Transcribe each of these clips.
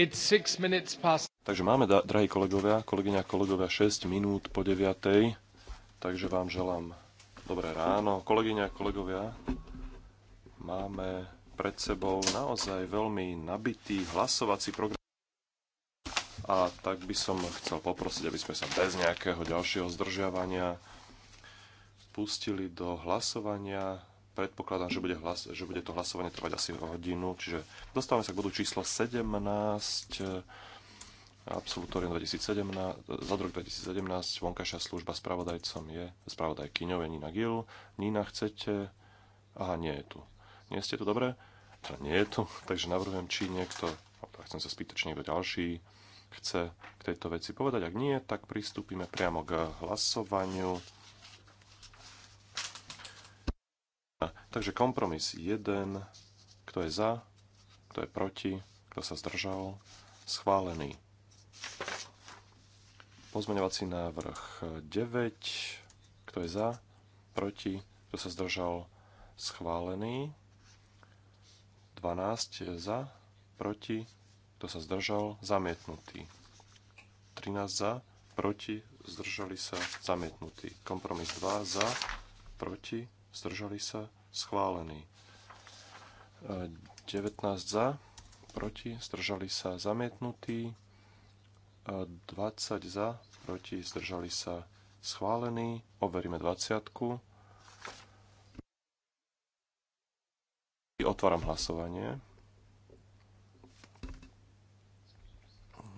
Takže máme, drahí kolegovia, kolegyňa, kolegovia, 6 minút po 9. Takže vám želám dobré ráno. Kolegyňa, kolegovia, máme pred sebou naozaj veľmi nabitý hlasovací program. A tak by som chcel poprosiť, aby sme sa bez nejakého ďalšieho zdržiavania pustili do hlasovania predpokladám, že bude, hlas, že bude to hlasovanie trvať asi hodinu, čiže dostávame sa k bodu číslo 17, absolutórium 2017, za rok 2017, vonkajšia služba spravodajcom je spravodajkyňov je Nina Gil. Nina, chcete... Aha, nie je tu. Nie ste tu, dobre? Teda nie je tu, takže navrhujem, či niekto, no, chcem sa spýtať, či niekto ďalší chce k tejto veci povedať. Ak nie, tak pristúpime priamo k hlasovaniu. Takže kompromis 1, kto je za, kto je proti, kto sa zdržal, schválený. Pozmeňovací návrh 9, kto je za, proti, kto sa zdržal, schválený. 12 za, proti, kto sa zdržal, zamietnutý. 13 za, proti, zdržali sa, zamietnutý. Kompromis 2 za, proti, zdržali sa, schválený. 19 e, za, proti, zdržali sa, zamietnutý. 20 e, za, proti, zdržali sa, schválený. Overíme 20. Otváram hlasovanie.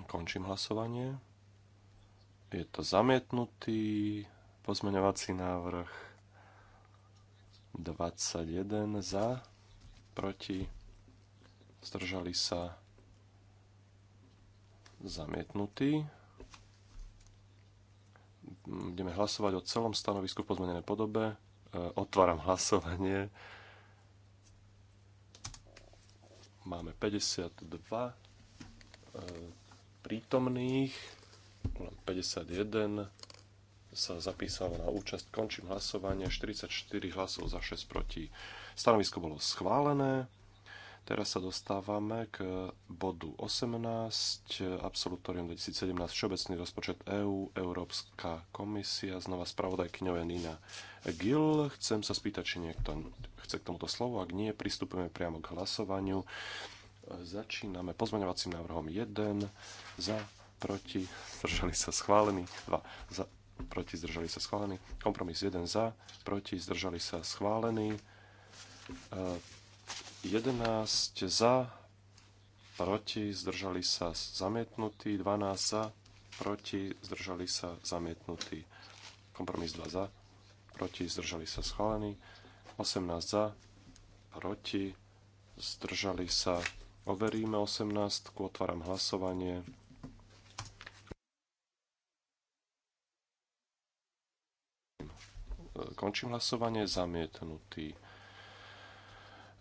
Končím hlasovanie. Je to zamietnutý pozmeňovací návrh 21 za, proti, zdržali sa zamietnutí. Budeme hlasovať o celom stanovisku v pozmenenej podobe. E, otváram hlasovanie. Máme 52 e, prítomných, 51 sa zapísalo na účasť. Končím hlasovanie. 44 hlasov za 6 proti. Stanovisko bolo schválené. Teraz sa dostávame k bodu 18, absolutorium 2017, všeobecný rozpočet EÚ, Európska komisia, znova spravodajkyňou je Nina Gill. Chcem sa spýtať, či niekto chce k tomuto slovu, ak nie, pristupujeme priamo k hlasovaniu. Začíname pozmeňovacím návrhom 1, za, proti, zdržali sa schválený, 2, za, proti zdržali sa schválený. Kompromis 1 za, proti zdržali sa schválený. 11 e, za, proti zdržali sa zamietnutý. 12 za, proti zdržali sa zamietnutý. Kompromis 2 za, proti zdržali sa schválený. 18 za, proti zdržali sa. Overíme 18, otváram hlasovanie. Končím hlasovanie. Zamietnutý.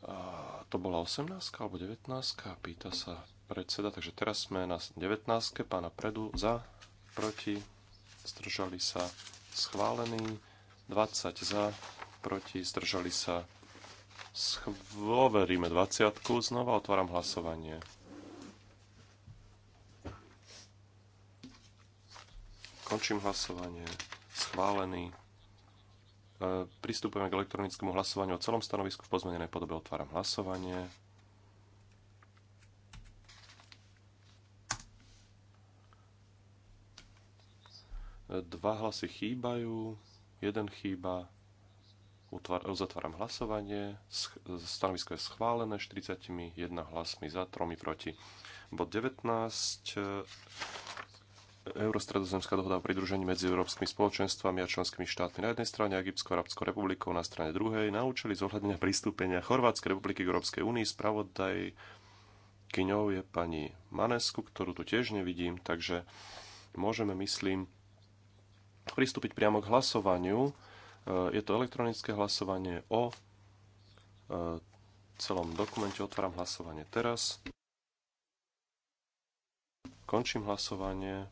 A to bola 18 alebo 19, pýta sa predseda. Takže teraz sme na 19, pána Predu za, proti, zdržali sa, schválený, 20 za, proti, zdržali sa, schvoveríme 20, znova otváram hlasovanie. Končím hlasovanie, schválený, E, pristupujeme k elektronickému hlasovaniu o celom stanovisku v pozmenenej podobe. Otváram hlasovanie. E, dva hlasy chýbajú, jeden chýba. Utvar, uzatváram hlasovanie. Stanovisko je schválené 41 hlasmi za, 3 proti. Bod 19. Eurostredozemská dohoda o pridružení medzi európskymi spoločenstvami a členskými štátmi na jednej strane a Egyptskou arabskou republikou na strane druhej na účely zohľadenia pristúpenia Chorvátskej republiky k Európskej únii spravodaj kyňou je pani Manesku, ktorú tu tiež nevidím, takže môžeme, myslím, pristúpiť priamo k hlasovaniu. E, je to elektronické hlasovanie o e, celom dokumente. Otváram hlasovanie teraz. Končím hlasovanie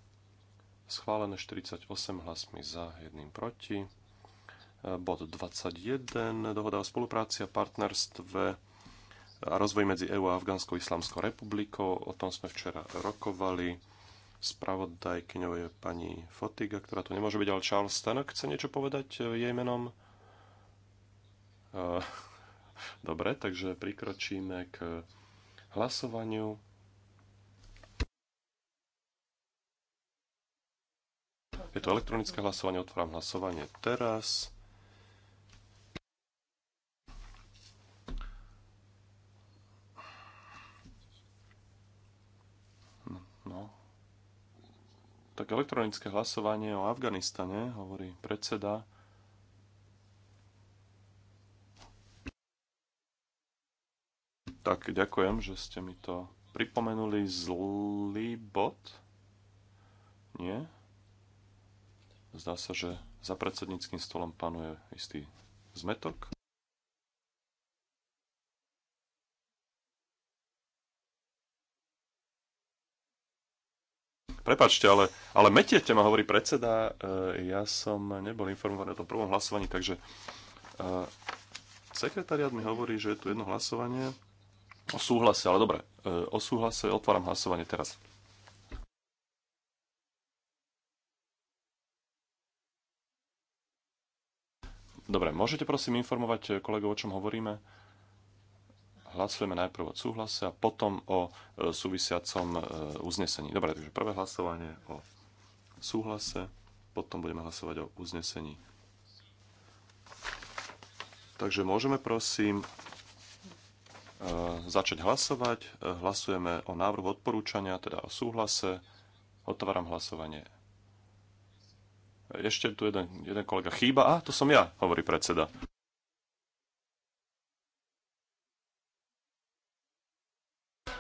schválené 48 hlasmi za, jedným proti. E, bod 21, dohoda o spolupráci a partnerstve a rozvoj medzi EU a Afgánskou islamskou republikou. O tom sme včera rokovali. Spravodajkyňou je pani Fotiga, ktorá tu nemôže byť, ale Charles Stanok chce niečo povedať e, jej menom. E, dobre, takže prikročíme k hlasovaniu. Je to elektronické hlasovanie, otváram hlasovanie teraz. No. Tak elektronické hlasovanie o Afganistane, hovorí predseda. Tak ďakujem, že ste mi to pripomenuli. Zlý bod? Nie? Zdá sa, že za predsedníckým stolom panuje istý zmetok. Prepačte, ale, ale metiete ma, hovorí predseda. E, ja som nebol informovaný o tom prvom hlasovaní, takže e, sekretariat mi hovorí, že je tu jedno hlasovanie o súhlase, ale dobre, e, o súhlase otváram hlasovanie teraz. Dobre, môžete prosím informovať eh, kolegov, o čom hovoríme? Hlasujeme najprv o súhlase a potom o eh, súvisiacom eh, uznesení. Dobre, takže prvé hlasovanie o súhlase, potom budeme hlasovať o uznesení. Takže môžeme prosím začať hlasovať. Hlasujeme o návrhu odporúčania, teda o súhlase. Otváram hlasovanie. Ešte tu jeden, jeden kolega chýba. A, to som ja, hovorí predseda.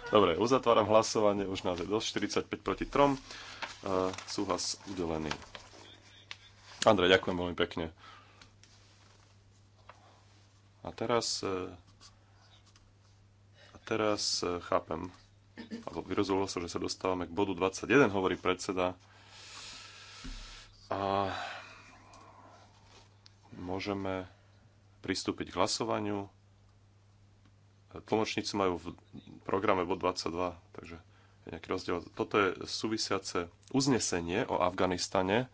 Dobre, uzatváram hlasovanie, už nás je dosť, 45 proti 3. Uh, súhlas udelený. Andrej, ďakujem veľmi pekne. A teraz, uh, a teraz uh, chápem, alebo vyrozumelo sa, že sa dostávame k bodu 21, hovorí predseda. A môžeme pristúpiť k hlasovaniu. Tlmočníci majú v programe bod 22, takže je nejaký rozdiel. Toto je súvisiace uznesenie o Afganistane. E,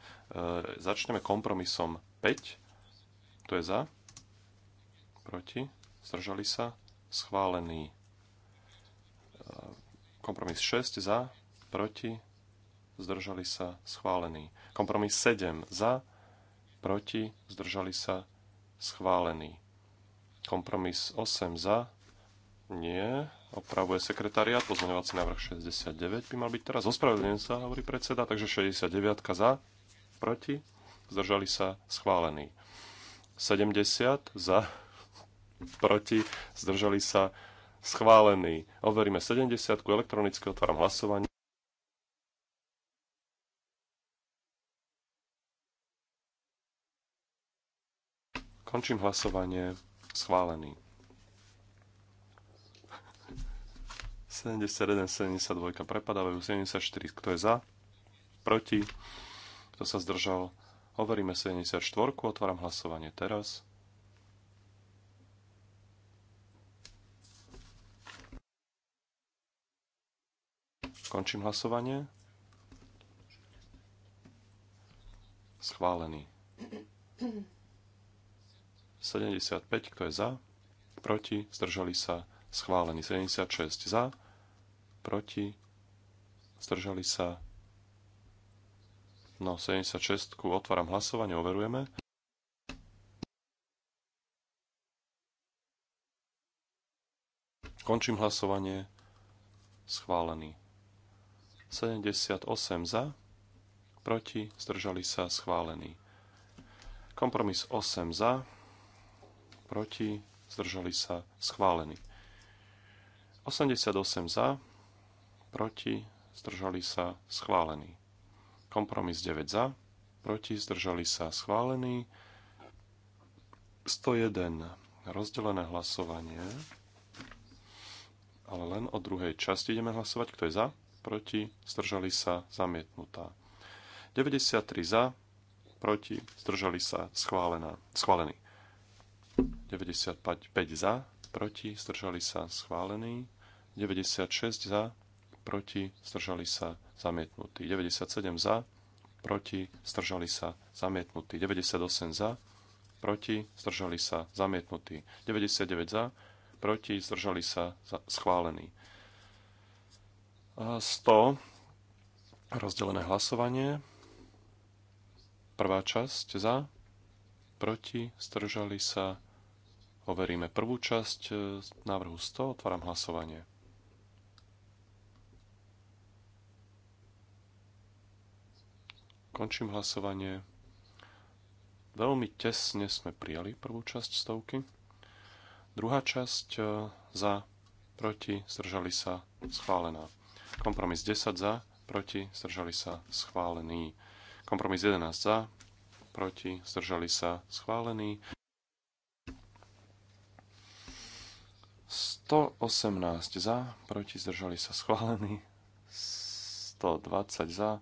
začneme kompromisom 5. To je za. Proti. Zdržali sa. Schválený. E, kompromis 6 za. Proti. Zdržali sa. Schválený. Kompromis 7 za, proti, zdržali sa, schválený. Kompromis 8 za, nie, opravuje sekretariat, pozmeňovací návrh 69 by mal byť teraz, ospravedlňujem sa, hovorí predseda, takže 69 za, proti, zdržali sa, schválený. 70 za, proti, zdržali sa, schválený. Overíme 70, elektronicky otváram hlasovanie. Končím hlasovanie. Schválený. 71, 72 prepadávajú, 74, kto je za, proti, kto sa zdržal. Overíme 74, otváram hlasovanie teraz. Končím hlasovanie. Schválený. 75, kto je za, proti, zdržali sa, schválený. 76 za, proti, zdržali sa. No, 76, otváram hlasovanie, overujeme. Končím hlasovanie. Schválený. 78 za, proti, zdržali sa, schválený. Kompromis 8 za, proti, zdržali sa, schválený. 88 za, proti, zdržali sa, schválený. Kompromis 9 za, proti, zdržali sa, schválený. 101 rozdelené hlasovanie, ale len o druhej časti ideme hlasovať. Kto je za? Proti? Zdržali sa? Zamietnutá. 93 za, proti, zdržali sa, schválená, schválený. 95 za, proti, zdržali sa schválení, 96 za, proti, zdržali sa zamietnutí. 97 za, proti, zdržali sa zamietnutí. 98 za, proti, zdržali sa zamietnutí. 99 za, proti, zdržali sa schválení. 100 rozdelené hlasovanie, prvá časť za, proti, zdržali sa overíme prvú časť e, návrhu 100. Otváram hlasovanie. Končím hlasovanie. Veľmi tesne sme prijali prvú časť stovky. Druhá časť e, za, proti, zdržali sa, schválená. Kompromis 10 za, proti, zdržali sa, schválený. Kompromis 11 za, proti, zdržali sa, schválený. 118 za, proti zdržali sa schválení, 120 za,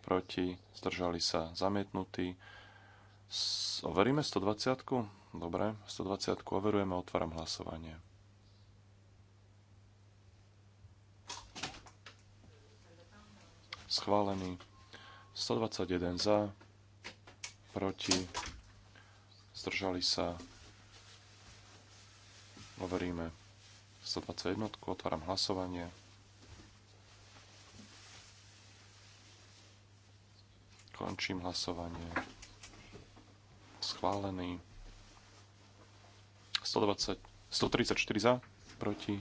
proti zdržali sa zamietnutí. Overíme 120? -ku? Dobre, 120 overujeme, otváram hlasovanie. Schválený. 121 za, proti, zdržali sa, overíme. 121. Otváram hlasovanie. Končím hlasovanie. Schválený. 120, 134 za, proti.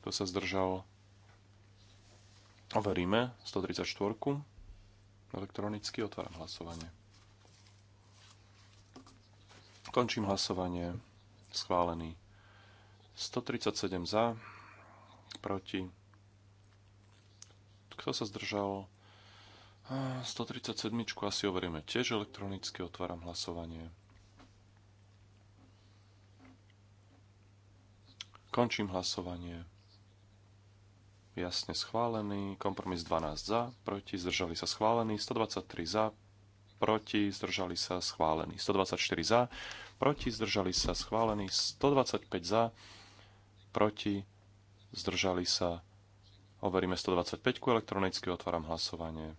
Kto sa zdržal? Overíme 134. Elektronicky otváram hlasovanie. Končím hlasovanie. Schválený. 137 za, proti. Kto sa zdržal? 137 asi overíme tiež elektronicky, otváram hlasovanie. Končím hlasovanie. Jasne schválený. Kompromis 12 za, proti, zdržali sa schválený. 123 za, proti, zdržali sa schválený. 124 za, proti, zdržali sa schválený. 125 za, proti, zdržali sa. Overíme 125 elektronicky, otváram hlasovanie.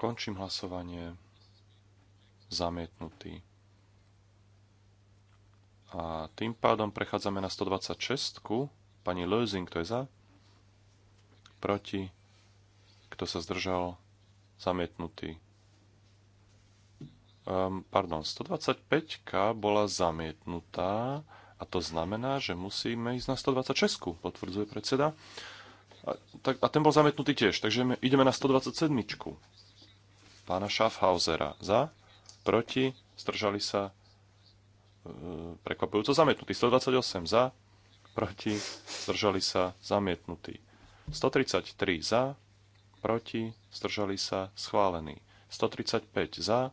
Končím hlasovanie. Zamietnutý. A tým pádom prechádzame na 126. Pani Lözing, kto je za? Proti. Kto sa zdržal? Zamietnutý um, pardon, 125 bola zamietnutá a to znamená, že musíme ísť na 126, potvrdzuje predseda. A, tak, a ten bol zamietnutý tiež, takže ideme na 127. Pána Schaffhausera za, proti, stržali sa e, prekvapujúco zamietnutý. 128 za, proti, zdržali sa zamietnutý. 133 za, proti, stržali sa schválený. 135 za,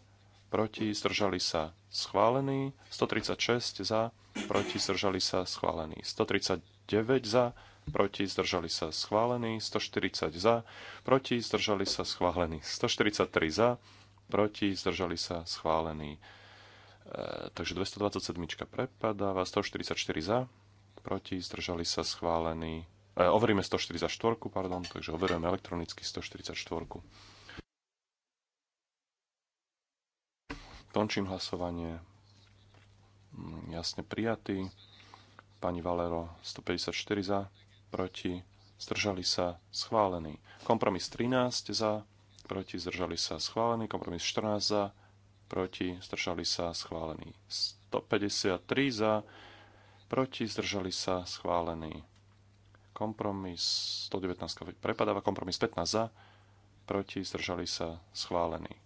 proti, zdržali sa schválený, 136 za, proti, zdržali sa schválený, 139 za, proti, zdržali sa schválený, 140 za, proti, zdržali sa schválený, 143 za, proti, zdržali sa schválený. E, takže 227 prepadáva, 144 za, proti, zdržali sa schválený. E, overíme 144, pardon, takže overujeme elektronicky 144. Končím hlasovanie. Jasne prijatý. Pani Valero 154 za, proti, zdržali sa, schválený. Kompromis 13 za, proti, zdržali sa, schválený. Kompromis 14 za, proti, zdržali sa, schválený. 153 za, proti, zdržali sa, schválený. Kompromis 119 prepadáva, kompromis 15 za, proti, zdržali sa, schválený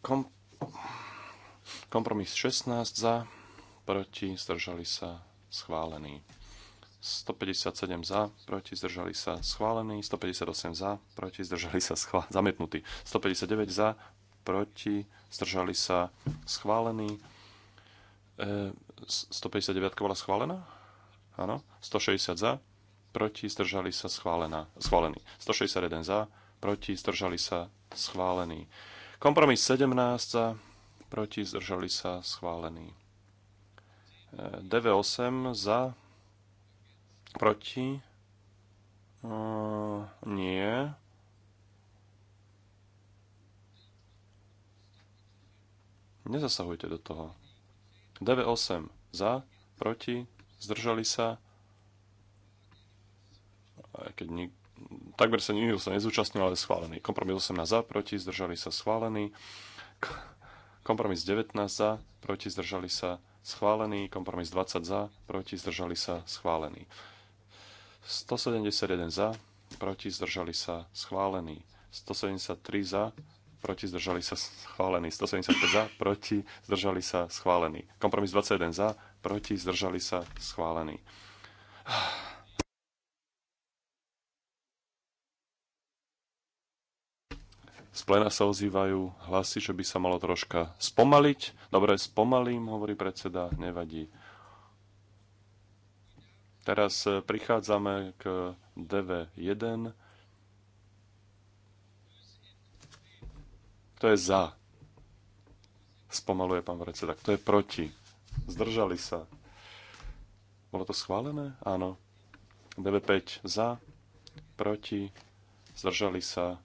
Kom- kompromis 16 za, proti, zdržali sa, schválený. 157 za, proti, zdržali sa, schválený. 158 za, proti, zdržali sa, schvá- zamietnutý. 159 za, proti, zdržali sa, schválený. E, 159 bola schválená? Áno. 160 za, proti, zdržali sa, schválená, schválený. 161 za, proti, zdržali sa, schválený. Kompromis 17 za, proti, zdržali sa, schválený. E, DV8 za, proti, uh, nie. Nezasahujte do toho. DV8 za, proti, zdržali sa. E, keď nik- takmer sa nikto sa nezúčastnil, ale schválený. Kompromis 18 za, proti, zdržali sa schválený. Kompromis 19 za, proti, zdržali sa schválený. Kompromis 20 za, proti, zdržali sa schválený. 171 za, proti, zdržali sa schválený. 173 za, proti, zdržali sa schválený. 175 za, proti, zdržali sa schválený. Kompromis 21 za, proti, zdržali sa schválený. Z plena sa ozývajú hlasy, že by sa malo troška spomaliť. Dobre, spomalím, hovorí predseda, nevadí. Teraz e, prichádzame k DV1. To je za? Spomaluje pán predseda. To je proti? Zdržali sa. Bolo to schválené? Áno. DV5 za, proti, zdržali sa,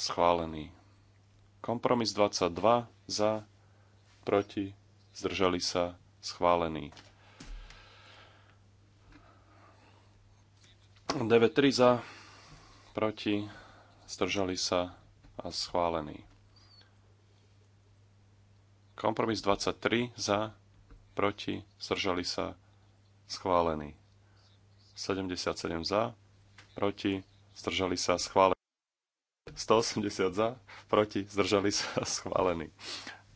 schválený. Kompromis 22 za, proti, zdržali sa, schválený. 9.3 za, proti, zdržali sa a schválený. Kompromis 23 za, proti, zdržali sa, schválený. 77 za, proti, zdržali sa, schválený. 180 za, proti, zdržali sa, schválený.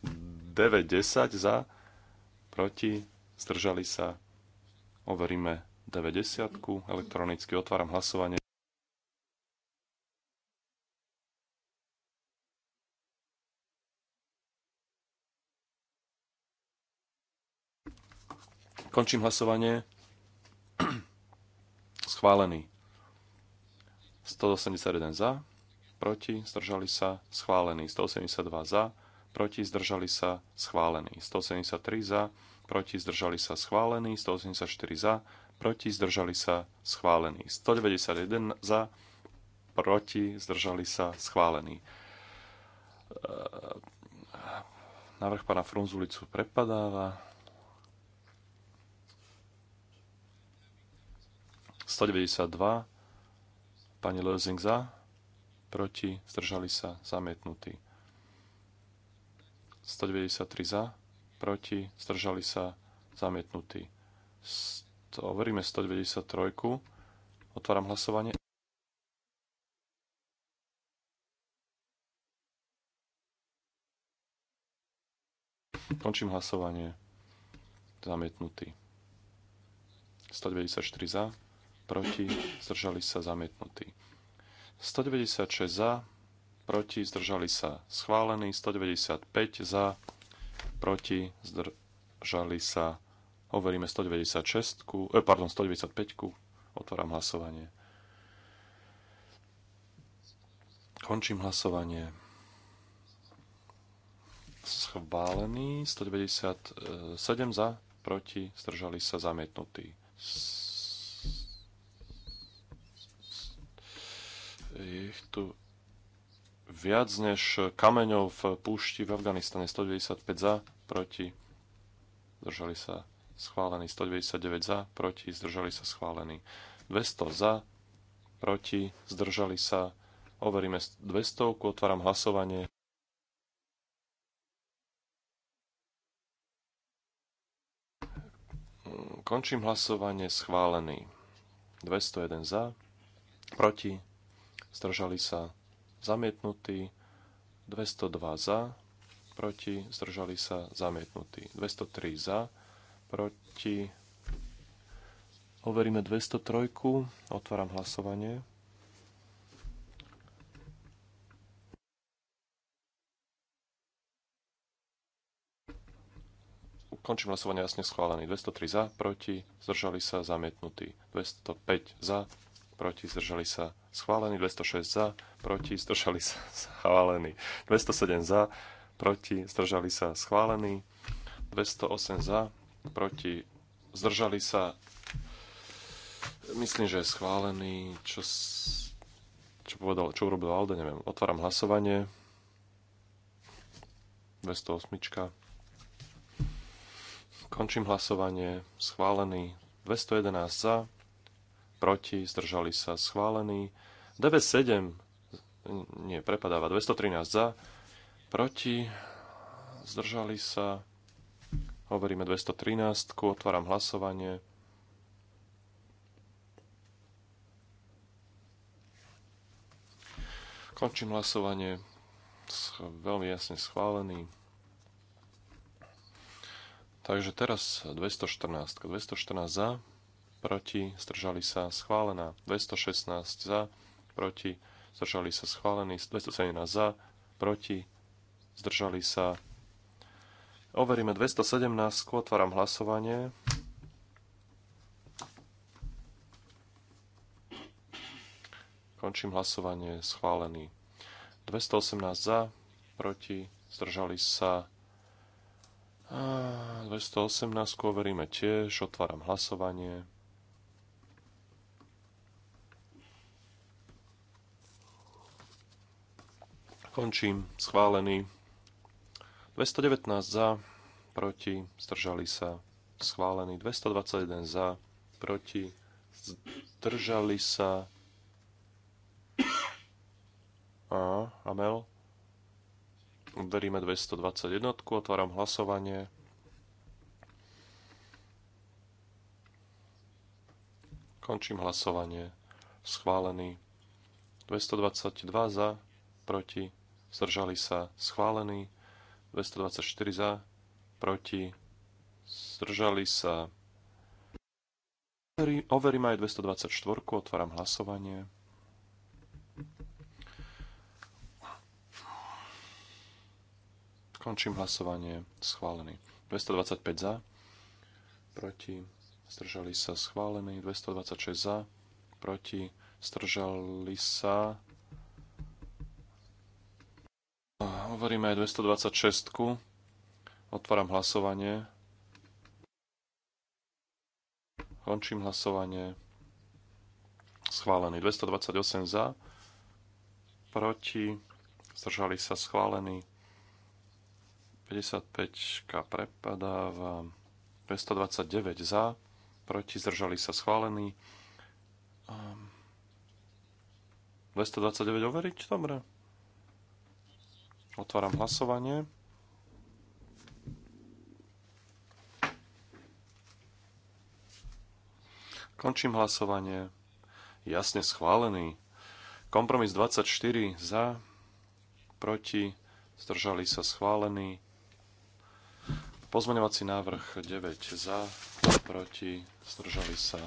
90 za, proti, zdržali sa. Overíme 90. -ku. Elektronicky otváram hlasovanie. Končím hlasovanie. Schválený. 181 za, proti, zdržali sa, schválený. 182 za, proti, zdržali sa, schválený. 173 za, proti, zdržali sa, schválený. 184 za, proti, zdržali sa, schválený. 191 za, proti, zdržali sa, schválený. E, návrh pána Frunzulicu prepadáva. 192. Pani Lözing za, proti, zdržali sa, zamietnutý. 193 za, proti, zdržali sa, zamietnutý. Overíme 193. Otváram hlasovanie. Končím hlasovanie. Zamietnutý. 194 za, proti, zdržali sa, zamietnutý. 196 za, proti, zdržali sa schválení, 195 za, proti, zdržali sa, overíme 196, eh, pardon, 195, otváram hlasovanie. Končím hlasovanie. Schválený, 197 za, proti, zdržali sa, zamietnutý. ich tu viac než kameňov v púšti v Afganistane. 195 za, proti, zdržali sa schválení 199 za, proti, zdržali sa schválení 200 za, proti, zdržali sa. Overíme 200, otváram hlasovanie. Končím hlasovanie schválený. 201 za, proti, zdržali sa zamietnutí, 202 za, proti, zdržali sa zamietnutí, 203 za, proti, overíme 203, otváram hlasovanie. Končím hlasovanie jasne schválený. 203 za, proti, zdržali sa, zamietnutí. 205 za, proti, zdržali sa schválený. 206 za, proti, zdržali sa schválený, 207 za, proti, zdržali sa schválení, 208 za, proti, zdržali sa, myslím, že je schválený, čo, čo povedal, čo urobil Alde, neviem, otváram hlasovanie, 208, končím hlasovanie, schválený, 211 za, proti, zdržali sa schválení. 97, nie, prepadáva, 213 za, proti, zdržali sa, hovoríme 213, otváram hlasovanie. Končím hlasovanie, veľmi jasne schválený. Takže teraz 214, 214 za, proti, zdržali sa schválená. 216 za, proti, zdržali sa schválení. 217 za, proti, zdržali sa. Overíme 217, otváram hlasovanie. Končím hlasovanie, schválený. 218 za, proti, zdržali sa 218 overíme tiež, otváram hlasovanie. Končím. Schválený. 219 za, proti, zdržali sa. Schválený. 221 za, proti, zdržali sa. A, Amel. Uberíme 221, otváram hlasovanie. Končím hlasovanie. Schválený. 222 za, proti, zdržali sa schválení, 224 za, proti, zdržali sa. Overím aj 224, otváram hlasovanie. Končím hlasovanie, schválený. 225 za, proti, zdržali sa schválený, 226 za, proti, zdržali sa Hovoríme aj 226. Otváram hlasovanie. Končím hlasovanie. Schválený. 228 za. Proti. Zdržali sa schválený. 55 prepadáva. 229 za. Proti. Zdržali sa schválený. 229 ehm. overiť? Dobre. Otváram hlasovanie. Končím hlasovanie. Jasne schválený. Kompromis 24 za, proti, zdržali sa schválený. Pozmeňovací návrh 9 za, proti, zdržali sa.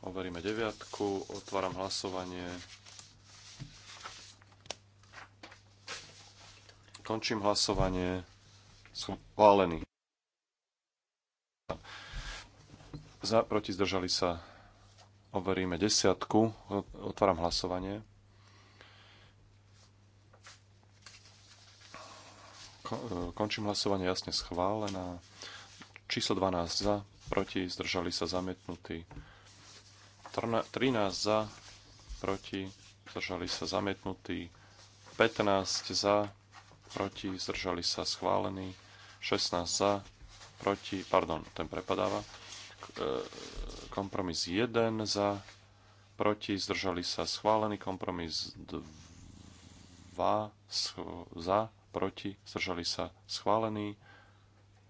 Overíme deviatku, otváram hlasovanie. Končím hlasovanie. Schválený. Za, proti, zdržali sa. Overíme desiatku. Otváram hlasovanie. E, končím hlasovanie. Jasne schválená. Číslo 12 za, proti, zdržali sa zamietnutí. 13 za, proti, zdržali sa zamietnutí. 15 za, proti, zdržali sa schválený, 16 za, proti, pardon, ten prepadáva, e, kompromis 1 za, proti, zdržali sa schválený, kompromis 2 za, proti, zdržali sa schválený,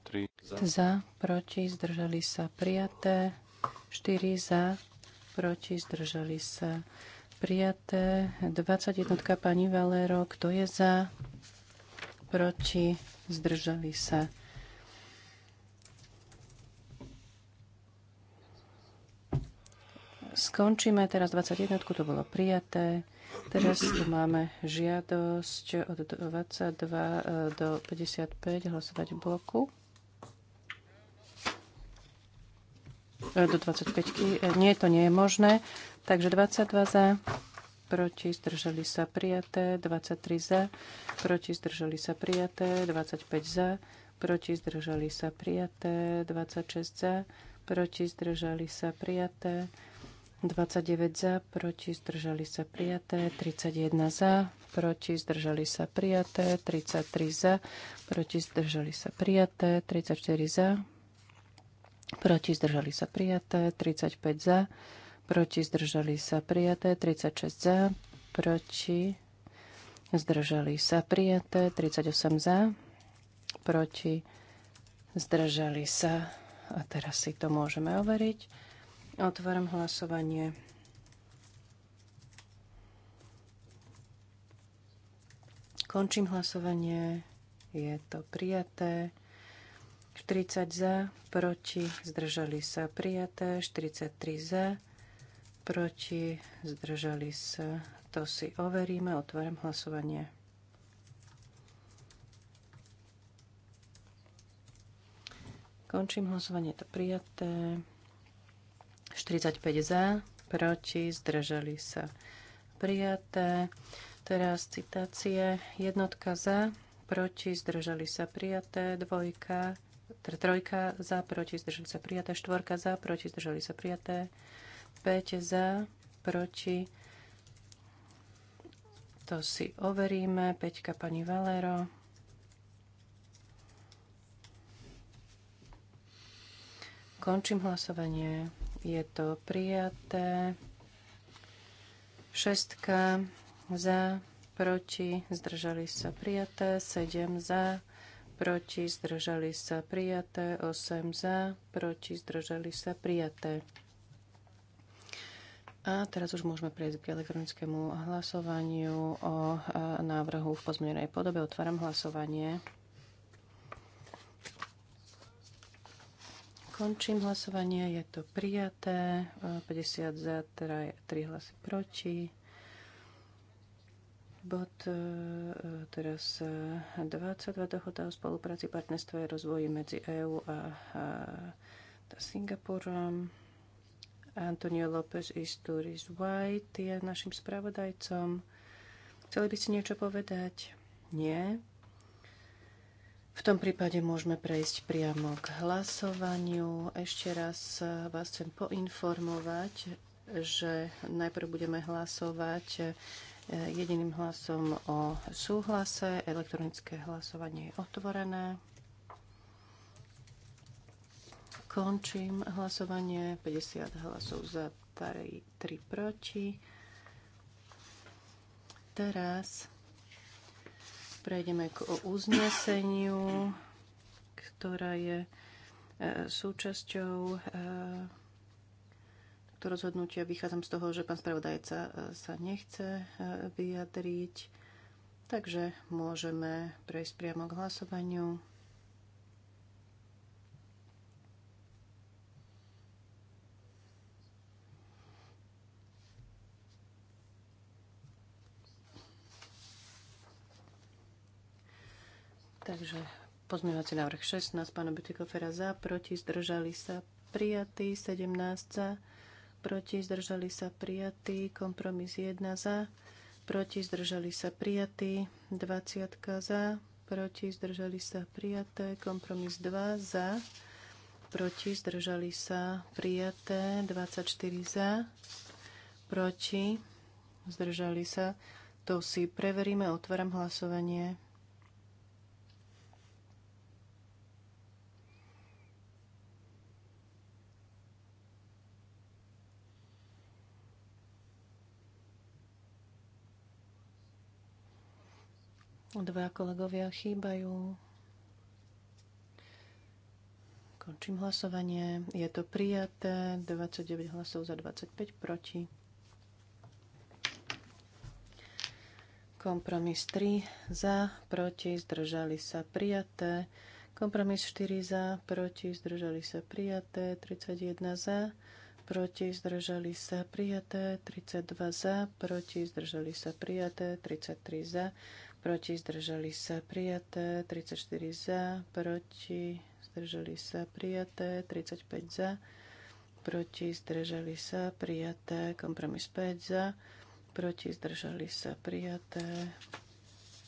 3 za. za, proti, zdržali sa prijaté, 4 za, proti, zdržali sa prijaté, 21 pani Valero, kto je za, proti, zdržali sa. Skončíme teraz 21, to bolo prijaté. Teraz tu máme žiadosť od 22 e, do 55 hlasovať v bloku. E, do 25. E, nie, to nie je možné. Takže 22 za, proti, zdržali sa prijaté, 23 za, proti, zdržali sa prijaté, 25 za, proti, zdržali sa prijaté, 26 za, proti, zdržali sa prijaté, 29 za, proti, zdržali sa prijaté, 31 za, proti, zdržali sa prijaté, 33 za, proti, zdržali sa prijaté, 34 za, proti, zdržali sa prijaté, 35 za, proti, zdržali sa prijaté, 36 za, proti, zdržali sa prijaté, 38 za, proti, zdržali sa. A teraz si to môžeme overiť. Otváram hlasovanie. Končím hlasovanie. Je to prijaté. 40 za, proti, zdržali sa prijaté, 43 za, proti, zdržali sa. To si overíme, otváram hlasovanie. Končím hlasovanie, je to prijaté. 45 za, proti, zdržali sa. Prijaté. Teraz citácie. Jednotka za, proti, zdržali sa. Prijaté. Dvojka, trojka za, proti, zdržali sa. Prijaté. Štvorka za, proti, zdržali sa. Prijaté za, proti. To si overíme. Peťka pani Valero. Končím hlasovanie. Je to prijaté. Šestka za, proti, zdržali sa prijaté. Sedem za, proti, zdržali sa prijaté. Osem za, proti, zdržali sa prijaté. A teraz už môžeme prejsť k elektronickému hlasovaniu o návrhu v pozmenenej podobe. Otváram hlasovanie. Končím hlasovanie, je to prijaté. 50 za, 3, teda 3 hlasy proti. Bod e, e, teraz 22 e, dohoda o spolupráci partnerstva a rozvoji medzi EÚ a, a Singapurom. Antonio López turis White je našim spravodajcom. Chceli by ste niečo povedať? Nie. V tom prípade môžeme prejsť priamo k hlasovaniu. Ešte raz vás chcem poinformovať, že najprv budeme hlasovať eh, jediným hlasom o súhlase. Elektronické hlasovanie je otvorené. Končím hlasovanie. 50 hlasov za, 3 proti. Teraz prejdeme k uzneseniu, ktorá je e, súčasťou e, to rozhodnutia. Vychádzam z toho, že pán spravodajca e, sa nechce vyjadriť, takže môžeme prejsť priamo k hlasovaniu. Pozmievací návrh 16 pána Butikofera za, proti, zdržali sa prijatý, 17 za, proti, zdržali sa prijatý, kompromis 1 za, proti, zdržali sa prijatý, 20 za, proti, zdržali sa prijaté, kompromis 2 za, proti, zdržali sa prijaté, 24 za, proti, zdržali sa. To si preveríme, otváram hlasovanie. Dva kolegovia chýbajú. Končím hlasovanie. Je to prijaté. 29 hlasov za 25 proti. Kompromis 3 za, proti, zdržali sa prijaté. Kompromis 4 za, proti, zdržali sa prijaté. 31 za, proti, zdržali sa prijaté. 32 za, proti, zdržali sa prijaté. 33 za, proti, zdržali sa prijaté, 34 za, proti, zdržali sa prijaté, 35 za, proti, zdržali sa prijaté, kompromis 5 za, proti, zdržali sa prijaté,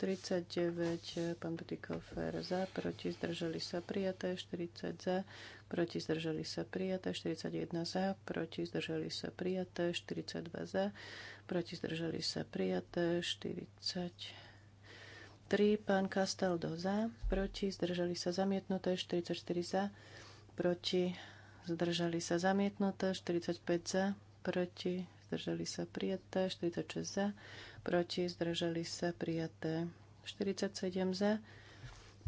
39, pán Butikofer za, proti, zdržali sa prijaté, 40 za, proti, zdržali sa prijaté, 41 za, proti, zdržali sa prijaté, 42 za, proti, zdržali sa prijaté, 40 za. 3, pán Castaldo za, proti, zdržali sa zamietnuté, 44 za, proti, zdržali sa zamietnuté, 45 za, proti, zdržali sa prijaté, 46 za, proti, zdržali sa prijaté, 47 za,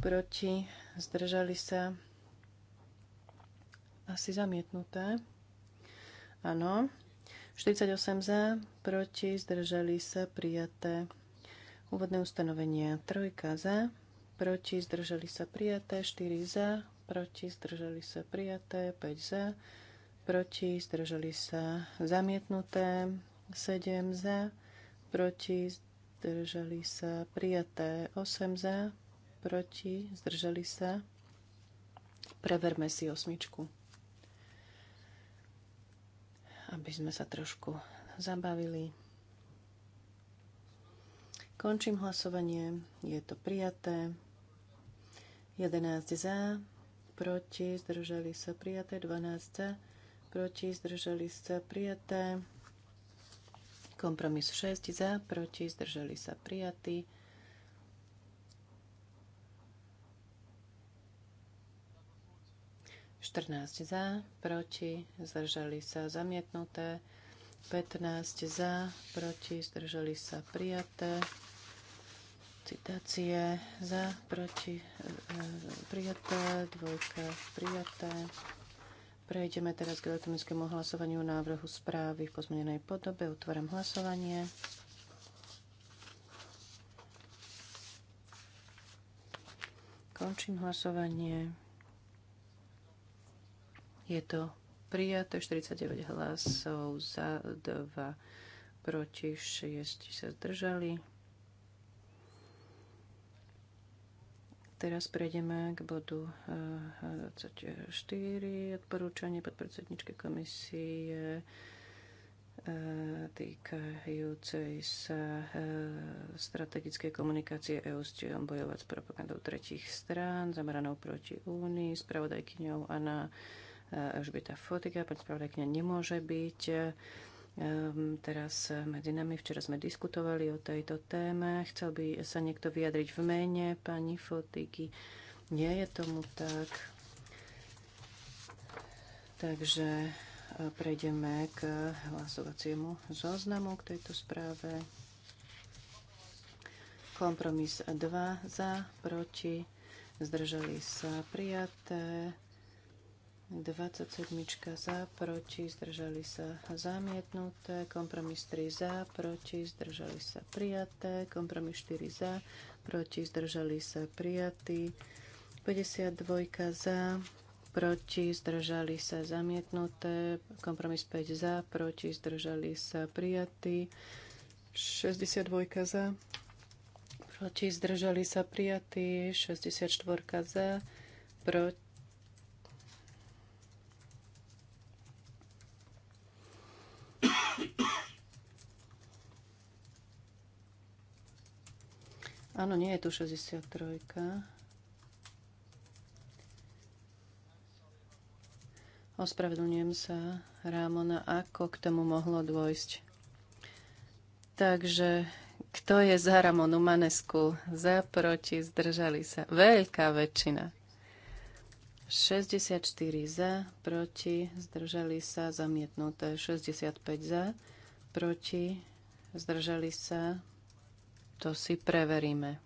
proti, zdržali sa asi zamietnuté. Áno. 48 za, proti, zdržali sa prijaté. Úvodné ustanovenia. 3 za, proti, zdržali sa prijaté. 4 za, proti, zdržali sa prijaté. 5 za, proti, zdržali sa zamietnuté. 7 za, proti, zdržali sa prijaté. 8 za, proti, zdržali sa. Preverme si osmičku aby sme sa trošku zabavili. Končím hlasovanie. Je to prijaté. 11 za, proti, zdržali sa prijaté. 12 za, proti, zdržali sa prijaté. Kompromis 6 za, proti, zdržali sa prijatí. Štrnáct za, proti, zdržali sa zamietnuté. 15 za, proti, zdržali sa prijaté. Citácie za, proti, e, prijaté, dvojka, prijaté. Prejdeme teraz k elektronickému hlasovaniu návrhu správy v pozmenenej podobe. Otváram hlasovanie. Končím hlasovanie. Je to prijaté 49 hlasov za 2 proti 6 sa zdržali. teraz prejdeme k bodu 24, eh, odporúčanie podpredsedničke komisie eh, týkajúcej sa eh, strategickej komunikácie EU s cieľom bojovať s propagandou tretich strán, zameranou proti Únii, spravodajkyňou Anna Alžbeta Fotika. Pani spravodajkyňa nemôže byť teraz medzi nami. Včera sme diskutovali o tejto téme. Chcel by sa niekto vyjadriť v mene pani Fotiky. Nie je tomu tak. Takže e, prejdeme k hlasovaciemu zoznamu k tejto správe. Kompromis 2 za, proti, zdržali sa prijaté. 27 za, proti, zdržali sa zamietnuté, kompromis 3 za, proti, zdržali sa prijaté, kompromis 4 za, proti, zdržali sa prijatí, 52 za, proti, zdržali sa zamietnuté, kompromis 5 za, proti, zdržali sa prijatí, 62 za, proti, zdržali sa prijatí, 64 za, proti, Áno, nie je tu 63. Ospravedlňujem sa, Rámona, ako k tomu mohlo dôjsť. Takže kto je za Ramonu Manesku? Za, proti, zdržali sa. Veľká väčšina. 64 za, proti, zdržali sa, zamietnuté. 65 za, proti, zdržali sa, to si preveríme.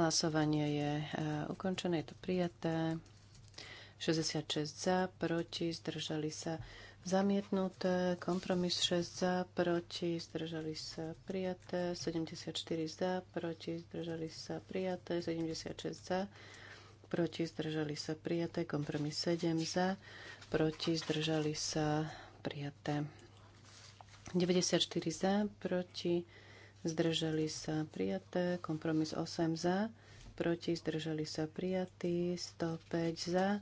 Hlasovanie je e, ukončené, je to prijaté. 66 za, proti, zdržali sa zamietnuté. Kompromis 6 za, proti, zdržali sa prijaté. 74 za, proti, zdržali sa prijaté. 76 za, proti, zdržali sa prijaté. Kompromis 7 za, proti, zdržali sa prijaté. 94 za, proti, zdržali sa prijaté. Kompromis 8 za, proti, zdržali sa prijatí. 105 za,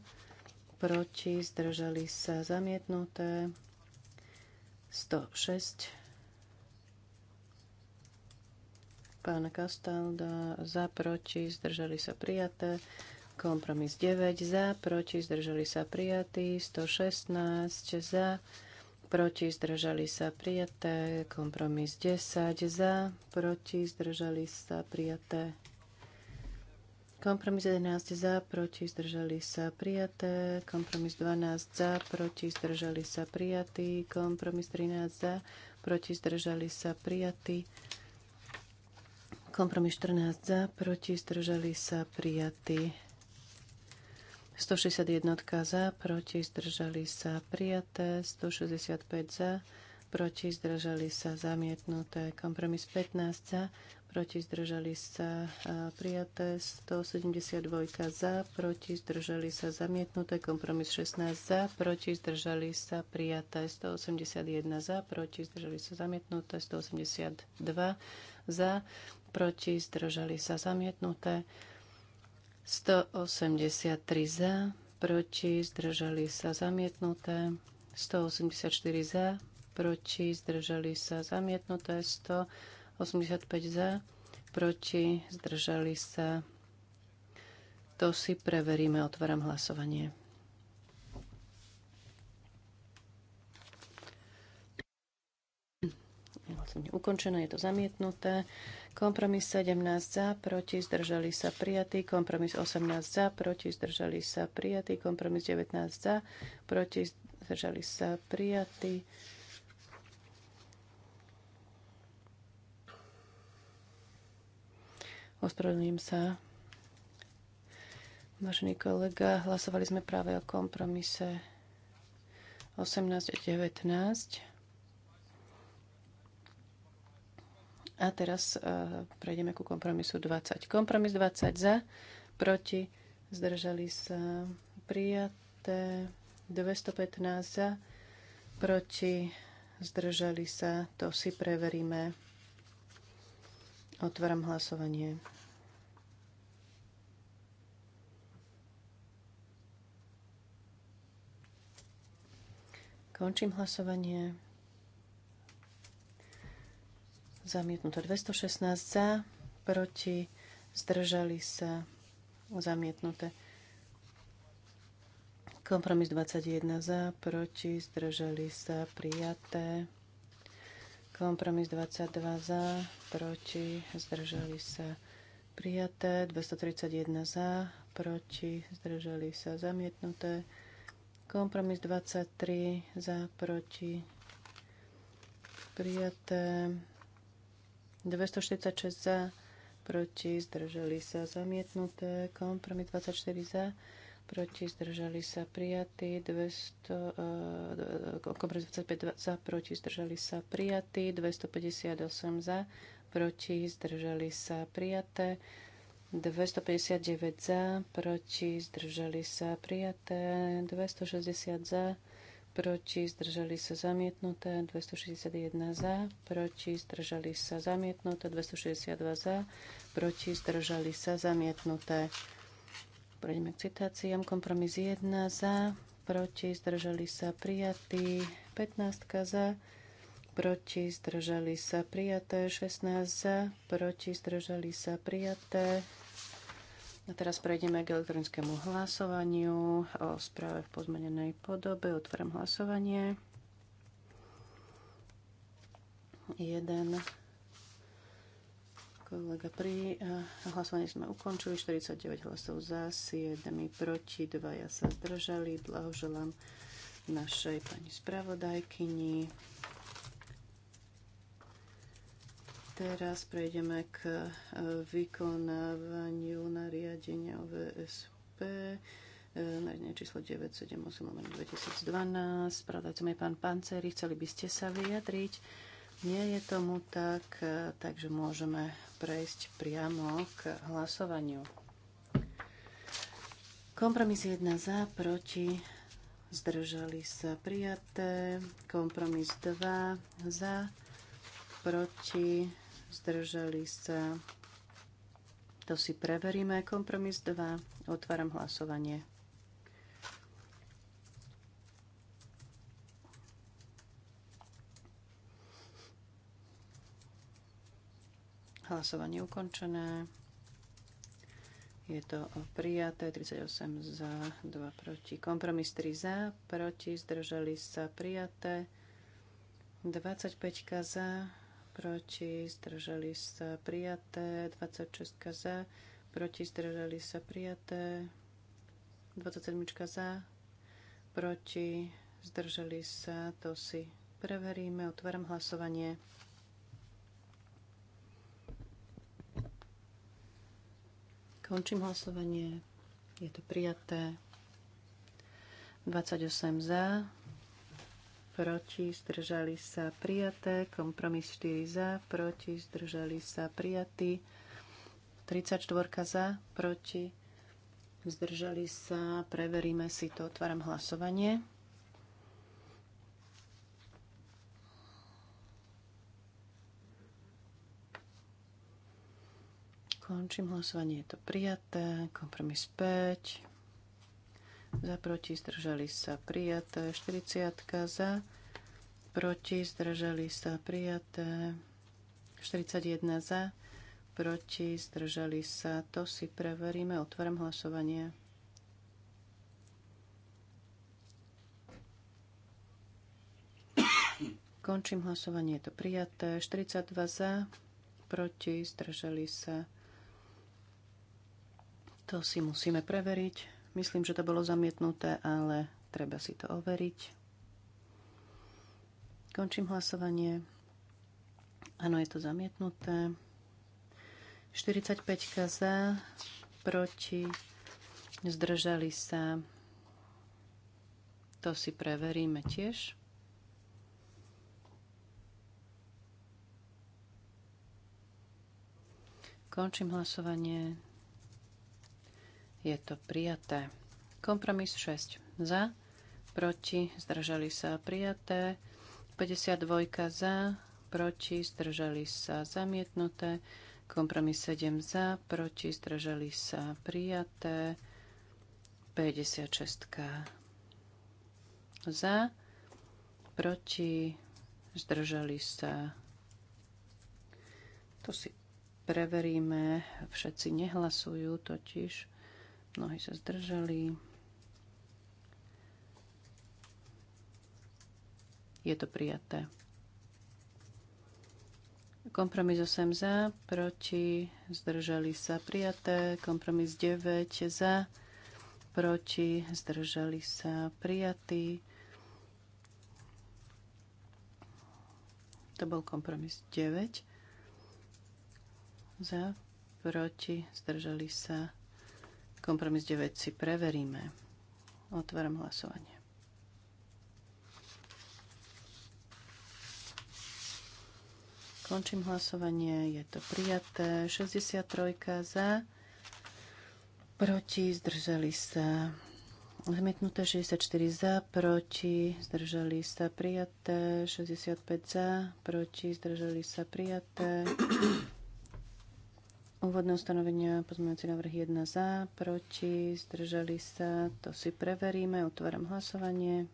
proti, zdržali sa zamietnuté. 106 pána Kastalda za, proti, zdržali sa prijaté. Kompromis 9 za, proti, zdržali sa prijatí. 116 za, proti, zdržali sa prijaté. Kompromis 10 za, proti, zdržali sa prijaté. Kompromis 11 za, proti, zdržali sa prijaté. Kompromis 12 za, proti, zdržali sa prijatí. Kompromis 13 za, proti, zdržali sa prijatí. Kompromis 14 za, proti, zdržali sa prijatí. 161 za, proti zdržali sa prijaté, 165 za, proti zdržali sa zamietnuté, kompromis 15 za, proti zdržali sa prijaté, 172 za, proti zdržali sa zamietnuté, kompromis 16 za, proti zdržali sa prijaté, 181 za, proti zdržali sa zamietnuté, 182 za, proti zdržali sa zamietnuté, 183 za, proti, zdržali sa zamietnuté. 184 za, proti, zdržali sa zamietnuté. 185 za, proti, zdržali sa. To si preveríme, otváram hlasovanie. Ukončené je to zamietnuté. Kompromis 17 za, proti, zdržali sa prijatý. Kompromis 18 za, proti, zdržali sa prijatý. Kompromis 19 za, proti, zdržali sa prijatý. Ospravedlňujem sa. Vážený kolega, hlasovali sme práve o kompromise 18 a 19. A teraz e, prejdeme ku kompromisu 20. Kompromis 20 za, proti, zdržali sa prijaté, 215 za, proti, zdržali sa, to si preveríme. Otváram hlasovanie. Končím hlasovanie. Zamietnuté 216 za, proti, zdržali sa, zamietnuté. Kompromis 21 za, proti, zdržali sa, prijaté. Kompromis 22 za, proti, zdržali sa, prijaté. 231 za, proti, zdržali sa, zamietnuté. Kompromis 23 za, proti, prijaté. 246 za, proti, zdržali sa zamietnuté, kompromis 24 za, proti, zdržali sa prijatí, 200, eh, kompromis 25 za, proti, zdržali sa prijatí, 258 za, proti, zdržali sa prijaté, 259 za, proti, zdržali sa prijaté, 260 za, proti, zdržali sa zamietnuté, 261 za, proti, zdržali sa zamietnuté, 262 za, proti, zdržali sa zamietnuté. Prejdeme k citáciám. Kompromis 1 za, proti, zdržali sa prijatí, 15 za, proti, zdržali sa prijaté, 16 za, proti, zdržali sa prijaté, a teraz prejdeme k elektronickému hlasovaniu o správe v pozmenenej podobe. otvorím hlasovanie. Jeden kolega pri eh, hlasovaní sme ukončili. 49 hlasov za, 7 proti, 2 ja sa zdržali. Blahoželám našej pani spravodajkyni. Teraz prejdeme k e, vykonávaniu nariadenia VSP e, nariadenie číslo 978 2012. Pravdajcom je pán Panceri, chceli by ste sa vyjadriť. Nie je tomu tak, e, takže môžeme prejsť priamo k hlasovaniu. Kompromis 1 za, proti, zdržali sa prijaté. Kompromis 2 za, proti, zdržali sa. To si preveríme. Kompromis 2. Otváram hlasovanie. Hlasovanie ukončené. Je to prijaté. 38 za, 2 proti. Kompromis 3 za, proti. Zdržali sa prijaté. 25 za, proti, zdržali sa prijaté, 26 za, proti, zdržali sa prijaté, 27 za, proti, zdržali sa, to si preveríme, otváram hlasovanie. Končím hlasovanie, je to prijaté, 28 za, proti, zdržali sa prijaté. Kompromis 4 za, proti, zdržali sa prijatí. 34 za, proti, zdržali sa. Preveríme si to. Otváram hlasovanie. Končím hlasovanie, je to prijaté. Kompromis 5 za proti zdržali sa prijaté, 40 za proti zdržali sa prijaté, 41 za proti zdržali sa. To si preveríme, otváram hlasovanie. Končím hlasovanie, je to prijaté. 42 za, proti, zdržali sa. To si musíme preveriť. Myslím, že to bolo zamietnuté, ale treba si to overiť. Končím hlasovanie. Áno, je to zamietnuté. 45 za, proti, zdržali sa. To si preveríme tiež. Končím hlasovanie. Je to prijaté. Kompromis 6 za, proti, zdržali sa prijaté. 52 za, proti, zdržali sa zamietnuté. Kompromis 7 za, proti, zdržali sa prijaté. 56 za, proti, zdržali sa. To si preveríme. Všetci nehlasujú totiž nohy sa zdržali. Je to prijaté. Kompromis 8 za, proti, zdržali sa prijaté. Kompromis 9 za, proti, zdržali sa prijatí. To bol kompromis 9. Za, proti, zdržali sa Kompromis 9 si preveríme. Otváram hlasovanie. Končím hlasovanie, je to prijaté. 63 za, proti, zdržali sa. Zmietnuté 64 za, proti, zdržali sa, prijaté. 65 za, proti, zdržali sa, prijaté. Úvodné ustanovenia, pozmeňujúci návrh 1 za, proti, zdržali sa, to si preveríme, otváram hlasovanie.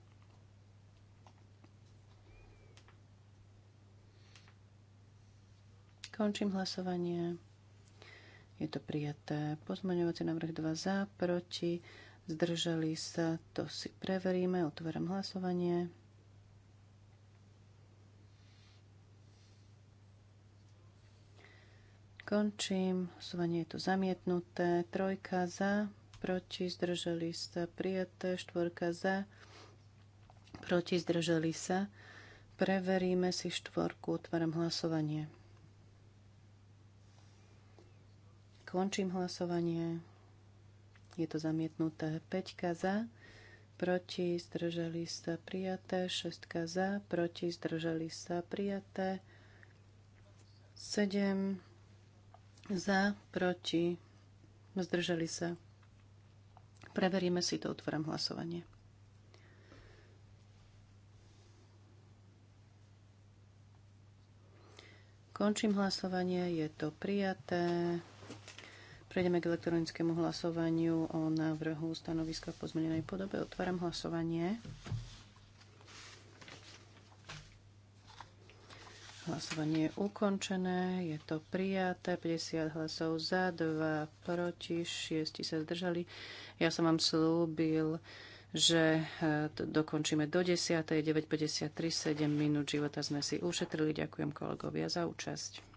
Končím hlasovanie. Je to prijaté. Pozmeňovací návrh 2 za, proti, zdržali sa, to si preveríme, otváram hlasovanie. Končím. Hlasovanie je tu zamietnuté. Trojka za, proti, zdržali sa, prijaté. Štvorka za, proti, zdržali sa. Preveríme si štvorku. Otváram hlasovanie. Končím hlasovanie. Je to zamietnuté. 5 za, proti, zdržali sa, prijaté. 6 za, proti, zdržali sa, prijaté. 7 za, proti, zdržali sa. Preveríme si to, otvorím hlasovanie. Končím hlasovanie, je to prijaté. Prejdeme k elektronickému hlasovaniu o návrhu stanoviska v pozmenenej podobe. Otváram hlasovanie. Hlasovanie je ukončené, je to prijaté, 50 hlasov za, 2 proti, 6 sa zdržali. Ja som vám slúbil, že e, dokončíme do 10. 9.53, 7 minút života sme si ušetrili. Ďakujem kolegovia za účasť.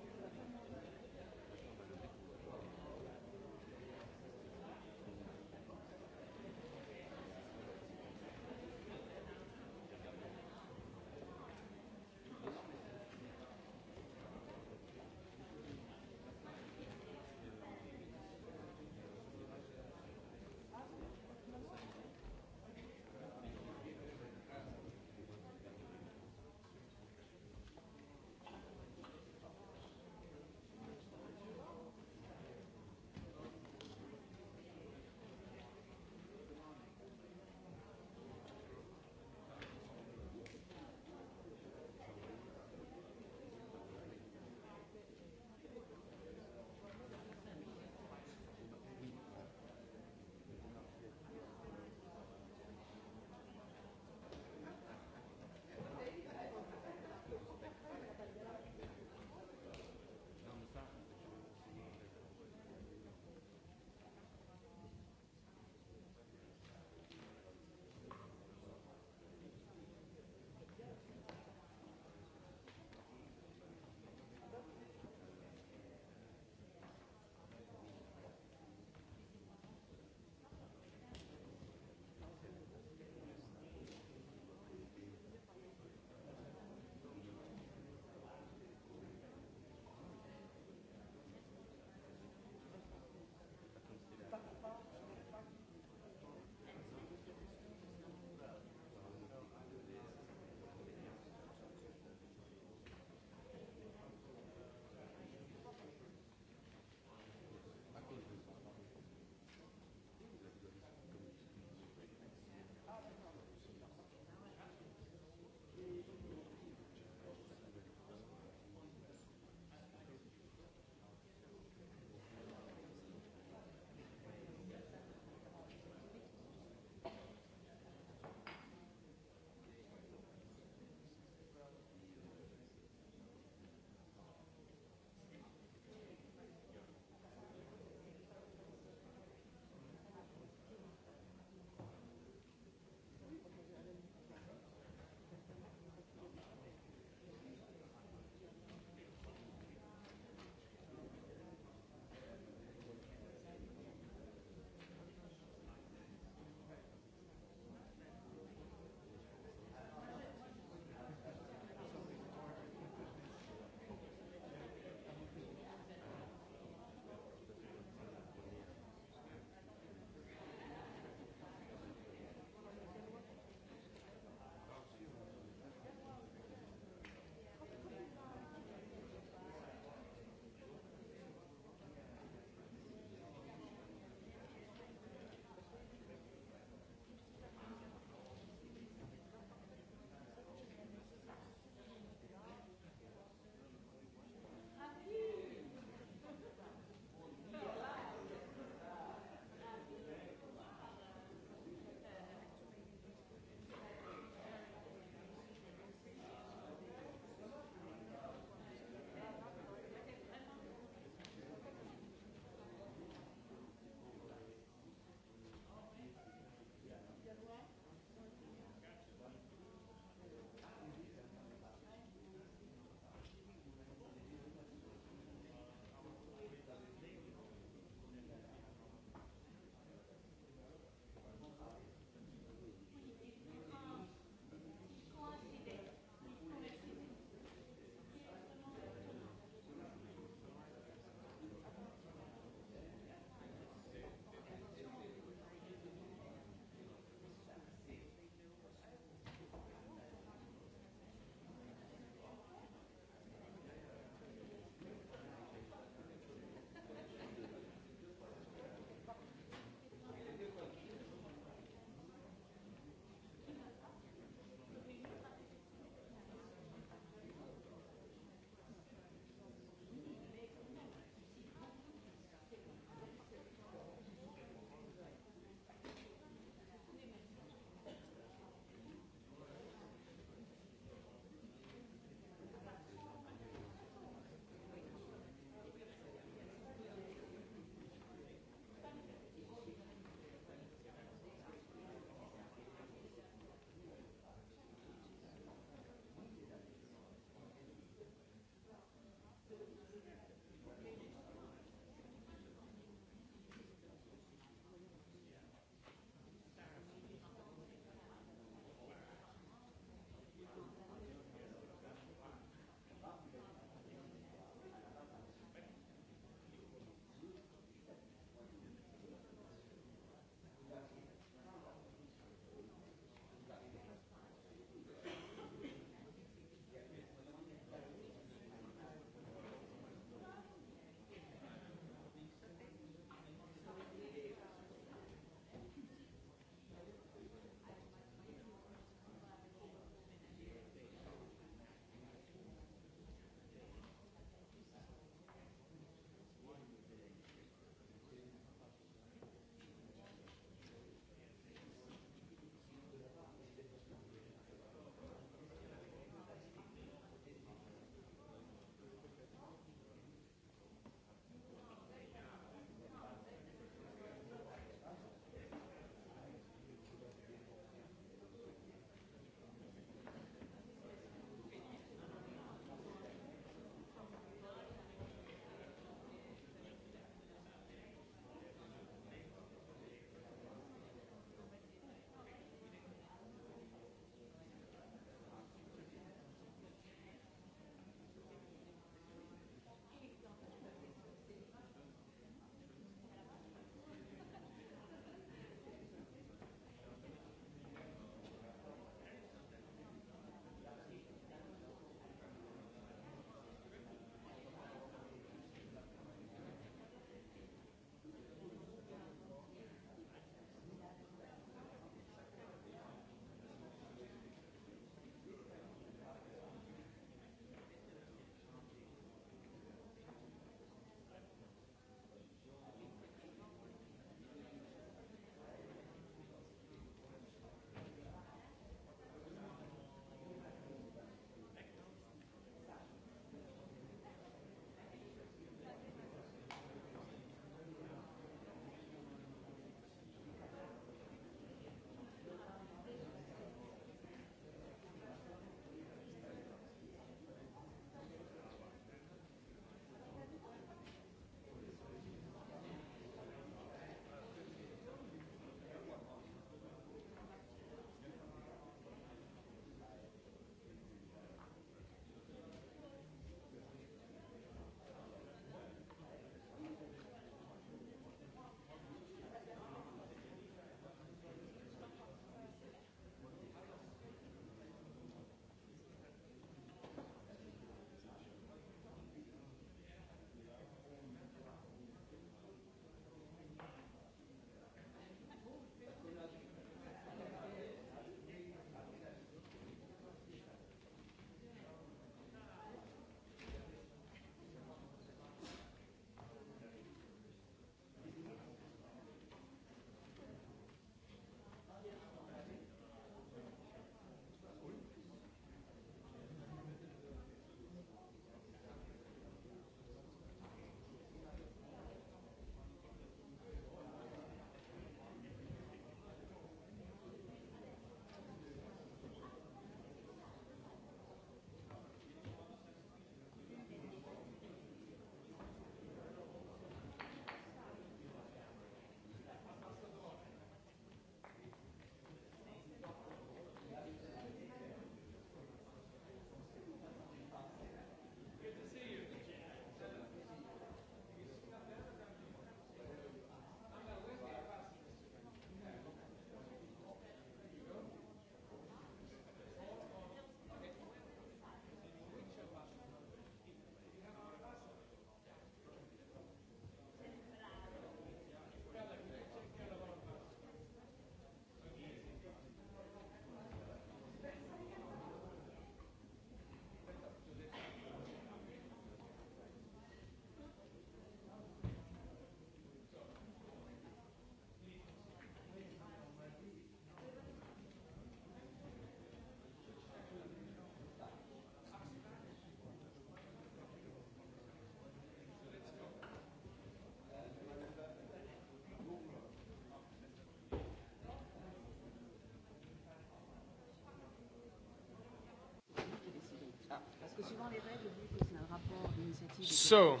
So.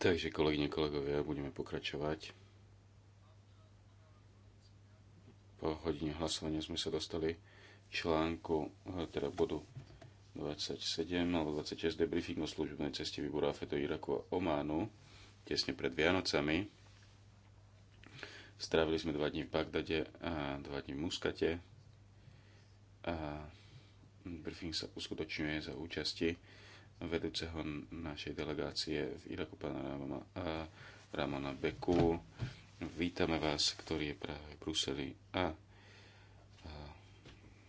Takže kolegyne, kolegovia, budeme pokračovať. Po hodine hlasovania sme sa dostali článku, eh, teda bodu 27 alebo 26 debriefing o služobnej ceste výboru do Iraku a Ománu tesne pred Vianocami. Strávili sme dva dní v Bagdade a dva dní v Muskate briefing sa uskutočňuje za účasti vedúceho našej delegácie v Iraku, pána Ramona, Ramona Beku. Vítame vás, ktorý je práve v Bruseli a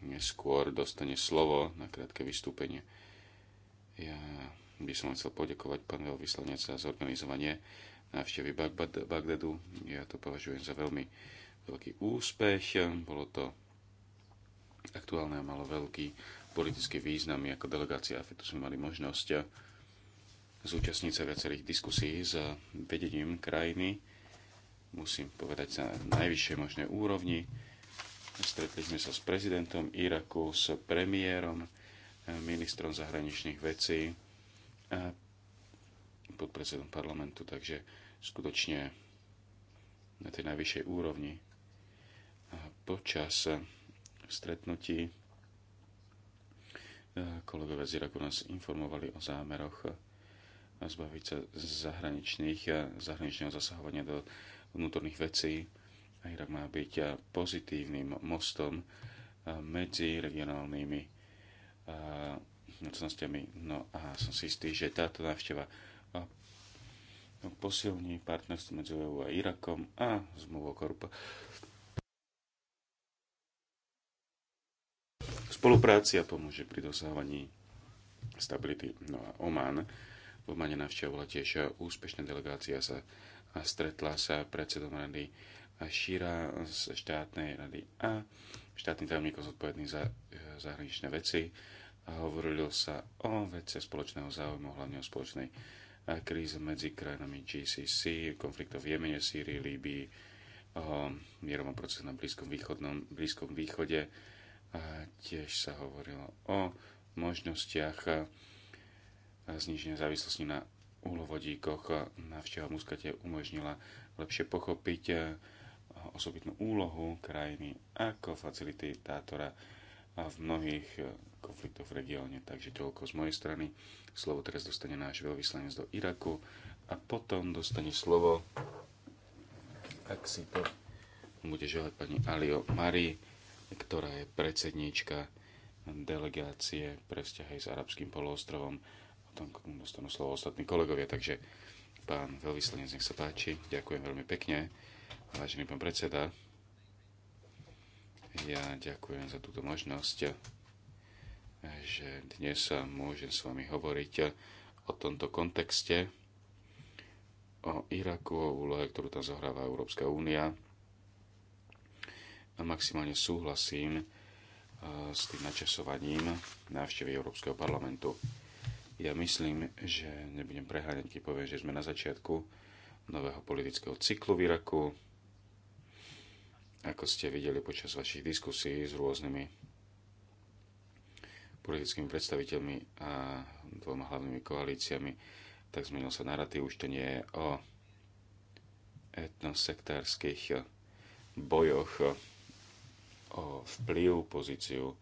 neskôr dostane slovo na krátke vystúpenie. Ja by som chcel poďakovať pán veľvyslanec za zorganizovanie návštevy Bagdadu. Ja to považujem za veľmi veľký úspech. Bolo to aktuálne a malo veľký politický význam. My ako delegácia AFITu sme mali možnosť zúčastniť sa viacerých diskusí s vedením krajiny, musím povedať, sa na najvyššej možnej úrovni. Stretli sme sa s prezidentom Iraku, s premiérom, ministrom zahraničných vecí a podpredsedom parlamentu, takže skutočne na tej najvyššej úrovni. A počas stretnutí e, kolegovia z Iraku nás informovali o zámeroch zbaviť sa zahraničných, e, zahraničného zasahovania do vnútorných vecí. A Irak má byť e, pozitívnym mostom medzi regionálnymi mocnostiami. No a som si istý, že táto návšteva posilní partnerstvo medzi EU a Irakom a zmluvu o spolupráci a pomôže pri dosahovaní stability. No a Oman, v Omane navštevila tiež úspešná delegácia sa a stretla sa predsedom rady Šíra z štátnej rady a štátny tajomník zodpovedný za e, zahraničné veci a hovorilo sa o veci spoločného záujmu, hlavne o spoločnej e, kríze medzi krajinami GCC, konfliktov v Jemene, Sýrii, Líbii, o mierovom procese na Blízkom, východnom, Blízkom východe, tiež sa hovorilo o možnostiach zniženia závislosti na uhlovodíkoch. Navšteva Muskate umožnila lepšie pochopiť osobitnú úlohu krajiny ako facilitátora v mnohých konfliktov v regióne. Takže toľko z mojej strany. Slovo teraz dostane náš veľvyslanec do Iraku a potom dostane slovo, ak si to bude želať pani Alio Marie ktorá je predsedníčka delegácie pre vzťahy s arabským O tom dostanú slovo ostatní kolegovia, takže pán veľvyslanec, nech sa páči. Ďakujem veľmi pekne. Vážený pán predseda, ja ďakujem za túto možnosť, že dnes sa môžem s vami hovoriť o tomto kontexte, o Iraku, o úlohe, ktorú tam zohráva Európska únia, maximálne súhlasím e, s tým načasovaním návštevy Európskeho parlamentu. Ja myslím, že nebudem preháňať, keď poviem, že sme na začiatku nového politického cyklu v Iraku. Ako ste videli počas vašich diskusí s rôznymi politickými predstaviteľmi a dvoma hlavnými koalíciami, tak zmenil sa narratív. Už to nie je o etnosektárskych bojoch o vplyv, pozíciu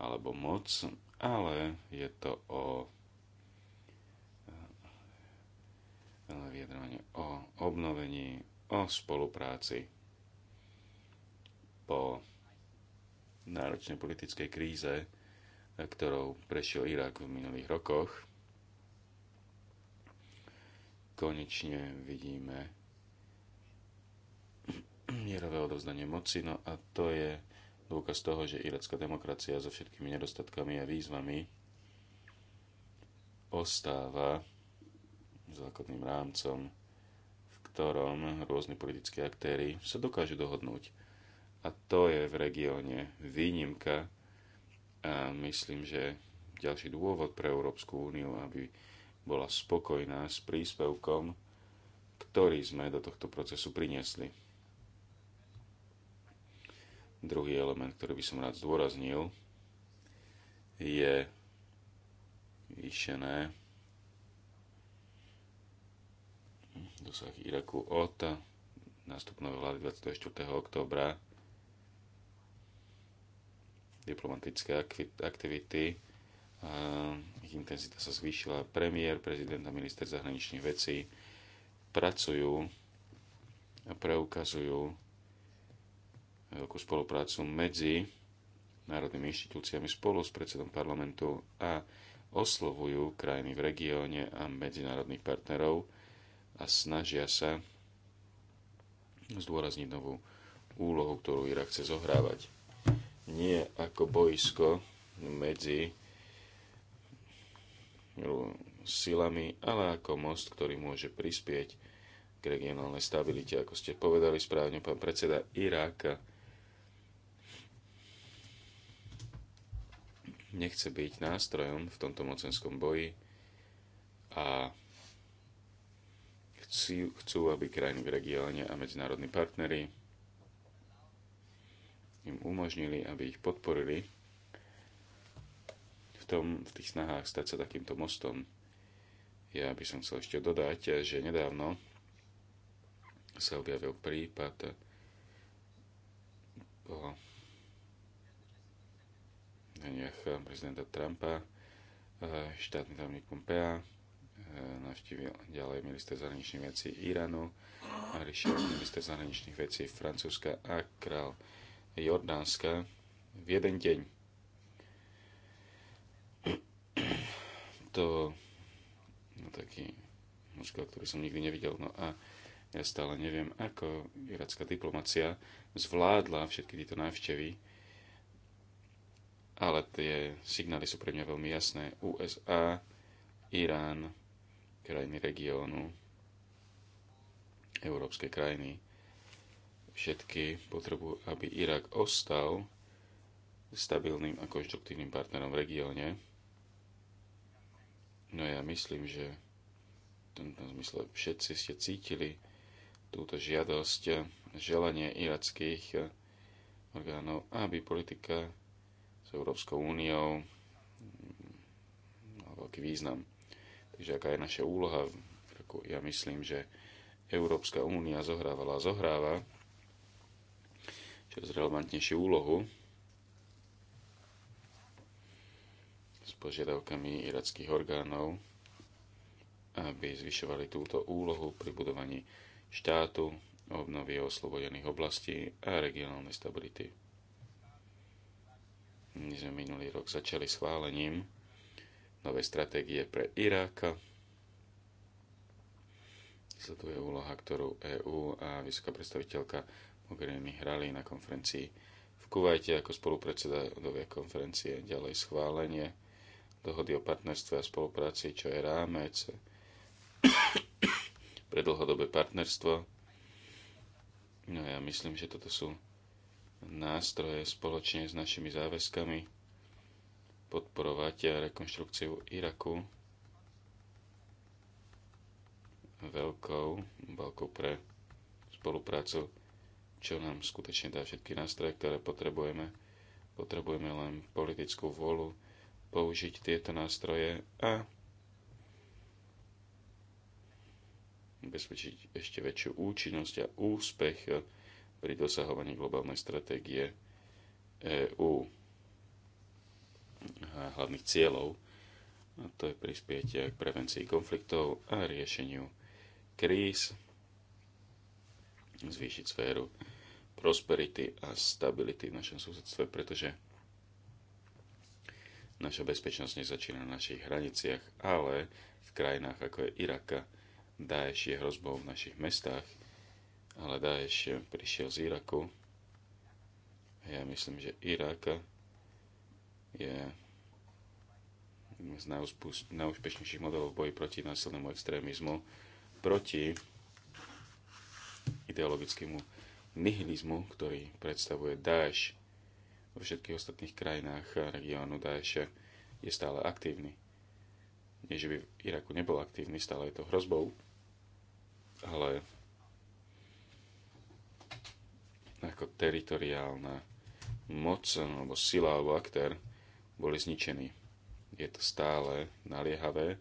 alebo moc, ale je to o eh, vyjadrovanie o obnovení, o spolupráci po náročnej politickej kríze, ktorou prešiel Irak v minulých rokoch. Konečne vidíme mierové odovzdanie moci, no a to je dôkaz toho, že iracká demokracia so všetkými nedostatkami a výzvami ostáva základným rámcom, v ktorom rôzni politickí aktéry sa dokážu dohodnúť. A to je v regióne výnimka a myslím, že ďalší dôvod pre Európsku úniu, aby bola spokojná s príspevkom, ktorý sme do tohto procesu priniesli. Druhý element, ktorý by som rád zdôraznil, je vyšené hm, dosah Iraku od nástupnej vlády 24. októbra diplomatické aktivity ich intenzita sa zvýšila. Premiér, prezident a minister zahraničných vecí pracujú a preukazujú veľkú spoluprácu medzi národnými inštitúciami spolu s predsedom parlamentu a oslovujú krajiny v regióne a medzinárodných partnerov a snažia sa zdôrazniť novú úlohu, ktorú Irak chce zohrávať. Nie ako boisko medzi silami, ale ako most, ktorý môže prispieť k regionálnej stabilite. Ako ste povedali správne, pán predseda Iráka. nechce byť nástrojom v tomto mocenskom boji a chcú, chcú aby krajiny v regióne a medzinárodní partnery im umožnili, aby ich podporili v, tom, v tých snahách stať sa takýmto mostom. Ja by som chcel ešte dodať, že nedávno sa objavil prípad o daniach prezidenta Trumpa. E, štátny tajomník Pompea e, navštívil ďalej minister zahraničných vecí Iránu a minister zahraničných vecí Francúzska a král Jordánska v jeden deň. To no, taký muskel, ktorý som nikdy nevidel. No a ja stále neviem, ako iracká diplomacia zvládla všetky tieto návštevy ale tie signály sú pre mňa veľmi jasné. USA, Irán, krajiny regiónu, európske krajiny, všetky potrebujú, aby Irak ostal stabilným a konštruktívnym partnerom v regióne. No ja myslím, že v tomto zmysle všetci ste cítili túto žiadosť, želanie irackých orgánov, aby politika Európskou úniou má veľký význam. Takže aká je naša úloha? Ja myslím, že Európska únia zohrávala a zohráva čo relevantnejšiu úlohu s požiadavkami irackých orgánov, aby zvyšovali túto úlohu pri budovaní štátu, obnovy oslobodených oblastí a regionálnej stability. My sme minulý rok začali schválením novej stratégie pre Iráka. Sleduje úloha, ktorú EÚ a vysoká predstaviteľka Mogherini hrali na konferencii v Kuvajte ako novej konferencie. Ďalej schválenie dohody o partnerstve a spolupráci, čo je rámec pre dlhodobé partnerstvo. No ja myslím, že toto sú nástroje spoločne s našimi záväzkami podporovať rekonštrukciu Iraku veľkou, veľkou pre spoluprácu, čo nám skutočne dá všetky nástroje, ktoré potrebujeme. Potrebujeme len politickú vôľu použiť tieto nástroje a ubezpečiť ešte väčšiu účinnosť a úspech pri dosahovaní globálnej stratégie EÚ hlavných cieľov, a to je prispieť k prevencii konfliktov a riešeniu kríz, zvýšiť sféru prosperity a stability v našom susedstve, pretože naša bezpečnosť nezačína na našich hraniciach, ale v krajinách ako je Iraka, Daesh je hrozbou v našich mestách, ale Daesh prišiel z Iraku. A ja myslím, že Irak je z najúspešnejších modelov v boji proti násilnému extrémizmu, proti ideologickému nihilizmu, ktorý predstavuje Daesh vo všetkých ostatných krajinách regiónu Daesh je stále aktívny. Nie, že by v Iraku nebol aktívny, stále je to hrozbou, ale ako teritoriálna moc alebo sila alebo aktér boli zničení. Je to stále naliehavé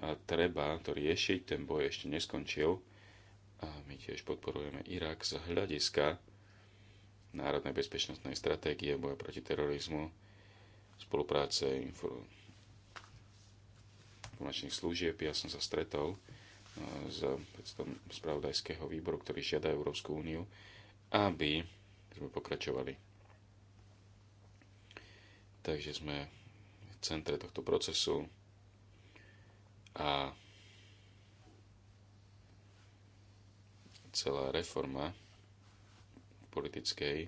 a treba to riešiť, ten boj ešte neskončil a my tiež podporujeme Irak z hľadiska národnej bezpečnostnej stratégie boja proti terorizmu, spolupráce informačných služieb. Ja som sa stretol e, s predstavom spravodajského výboru, ktorý žiada Európsku úniu, aby sme pokračovali. Takže sme v centre tohto procesu a celá reforma politickej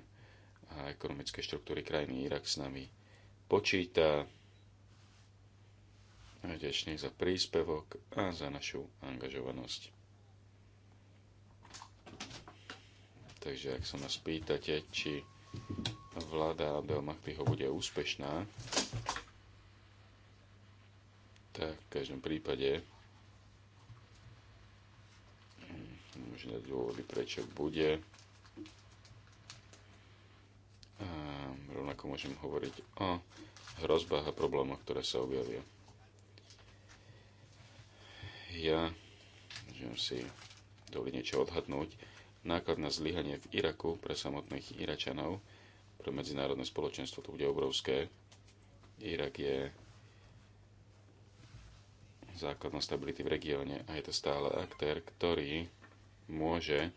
a ekonomickej štruktúry krajiny Irak s nami počíta. Vďačný za príspevok a za našu angažovanosť. Takže ak sa ma spýtate, či vláda Abdelmachtyho bude úspešná, tak v každom prípade možné dôvody, prečo bude. A rovnako môžem hovoriť o hrozbách a problémoch, ktoré sa objavia. Ja môžem si dovoliť niečo odhadnúť náklad na zlyhanie v Iraku pre samotných Iračanov, pre medzinárodné spoločenstvo to bude obrovské. Irak je základná stability v regióne a je to stále aktér, ktorý môže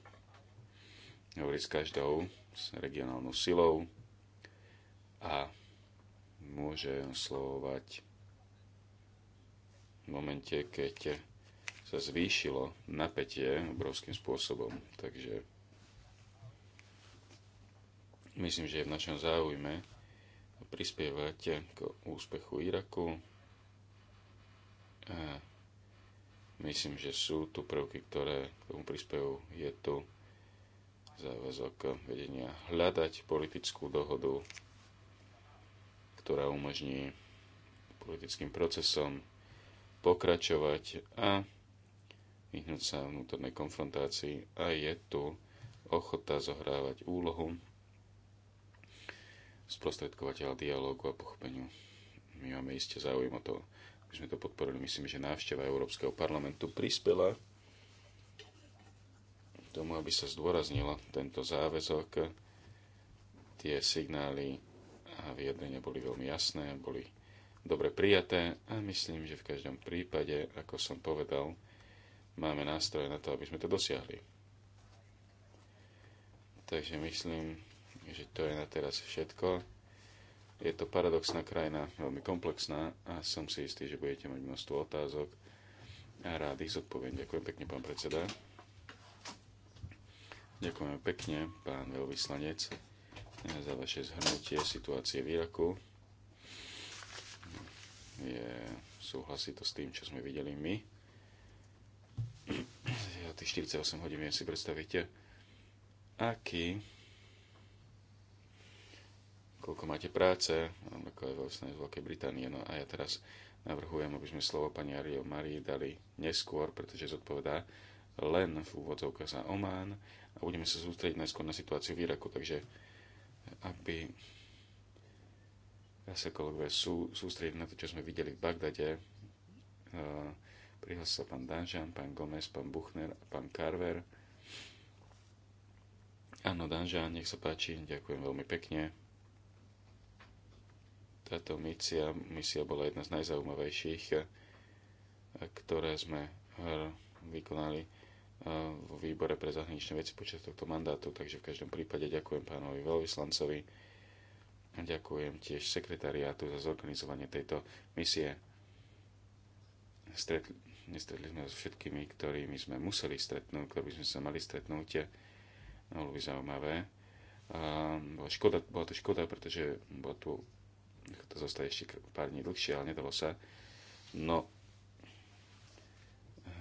hovoriť s každou s regionálnou silou a môže oslovovať v momente, keď sa zvýšilo napätie obrovským spôsobom. Takže myslím, že je v našom záujme prispievať k úspechu Iraku. A myslím, že sú tu prvky, ktoré k tomu prispievajú. Je tu záväzok vedenia hľadať politickú dohodu, ktorá umožní politickým procesom pokračovať a vyhnúť sa vnútornej konfrontácii a je tu ochota zohrávať úlohu sprostredkovateľa dialógu a pochopeniu. My máme iste záujem o to, aby sme to podporili. Myslím, že návšteva Európskeho parlamentu prispela tomu, aby sa zdôraznila tento záväzok. Tie signály a vyjadrenia boli veľmi jasné, boli dobre prijaté a myslím, že v každom prípade, ako som povedal, máme nástroje na to, aby sme to dosiahli. Takže myslím, že to je na teraz všetko. Je to paradoxná krajina, veľmi komplexná a som si istý, že budete mať množstvo otázok a rád ich zodpoviem. Ďakujem pekne, pán predseda. Ďakujem pekne, pán veľvyslanec, za vaše zhrnutie situácie v Iraku. Je, súhlasí to s tým, čo sme videli my tých 48 hodín viem si predstavíte. aký koľko máte práce, no, ako je vlastne z Veľkej Británie. No a ja teraz navrhujem, aby sme slovo pani Ariel Marie dali neskôr, pretože zodpovedá len v úvodzovka za Oman. a budeme sa sústrediť najskôr na situáciu v Iraku, takže aby ja sa kolegové sú, sústrediť na to, čo sme videli v Bagdade, Prihlásil pán Danžan, pán Gomez, pán Buchner a pán Carver. Áno, Danžan, nech sa páči, ďakujem veľmi pekne. Táto misia, misia bola jedna z najzaujímavejších, eh, ktoré sme eh, vykonali eh, v výbore pre zahraničné veci počas tohto mandátu, takže v každom prípade ďakujem pánovi veľvyslancovi a ďakujem tiež sekretariátu za zorganizovanie tejto misie. Stretli, nestretli sme so všetkými, ktorými sme museli stretnúť, ktorí sme sa mali stretnúť. No, bolo by zaujímavé. Bola, škoda, bola to škoda, pretože bolo tu to zostaje ešte pár dní dlhšie, ale nedalo sa. No, e,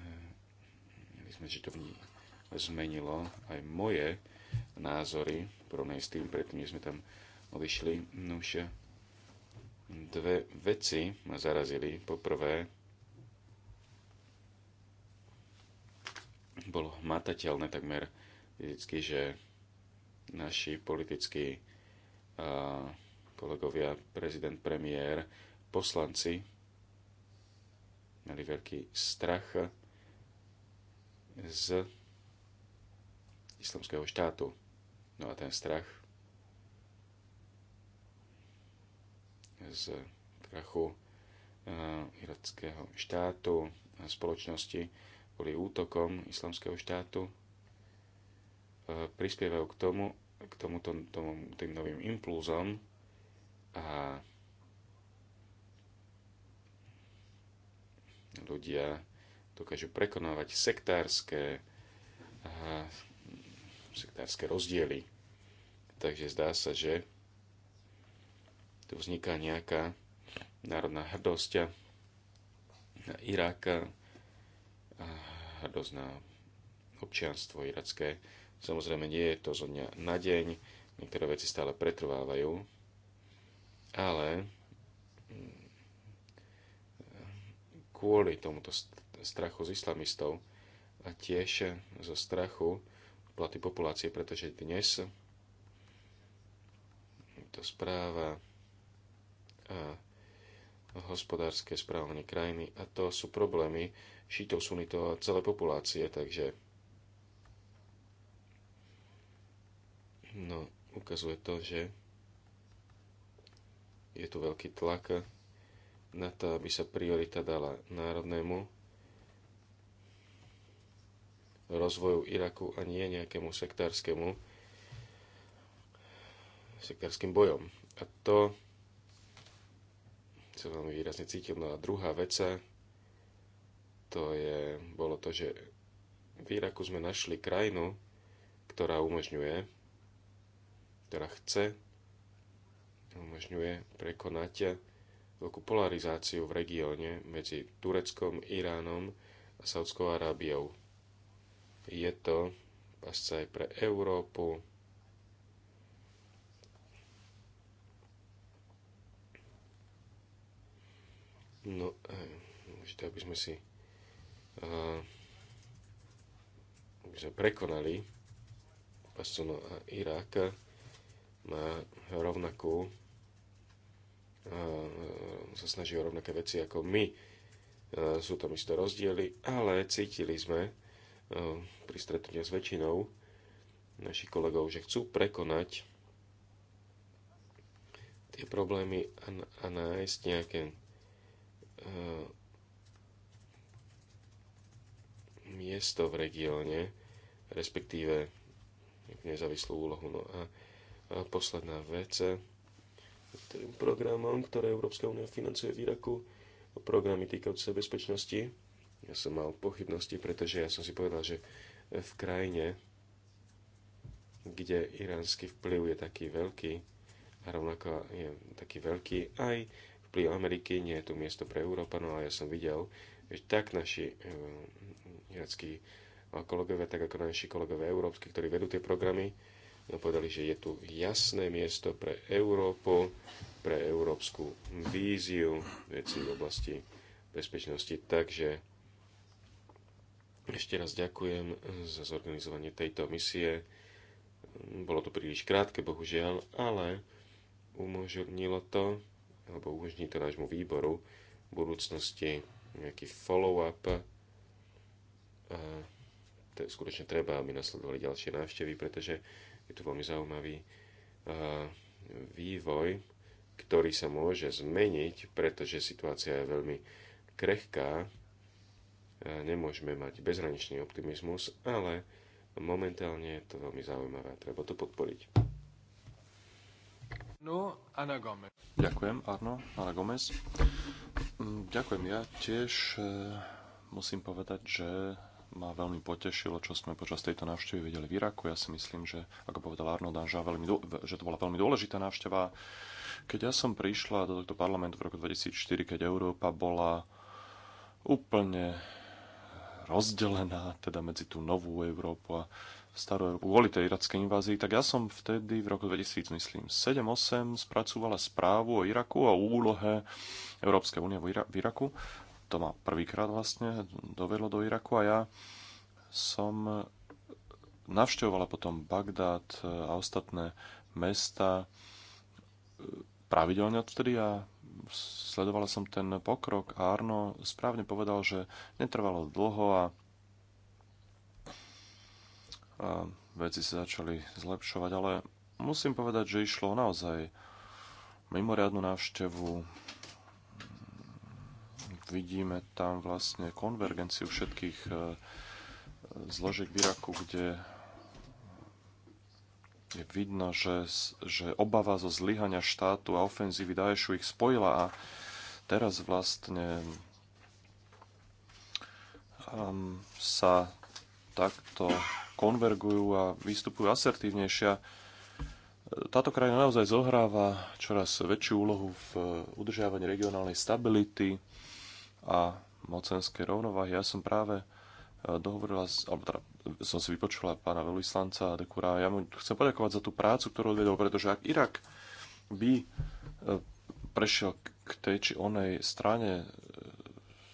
my sme, že to zmenilo aj moje názory, porovnaní s tým, predtým, sme tam odišli. No už e, dve veci ma zarazili. Poprvé, bolo matateľné takmer vždycky, že naši politickí kolegovia, prezident, premiér, poslanci mali veľký strach z islamského štátu. No a ten strach z krachu irackého štátu a spoločnosti kvôli útokom islamského štátu e, prispievajú k tomu, k tomuto, tomu, tým novým impulzom a ľudia dokážu prekonávať sektárske, a, sektárske rozdiely. Takže zdá sa, že tu vzniká nejaká národná hrdosť na Iráka, dozná občianstvo iracké. Samozrejme nie je to zo dňa na deň, niektoré veci stále pretrvávajú, ale mm, kvôli tomuto strachu z islamistov a tiež zo strachu platy populácie, pretože dnes to správa a hospodárske správanie krajiny a to sú problémy, šítov, sunitov a celé populácie, takže no, ukazuje to, že je tu veľký tlak na to, aby sa priorita dala národnému rozvoju Iraku a nie nejakému sektárskému sektárským bojom. A to sa veľmi výrazne cítil. No a druhá vec to je, bolo to, že v Iraku sme našli krajinu, ktorá umožňuje, ktorá chce, umožňuje prekonať veľkú polarizáciu v regióne medzi Tureckom, Iránom a Saudskou Arábiou. Je to pasca aj pre Európu, No, eh, dôležité, aby sme si že prekonali Pasuno a Irak má rovnakú sa snaží o rovnaké veci ako my. Sú tam isté rozdiely, ale cítili sme pri stretnutí s väčšinou našich kolegov, že chcú prekonať tie problémy a, a nájsť nejaké miesto v regióne, respektíve nezávislú úlohu. No a, a posledná vec, tým programom, ktoré Európska únia financuje v Iraku, programy týkajúce sa bezpečnosti. Ja som mal pochybnosti, pretože ja som si povedal, že v krajine, kde iránsky vplyv je taký veľký, a rovnako je taký veľký aj vplyv Ameriky, nie je tu miesto pre Európanov, ale ja som videl, tak naši eh, irackí kolegovia, tak ako naši kolegovia európsky, ktorí vedú tie programy, no, povedali, že je tu jasné miesto pre Európu, pre európsku víziu veci v oblasti bezpečnosti. Takže ešte raz ďakujem eh, za zorganizovanie tejto misie. Bolo to príliš krátke, bohužiaľ, ale umožnilo to, alebo umožní to nášmu výboru v budúcnosti nejaký follow-up. A to je skutočne treba, aby nasledovali ďalšie návštevy, pretože je tu veľmi zaujímavý vývoj, ktorý sa môže zmeniť, pretože situácia je veľmi krehká. Nemôžeme mať bezhraničný optimizmus, ale momentálne je to veľmi zaujímavé a treba to podporiť. No, Ana Gomez. Ďakujem, Arno. Ana Gomez. Mm, ďakujem. Ja tiež e, musím povedať, že ma veľmi potešilo, čo sme počas tejto návštevy videli v Iraku. Ja si myslím, že, ako povedal Arno Danža, veľmi, že to bola veľmi dôležitá návšteva. Keď ja som prišla do tohto parlamentu v roku 2004, keď Európa bola úplne rozdelená, teda medzi tú novú Európu a starú, kvôli tej irackej invázii, tak ja som vtedy v roku 2000, myslím, 7-8 spracovala správu o Iraku a úlohe Európskej únie v Iraku. To ma prvýkrát vlastne dovedlo do Iraku a ja som navštevovala potom Bagdad a ostatné mesta e, pravidelne odtedy a sledovala som ten pokrok a Arno správne povedal, že netrvalo dlho a a veci sa začali zlepšovať, ale musím povedať, že išlo naozaj mimoriadnu návštevu. Vidíme tam vlastne konvergenciu všetkých e, zložiek v Iraku, kde je vidno, že, že obava zo zlyhania štátu a ofenzívy Daešu ich spojila a teraz vlastne um, sa takto konvergujú a vystupujú asertívnejšia. Táto krajina naozaj zohráva čoraz väčšiu úlohu v udržiavaní regionálnej stability a mocenské rovnováhy. Ja som práve e, dohovorila, alebo teda som si vypočula pána veľvyslanca Dekura. Ja mu chcem poďakovať za tú prácu, ktorú odvedol, pretože ak Irak by e, prešiel k tej či onej strane e,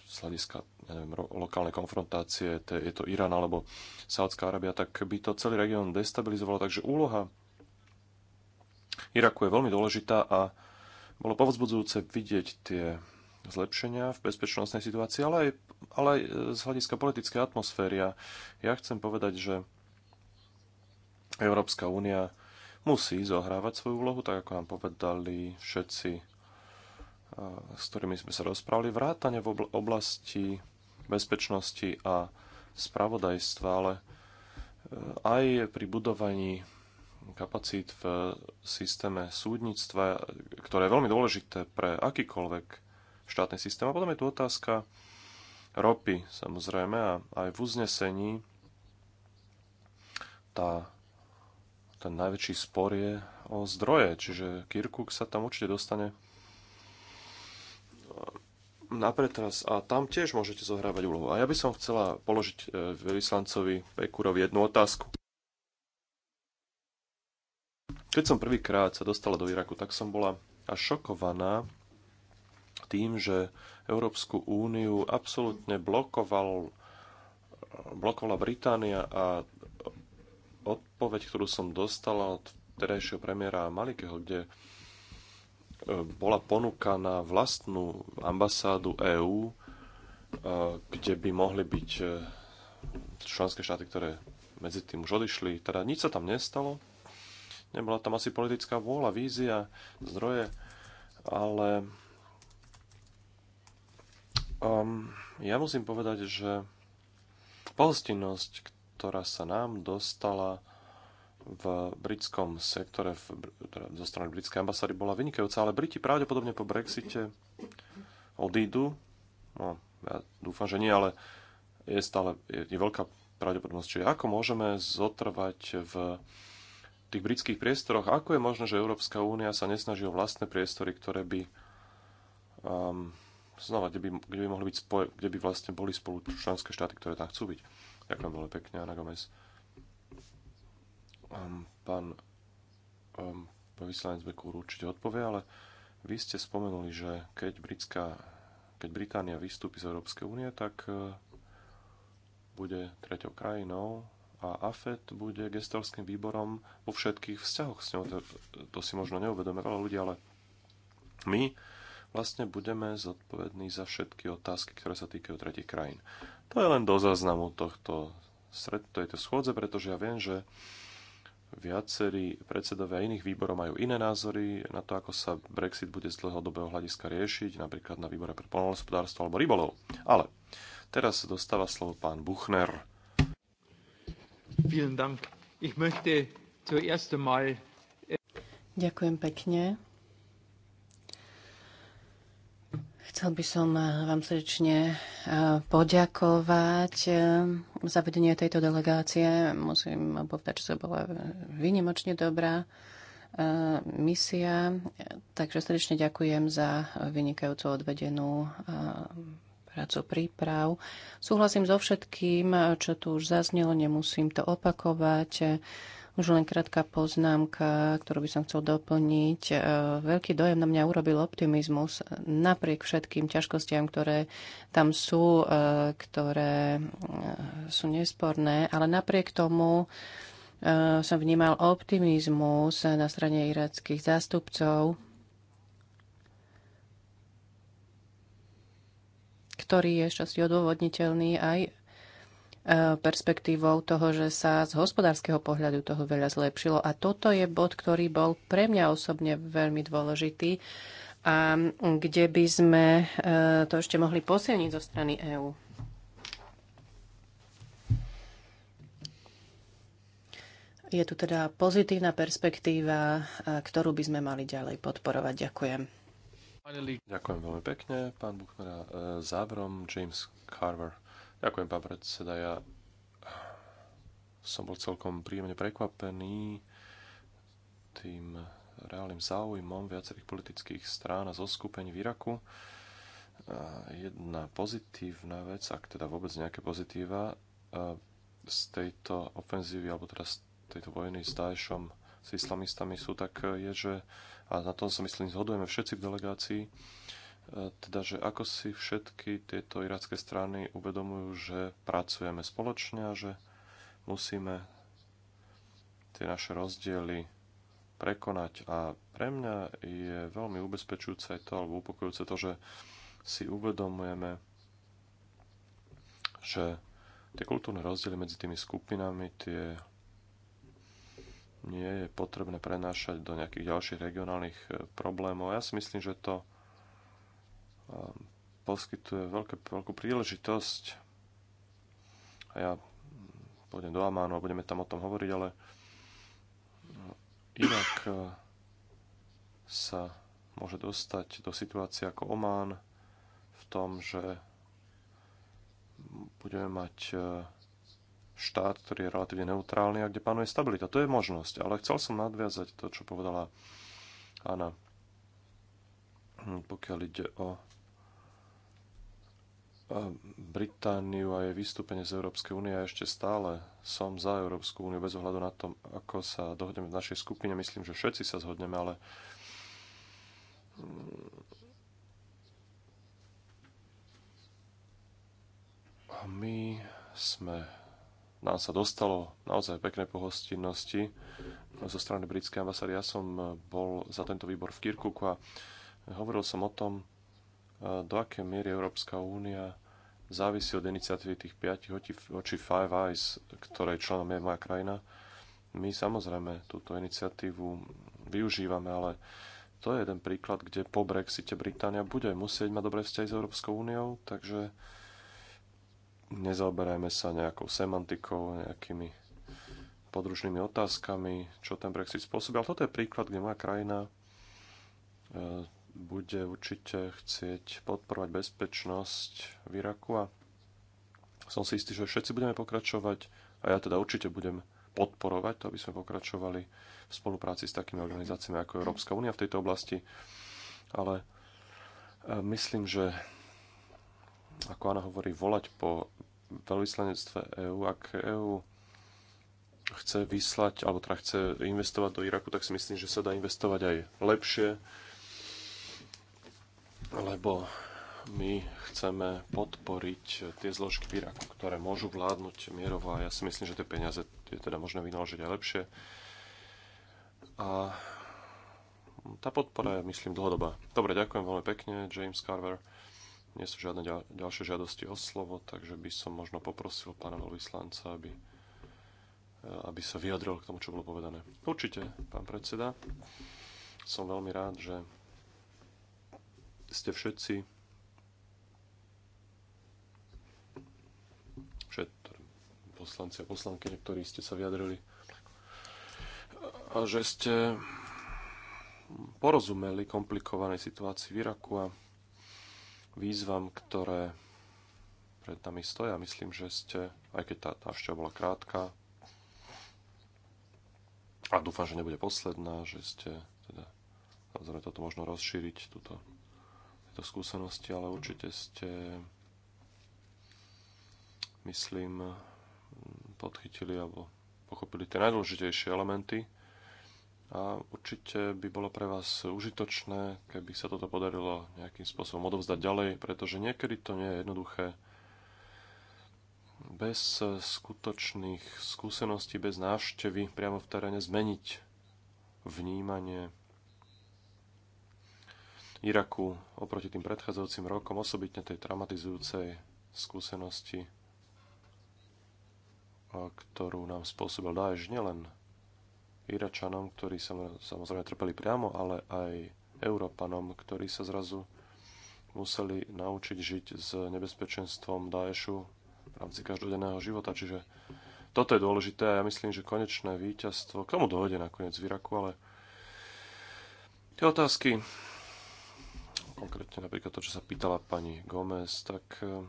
z hľadiska ja neviem, lokálne konfrontácie, to, je to Irán alebo Sáudská Arábia, tak by to celý región destabilizovalo. Takže úloha Iraku je veľmi dôležitá a bolo povzbudzujúce vidieť tie zlepšenia v bezpečnostnej situácii, ale aj, ale aj z hľadiska politickej atmosféry. A ja chcem povedať, že Európska únia musí zohrávať svoju úlohu, tak ako nám povedali všetci, s ktorými sme sa rozprávali, vrátane v oblasti bezpečnosti a spravodajstva, ale e, aj pri budovaní kapacít v systéme súdnictva, ktoré je veľmi dôležité pre akýkoľvek štátny systém. A potom je tu otázka ropy, samozrejme, a aj v uznesení tá, ten najväčší spor je o zdroje, čiže Kirkuk sa tam určite dostane na pretras a tam tiež môžete zohrávať úlohu. A ja by som chcela položiť e, vyslancovi Pekurovi jednu otázku. Keď som prvýkrát sa dostala do Iraku, tak som bola až šokovaná tým, že Európsku úniu absolútne blokoval, blokovala Británia a odpoveď, ktorú som dostala od terajšieho premiéra Malikeho, kde bola ponuka na vlastnú ambasádu EÚ, e, kde by mohli byť e, členské štáty, ktoré medzi tým už odišli. Teda nič sa tam nestalo. Nebola tam asi politická vôľa, vízia, zdroje, ale um, ja musím povedať, že pohostinnosť, ktorá sa nám dostala, v britskom sektore v, teda zo strany britskej ambasády bola vynikajúca, ale Briti pravdepodobne po Brexite odídu. No, ja dúfam, že nie, ale je stále je, je veľká pravdepodobnosť. Čiže ako môžeme zotrvať v tých britských priestoroch, ako je možné, že Európska únia sa nesnaží o vlastné priestory, ktoré by um, znova, kde by, kde by mohli byť spoje, kde by vlastne boli spolu členské štáty, ktoré tam chcú byť. Ďakujem veľmi pekne, Ana Gomez pán um, vyslanec Bekúr určite odpovie, ale vy ste spomenuli, že keď, britská, keď Británia vystúpi z Európskej únie, tak e, bude treťou krajinou a AFET bude gestorským výborom vo všetkých vzťahoch s ňou. To, to si možno neuvedomuje veľa ľudí, ale my vlastne budeme zodpovední za všetky otázky, ktoré sa týkajú tretich krajín. To je len do záznamu tohto tejto schôdze, pretože ja viem, že viacerí predsedovia iných výborov majú iné názory na to, ako sa Brexit bude z dlhodobého hľadiska riešiť, napríklad na výbore pre polnohospodárstvo alebo rybolov. Ale teraz dostáva slovo pán Buchner. Ďakujem pekne. Chcel by som eh, vám srdečne eh, poďakovať eh, za vedenie tejto delegácie. Musím povedať, že to bola vynimočne dobrá misia. Takže srdečne ďakujem za vynikajúco odvedenú prácu príprav. Súhlasím so všetkým, čo tu už zaznelo, nemusím to opakovať. Už len krátka poznámka, ktorú by som chcel doplniť. E, veľký dojem na mňa urobil optimizmus napriek všetkým ťažkostiam, ktoré tam sú, e, ktoré e, sú nesporné, ale napriek tomu som vnímal optimizmus na strane irackých zástupcov, ktorý je časti odôvodniteľný aj E, perspektívou toho, že sa z hospodárskeho pohľadu toho veľa zlepšilo. A toto je bod, ktorý bol pre mňa osobne veľmi dôležitý a kde by sme e, to ešte mohli posilniť zo strany EÚ. Je tu teda pozitívna perspektíva, e, ktorú by sme mali ďalej podporovať. Ďakujem. Ďakujem veľmi pekne, pán Buchner. Záverom James Carver. Ďakujem, pán predseda. Ja som bol celkom príjemne prekvapený tým reálnym záujmom viacerých politických strán a zoskupení v Iraku. Jedna pozitívna vec, ak teda vôbec nejaké pozitíva, z tejto ofenzívy, alebo teda z tejto vojny s Daešom, s islamistami sú, tak je, že, a na tom sa myslím zhodujeme všetci v delegácii, E, teda, že ako si všetky tieto iracké strany uvedomujú, že pracujeme spoločne a že musíme tie naše rozdiely prekonať. A pre mňa je veľmi ubezpečujúce aj to, alebo upokojujúce to, že si uvedomujeme, že tie kultúrne rozdiely medzi tými skupinami, tie nie je potrebné prenášať do nejakých ďalších regionálnych e, problémov. Ja si myslím, že to poskytuje veľké, veľkú príležitosť a ja pôjdem do Amánu a budeme tam o tom hovoriť, ale no, inak e, sa môže dostať do situácie ako Omán v tom, že budeme mať e, štát, ktorý je relatívne neutrálny a kde panuje stabilita. To je možnosť, ale chcel som nadviazať to, čo povedala Anna, hm, pokiaľ ide o Britániu a jej vystúpenie z Európskej únie. a ešte stále som za Európsku úniu bez ohľadu na tom, ako sa dohodneme v našej skupine. Myslím, že všetci sa zhodneme, ale mm, my sme nám sa dostalo naozaj pekné pohostinnosti zo strany britskej ambasády. Ja som bol za tento výbor v Kirkuku a hovoril som o tom, do akej miery Európska únia závisí od iniciatívy tých piatich oči Five Eyes, ktorej členom je moja krajina. My samozrejme túto iniciatívu využívame, ale to je jeden príklad, kde po Brexite Británia bude musieť mať dobré vzťahy s Európskou úniou, takže nezaoberajme sa nejakou semantikou, nejakými podružnými otázkami, čo ten Brexit spôsobí. Ale toto je príklad, kde moja krajina e, bude určite chcieť podporovať bezpečnosť v Iraku a som si istý, že všetci budeme pokračovať a ja teda určite budem podporovať to, aby sme pokračovali v spolupráci s takými organizáciami ako Európska únia v tejto oblasti. Ale e, myslím, že ako Anna hovorí, volať po veľvyslanectve EÚ, ak EÚ chce vyslať, alebo teda chce investovať do Iraku, tak si myslím, že sa dá investovať aj lepšie lebo my chceme podporiť tie zložky v Iraku, ktoré môžu vládnuť mierovo a ja si myslím, že tie peniaze je teda možné vynaložiť aj lepšie. A tá podpora je, myslím, dlhodobá. Dobre, ďakujem veľmi pekne, James Carver. Nie sú žiadne ďal, ďalšie žiadosti o slovo, takže by som možno poprosil pána veľvyslanca, aby, eh, aby sa vyjadril k tomu, čo bolo povedané. Určite, pán predseda. Som veľmi rád, že ste všetci všetci poslanci a poslanky, ktorí ste sa vyjadrili a že ste porozumeli komplikovanej situácii v Iraku a výzvam, ktoré pred nami stoja. Myslím, že ste, aj keď tá návšteva bola krátka, a dúfam, že nebude posledná, že ste teda, samozrejme toto možno rozšíriť, túto tieto skúsenosti, ale určite ste, myslím, podchytili alebo pochopili tie najdôležitejšie elementy. A určite by bolo pre vás užitočné, keby sa toto podarilo nejakým spôsobom odovzdať ďalej, pretože niekedy to nie je jednoduché. Bez skutočných skúseností, bez návštevy priamo v teréne zmeniť vnímanie Iraku oproti tým predchádzajúcim rokom, osobitne tej traumatizujúcej skúsenosti, ktorú nám spôsobil Daesh nielen Iračanom, ktorí sa samozrejme trpeli priamo, ale aj Európanom, ktorí sa zrazu museli naučiť žiť s nebezpečenstvom Daešu v rámci každodenného života. Čiže toto je dôležité a ja myslím, že konečné víťazstvo, k tomu dojde nakoniec v Iraku, ale tie otázky konkrétne napríklad to, čo sa pýtala pani Gomez, tak eh,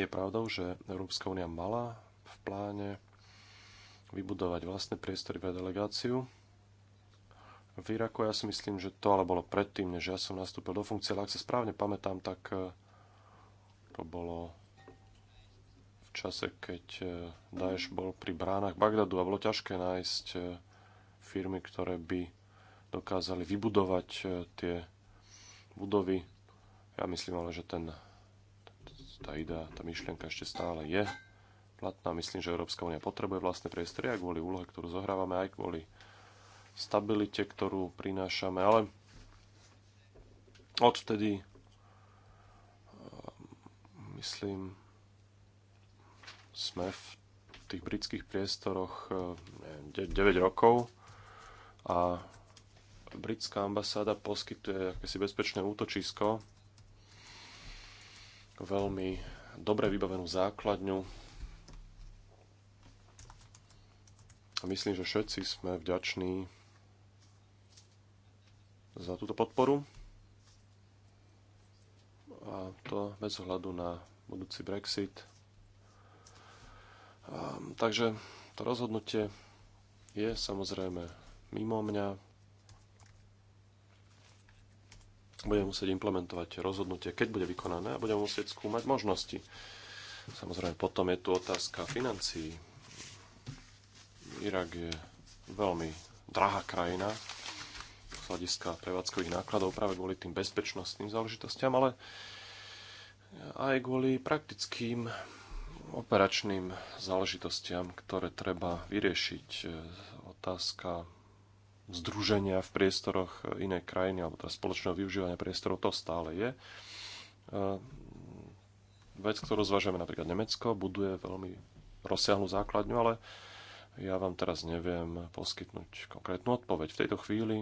je pravdou, že Európska únia mala v pláne vybudovať vlastné priestory pre delegáciu v Iraku. Ja si myslím, že to ale bolo predtým, než ja som nastúpil do funkcie, ale ak sa správne pamätám, tak eh, to bolo v čase, keď eh, Daesh bol pri bránach Bagdadu a bolo ťažké nájsť firmy, ktoré by dokázali vybudovať tie budovy. Ja myslím ale, že ten, tá idea, tá myšlienka ešte stále je platná. Myslím, že Európska únia potrebuje vlastné priestory aj kvôli úlohe, ktorú zohrávame, aj kvôli stabilite, ktorú prinášame, ale odvtedy eh, myslím, sme v tých britských priestoroch eh, neviem, 9 rokov a britská ambasáda poskytuje akési bezpečné útočisko, veľmi dobre vybavenú základňu. A myslím, že všetci sme vďační za túto podporu. A to bez ohľadu na budúci Brexit. A, ehm, takže to rozhodnutie je samozrejme mimo mňa, budeme musieť implementovať rozhodnutie, keď bude vykonané a budeme musieť skúmať možnosti. Samozrejme, potom je tu otázka financií. Irak je veľmi drahá krajina z hľadiska prevádzkových nákladov práve kvôli tým bezpečnostným záležitostiam, ale aj kvôli praktickým operačným záležitostiam, ktoré treba vyriešiť. Otázka združenia v priestoroch inej krajiny alebo teda spoločného využívania priestorov, to stále je. Ehm, vec, ktorú zvažujeme napríklad Nemecko, buduje veľmi rozsiahlu základňu, ale ja vám teraz neviem poskytnúť konkrétnu odpoveď v tejto chvíli.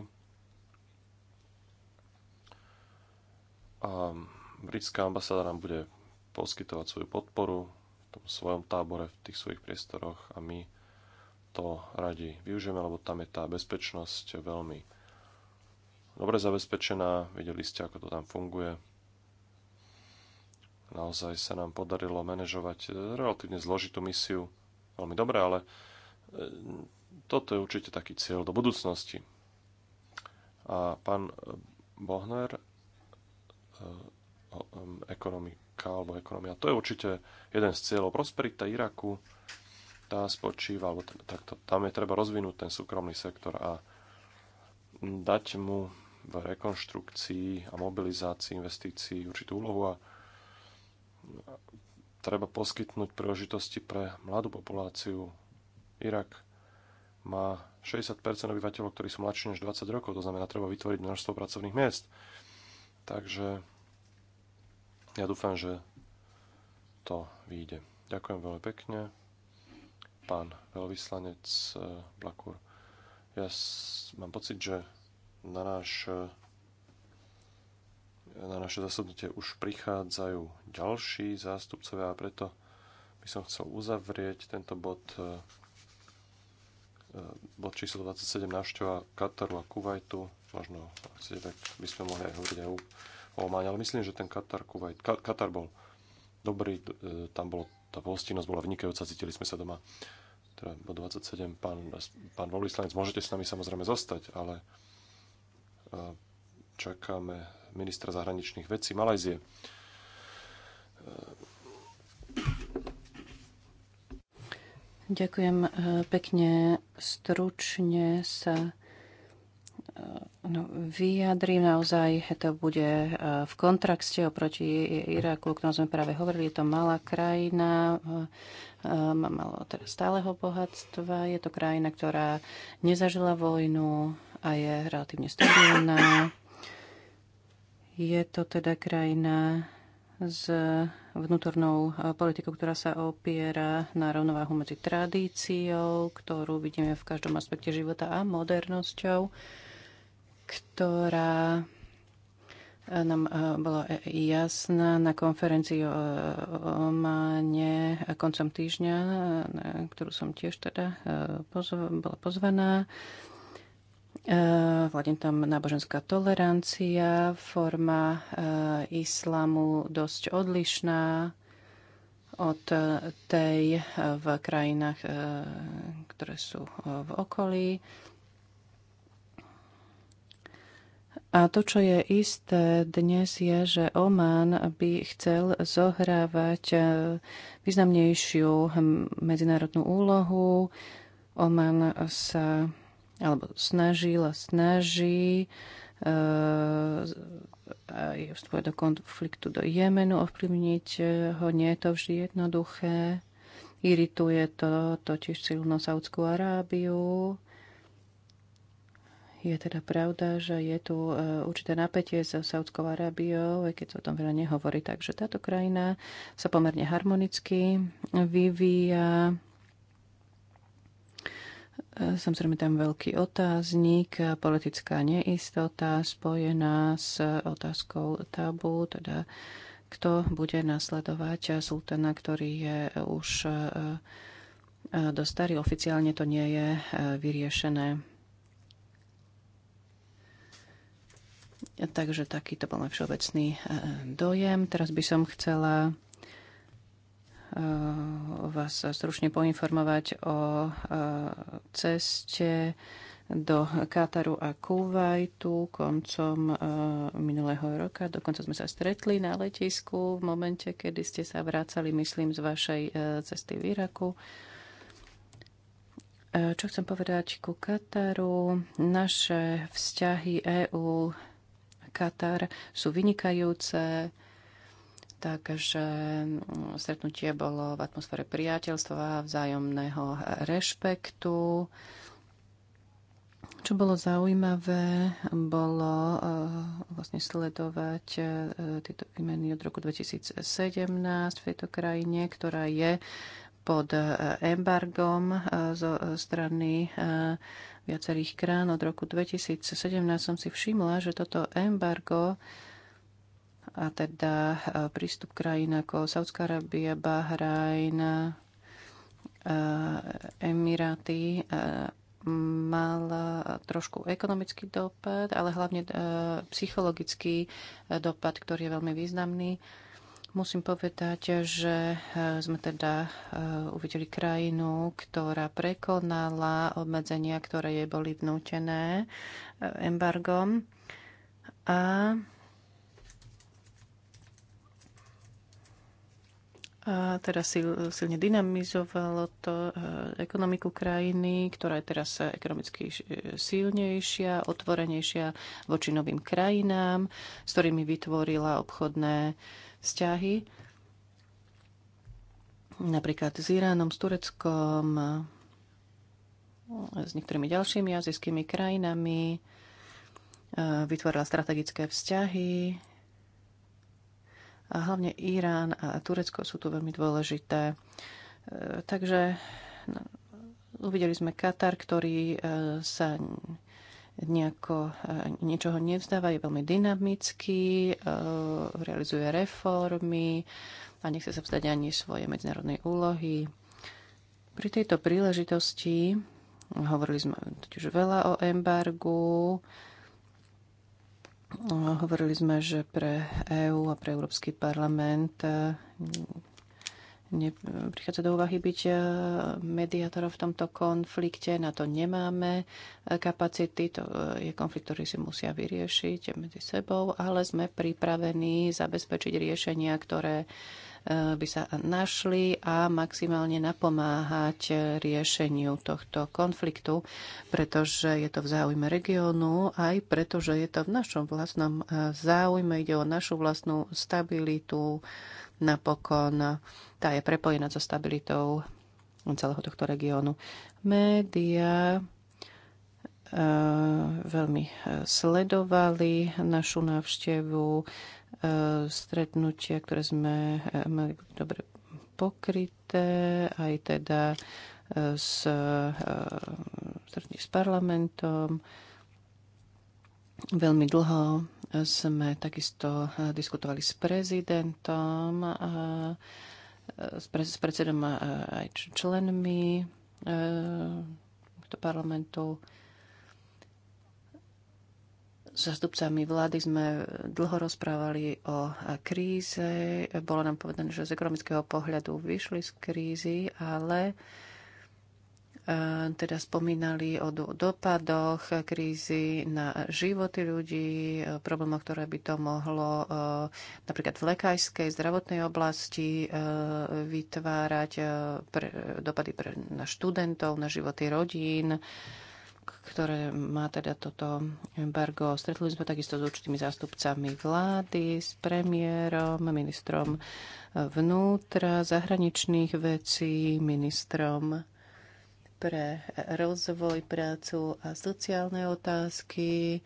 A britská ambasáda nám bude poskytovať svoju podporu v tom svojom tábore, v tých svojich priestoroch a my to radi využijeme, lebo tam je tá bezpečnosť veľmi dobre zabezpečená. Videli ste, ako to tam funguje. Naozaj sa nám podarilo manažovať relatívne zložitú misiu veľmi dobre, ale e, toto je určite taký cieľ do budúcnosti. A pán Bohner, e, ekonomika alebo ekonomia, to je určite jeden z cieľov. Prosperita Iraku tá spočíva, alebo takto, tam je treba rozvinúť ten súkromný sektor a dať mu v rekonštrukcii a mobilizácii investícií určitú úlohu a treba poskytnúť príležitosti pre mladú populáciu. Irak má 60 obyvateľov, ktorí sú mladší než 20 rokov, to znamená, treba vytvoriť množstvo pracovných miest. Takže ja dúfam, že to vyjde. Ďakujem veľmi pekne pán veľvyslanec eh, Blakur. Ja mám pocit, že na, náš, eh, na naše zasadnutie už prichádzajú ďalší zástupcovia a preto by som chcel uzavrieť tento bod eh, bod číslo 27 návšteva Kataru a Kuwaitu. Možno, ak chcete, tak by sme mohli aj hovoriť aj o Ománe, ale myslím, že ten Katar, Kuwait, Katar bol dobrý, tam bolo, tá pohostinnosť bola vynikajúca, cítili sme sa doma teda bod 27, pán, pán Volislanec, môžete s nami samozrejme zostať, ale e, čakáme ministra zahraničných vecí Malajzie. E, Ďakujem e, pekne. Stručne sa No, vyjadrím naozaj, to bude eh, v kontrakste oproti Iraku, o ktorom sme práve hovorili. Je to malá krajina, eh, eh, má malo stáleho bohatstva. Je to krajina, ktorá nezažila vojnu a je relatívne stabilná. Je to teda krajina s vnútornou politikou, ktorá sa opiera na rovnováhu medzi tradíciou, ktorú vidíme v každom aspekte života, a modernosťou ktorá eh, nám eh, bola eh, jasná na konferencii o Omane koncom týždňa, na ktorú som tiež teda bola pozvaná. Vládne tam náboženská tolerancia, forma islamu dosť odlišná od tej v krajinách, ktoré sú v okolí. A to, čo je isté dnes, je, že Oman by chcel zohrávať eh, významnejšiu hm, medzinárodnú úlohu. Oman sa alebo snažil a snaží eh, aj vstúpať do konfliktu do Jemenu, ovplyvniť eh, ho. Nie je to vždy jednoduché. Irituje to totiž silno Saudskú Arábiu je teda pravda, že je tu e, určité napätie so Saudskou Arábiou, aj keď sa o tom veľa nehovorí, takže táto krajina sa pomerne harmonicky vyvíja. E, samozrejme tam veľký otáznik, politická neistota spojená s otázkou tabu, teda kto bude nasledovať sultana, ktorý je už e, dosť starý. Oficiálne to nie je vyriešené. Takže takýto bol môj všeobecný e, e, dojem. Teraz by som chcela e, vás stručne poinformovať o ceste do Kataru a Kuwaitu koncom minulého roka. Dokonca sme sa stretli na letisku v momente, kedy ste sa vrácali, myslím, z vašej cesty v Iraku. Čo chcem povedať ku Kataru? Naše vzťahy EU. Katar sú vynikajúce. Takže mm, stretnutie bolo v atmosfére priateľstva, vzájomného rešpektu. Čo bolo zaujímavé, bolo eh, vlastne sledovať eh, tieto výmeny od roku 2017 v tejto krajine, ktorá je pod eh, embargom zo strany viacerých krán. Od roku 2017 som si všimla, že toto embargo a teda e, prístup krajín ako Saudská Arábia, Bahrajn, e, Emiráty e, mal trošku ekonomický dopad, ale hlavne psychologický dopad, ktorý je veľmi významný Musím povedať, že e, sme teda e, uvideli krajinu, ktorá prekonala obmedzenia, ktoré jej boli vnútené e, embargom. A A teraz silne dynamizovalo to ekonomiku krajiny, ktorá je teraz ekonomicky silnejšia, otvorenejšia voči novým krajinám, s ktorými vytvorila obchodné uh, vzťahy napríklad s Iránom, s Tureckom, s niektorými ďalšími azijskými krajinami, e, vytvorila strategické vzťahy a hlavne Irán a Turecko sú tu veľmi dôležité. E, takže no, uvideli sme Katar, ktorý e, sa nejako, e, niečoho nevzdáva, je veľmi dynamický, e, realizuje reformy a nechce sa vzdať ani svoje medzinárodnej úlohy. Pri tejto príležitosti hovorili sme totiž veľa o embargu, hovorili sme, že pre EÚ a pre Európsky parlament neprichádza do úvahy byť e, mediátorom v tomto konflikte. Na to nemáme e, kapacity. To e, je konflikt, ktorý si musia vyriešiť medzi sebou, ale sme pripravení zabezpečiť riešenia, ktoré by sa našli a maximálne napomáhať riešeniu tohto konfliktu, pretože je to v záujme regiónu, aj pretože je to v našom vlastnom záujme, ide o našu vlastnú stabilitu, napokon eh, tá je prepojená so stabilitou celého tohto regiónu. Média eh, veľmi eh, sledovali našu návštevu, stretnutia, ktoré sme mali dobre pokryté, aj teda s, s parlamentom. Veľmi dlho sme takisto eh, diskutovali s prezidentom, eh, eh, s predsedom aj členmi parlamentu zastupcami vlády sme dlho rozprávali o kríze. Bolo nám povedané, že z ekonomického pohľadu vyšli z krízy, ale Ehm, teda spomínali o dopadoch krízy na životy ľudí, e, problémoch, ktoré by to mohlo e, napríklad v lekárskej zdravotnej oblasti e, vytvárať pre, dopady pre, na študentov, na životy rodín, ktoré má teda toto embargo. Stretli sme takisto s určitými zástupcami vlády, s premiérom, ministrom vnútra, zahraničných vecí, ministrom pre rozvoj, prácu a sociálne otázky,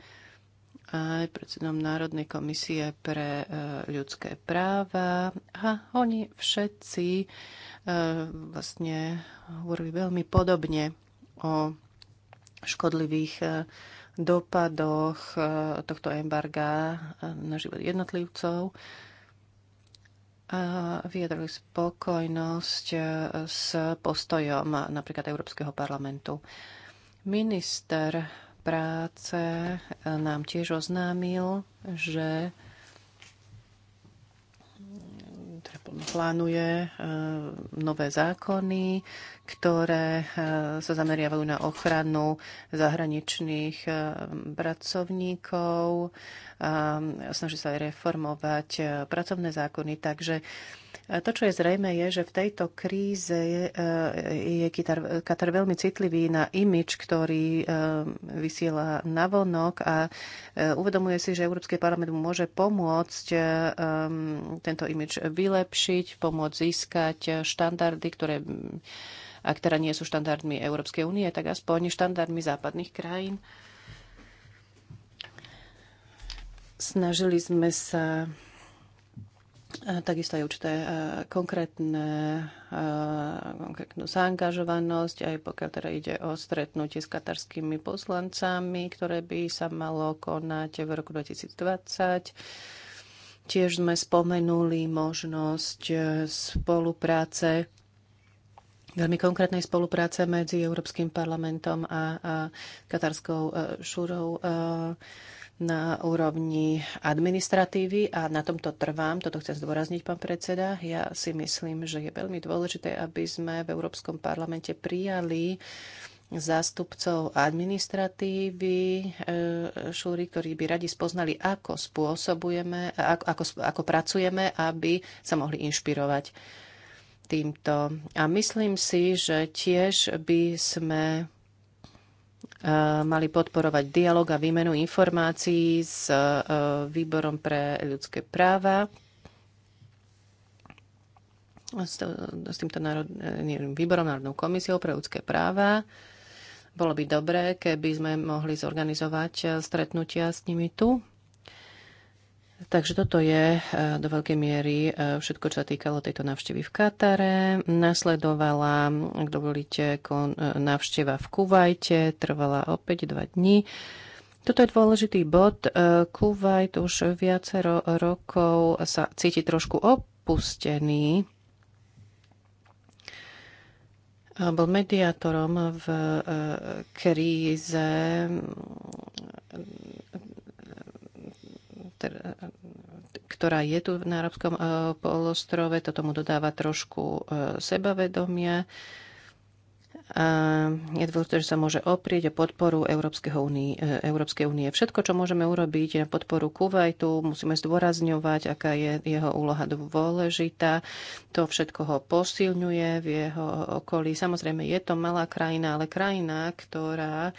aj predsedom Národnej komisie pre e, ľudské práva. A oni všetci e, vlastne hovorili veľmi podobne o škodlivých e, dopadoch tohto embarga na život jednotlivcov vyjadrili spokojnosť e, s postojom napríklad Európskeho parlamentu. Minister práce e, nám tiež oznámil, že plánuje e, nové zákony, ktoré e, sa zameriavajú na ochranu zahraničných e, pracovníkov. Snaží sa aj reformovať pracovné zákony, takže E, to, čo je zrejme, je, že v tejto kríze je, e, je Katar, Katar veľmi citlivý na imič, ktorý e, vysiela na vonok a uvedomuje si, že Európsky parlament mu môže pomôcť tento imič vylepšiť, pomôcť získať štandardy, ktoré a ktoré nie sú štandardmi Európskej únie, tak aspoň štandardmi západných krajín. Snažili sme sa Eh, takisto aj určité eh, konkrétne, eh, konkrétnu zaangažovanosť, aj pokiaľ teda ide o stretnutie s katarskými poslancami, ktoré by sa malo konať v roku 2020. Tiež sme spomenuli možnosť spolupráce veľmi konkrétnej spolupráce medzi Európskym parlamentom a, a katarskou šúrou na úrovni administratívy a na tomto trvám, toto chcem zdôrazniť, pán predseda. Ja si myslím, že je veľmi dôležité, aby sme v Európskom parlamente prijali zástupcov administratívy e, šúry, ktorí by radi spoznali, ako spôsobujeme, ako, ako, ako pracujeme, aby sa mohli inšpirovať týmto. A myslím si, že tiež by sme Eh, mali podporovať dialog a výmenu informácií s eh, Výborom pre ľudské práva s, týmto národ, eh, výborom Národnou komisiou pre ľudské práva. Bolo by dobré, keby sme mohli zorganizovať stretnutia s nimi tu. Takže toto je e, do veľkej miery e, všetko, čo sa týkalo tejto návštevy v Katare. Nasledovala, ak dovolíte, e, návšteva v Kuvajte, trvala opäť dva dní. Toto je dôležitý bod. Kuwait už viacero rokov sa cíti trošku opustený. Bol mediátorom v kríze ktorá je tu na arabskom e, polostrove. To tomu dodáva trošku e, sebavedomia. A e, je dôležité, že sa môže oprieť o podporu Európskeho Európskej únie. Všetko, čo môžeme urobiť na podporu Kuwaitu, musíme zdôrazňovať, aká je jeho úloha dôležitá. To všetko ho posilňuje v jeho okolí. Samozrejme, je to malá krajina, ale krajina, ktorá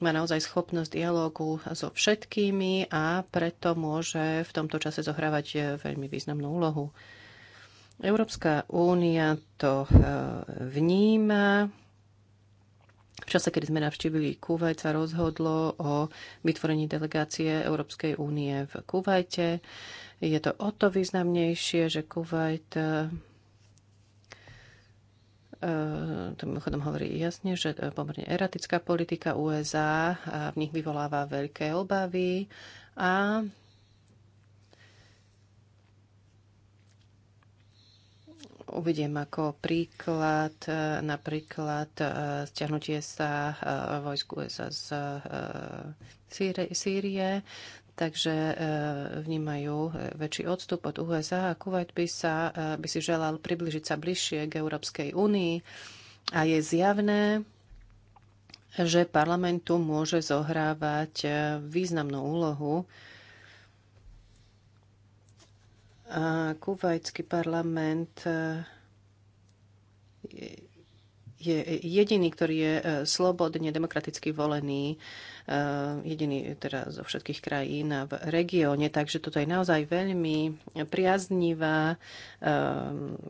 má naozaj schopnosť dialógu so všetkými a preto môže v tomto čase zohrávať eh, veľmi významnú úlohu. Európska únia to eh, vníma. V čase, kedy sme navštívili Kuvajt, sa rozhodlo o vytvorení delegácie Európskej únie v Kuvajte. Je to o to významnejšie, že Kuvajt eh, Eh, to mimochodom hovorí jasne, že eh, pomerne eratická politika USA v nich vyvoláva veľké obavy a uvidiem ako príklad eh, napríklad stiahnutie sa vojsku USA z Sýrie takže e, vnímajú e, väčší odstup od USA a Kuwait by, sa, e, by si želal približiť sa bližšie k Európskej únii a je zjavné, že parlamentu môže zohrávať významnú úlohu a kuvajský parlament je jediný, ktorý je e, slobodne demokraticky volený, e, jediný teda zo všetkých krajín v regióne. Takže toto je naozaj veľmi priaznivá e,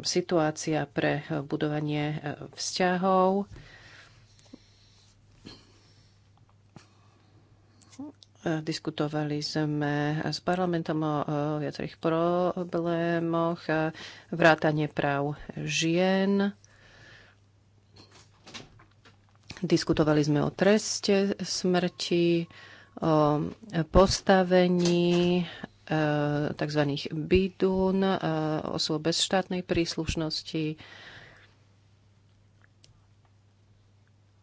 situácia pre budovanie vzťahov. Diskutovali sme s parlamentom o viacerých problémoch, vrátanie práv žien Diskutovali sme o treste smrti, o postavení e, tzv. bidún, e, osôb bez štátnej príslušnosti.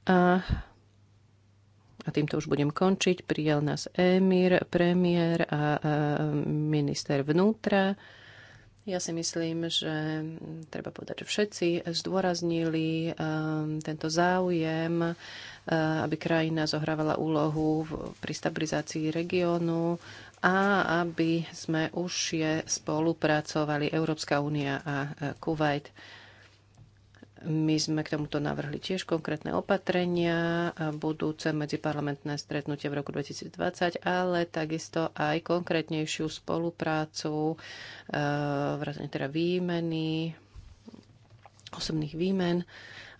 A, a týmto už budem končiť. Prijal nás émir, premiér a minister vnútra. Ja si myslím, že treba povedať, že všetci zdôraznili ehm, tento záujem, ehm, aby krajina zohrávala úlohu pri stabilizácii regiónu a aby sme užšie spolupracovali Európska únia a e, Kuwait. My sme k tomuto navrhli tiež konkrétne opatrenia, budúce medziparlamentné stretnutie v roku 2020, ale takisto aj konkrétnejšiu spoluprácu, e, vrátane teda výmeny, osobných výmen.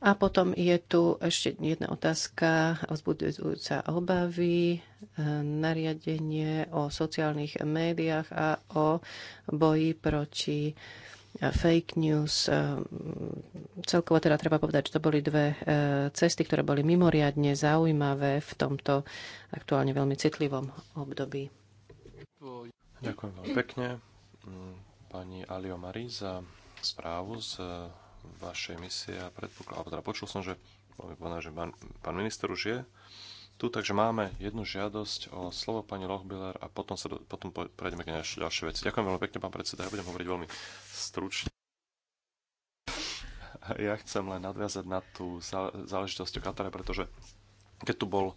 A potom je tu ešte jedna otázka vzbudzujúca obavy, e, nariadenie o sociálnych médiách a o boji proti fake news. Mm, celkovo teda treba povedať, že to boli dve e, cesty, ktoré boli mimoriadne zaujímavé v tomto aktuálne veľmi citlivom období. Ďakujem veľmi pekne mm, pani Alio Marie za správu z e, vašej misie a predpokladám, teda počul som, že, že pán, pán minister už je tu, takže máme jednu žiadosť o slovo pani Lochbiller a potom, sa do, potom prejdeme k ďalšej ďalšie veci. Ďakujem veľmi pekne, pán predseda, ja budem hovoriť veľmi stručne. Ja chcem len nadviazať na tú záležitosť o Katare, pretože keď tu bol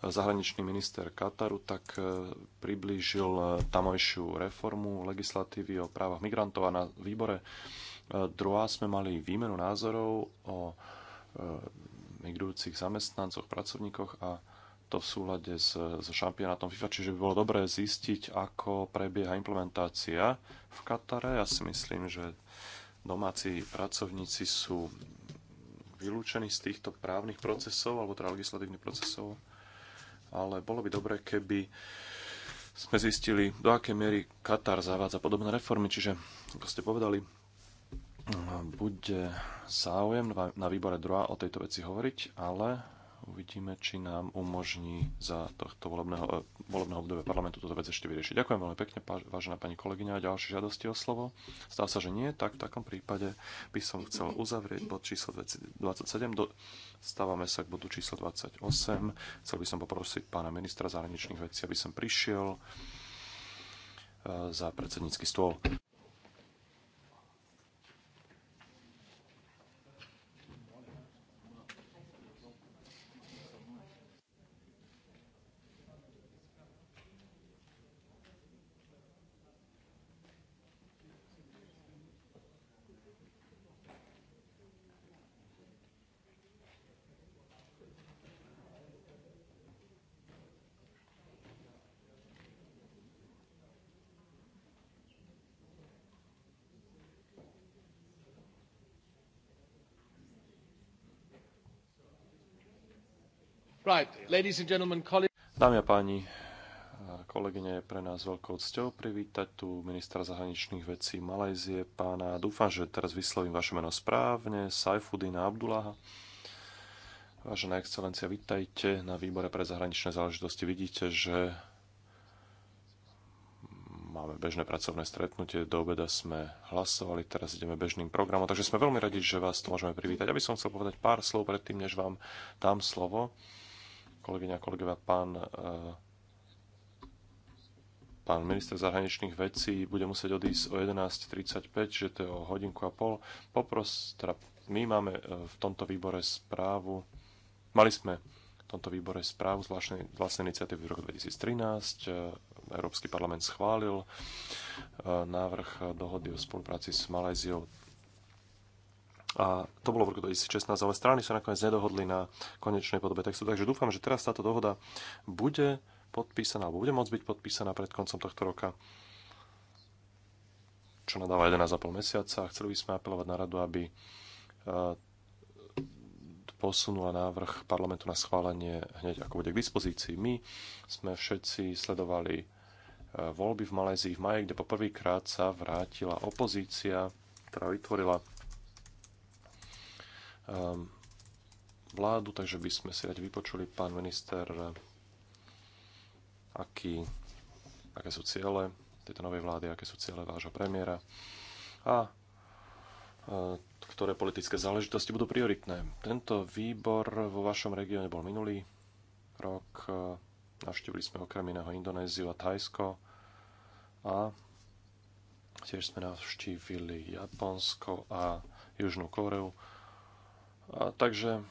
zahraničný minister Kataru, tak e, priblížil e, tamojšiu reformu legislatívy o právach migrantov a na výbore e, druhá sme mali výmenu názorov o migrujúcich zamestnancoch, pracovníkoch a to v súlade s, s šampionátom FIFA, čiže by bolo dobré zistiť, ako prebieha implementácia v Katare. Ja si myslím, že domáci pracovníci sú vylúčení z týchto právnych procesov, alebo teda legislatívnych procesov, ale bolo by dobré, keby sme zistili, do akej miery Katar zavádza podobné reformy, čiže, ako ste povedali, bude záujem na výbore druhá o tejto veci hovoriť, ale uvidíme, či nám umožní za tohto volebného, eh, volebného obdobia parlamentu túto vec ešte vyriešiť. Ďakujem veľmi pekne, vážená pani kolegyňa. Ďalšie žiadosti o slovo? Zdá sa, že nie. Tak v takom prípade by som chcel uzavrieť bod číslo 27. Do, stávame sa k bodu číslo 28. Chcel by som poprosiť pána ministra zahraničných vecí, aby som prišiel eh, za predsednícky stôl. Dámy a páni, kolegyne, je pre nás veľkou cťou privítať tu ministra zahraničných vecí Malajzie, pána, dúfam, že teraz vyslovím vaše meno správne, Saifudina Abdullaha. Vážená excelencia, vitajte na výbore pre zahraničné záležitosti. Vidíte, že máme bežné pracovné stretnutie, do obeda sme hlasovali, teraz ideme bežným programom, takže sme veľmi radi, že vás tu môžeme privítať. Aby som chcel povedať pár slov predtým, než vám dám slovo kolegyňa kolegovia, pán, e, pán minister zahraničných vecí bude musieť odísť o 11.35, že to je o hodinku a pol. Popros, teda my máme e, v tomto výbore správu, mali sme v tomto výbore správu z vlastnej, vlastnej iniciatívy v roku 2013. E, Európsky parlament schválil návrh dohody o spolupráci s Maléziou a to bolo v roku 2016, ale strany sa nakoniec nedohodli na konečnej podobe textu. Takže dúfam, že teraz táto dohoda bude podpísaná, alebo bude môcť byť podpísaná pred koncom tohto roka, čo nadáva 11,5 mesiaca. Chceli by sme apelovať na radu, aby e, posunula návrh parlamentu na schválenie hneď ako bude k dispozícii. My sme všetci sledovali e, voľby v Malézii v maji, kde poprvýkrát sa vrátila opozícia, ktorá vytvorila Ehm, vládu, takže by sme si radi vypočuli, pán minister, aký, aké sú ciele tejto novej vlády, aké sú ciele vášho premiéra a e, ktoré politické záležitosti budú prioritné. Tento výbor vo vašom regióne bol minulý rok. E, navštívili sme okrem iného Indonéziu a Thajsko a tiež sme navštívili Japonsko a Južnú Koreu. A, takže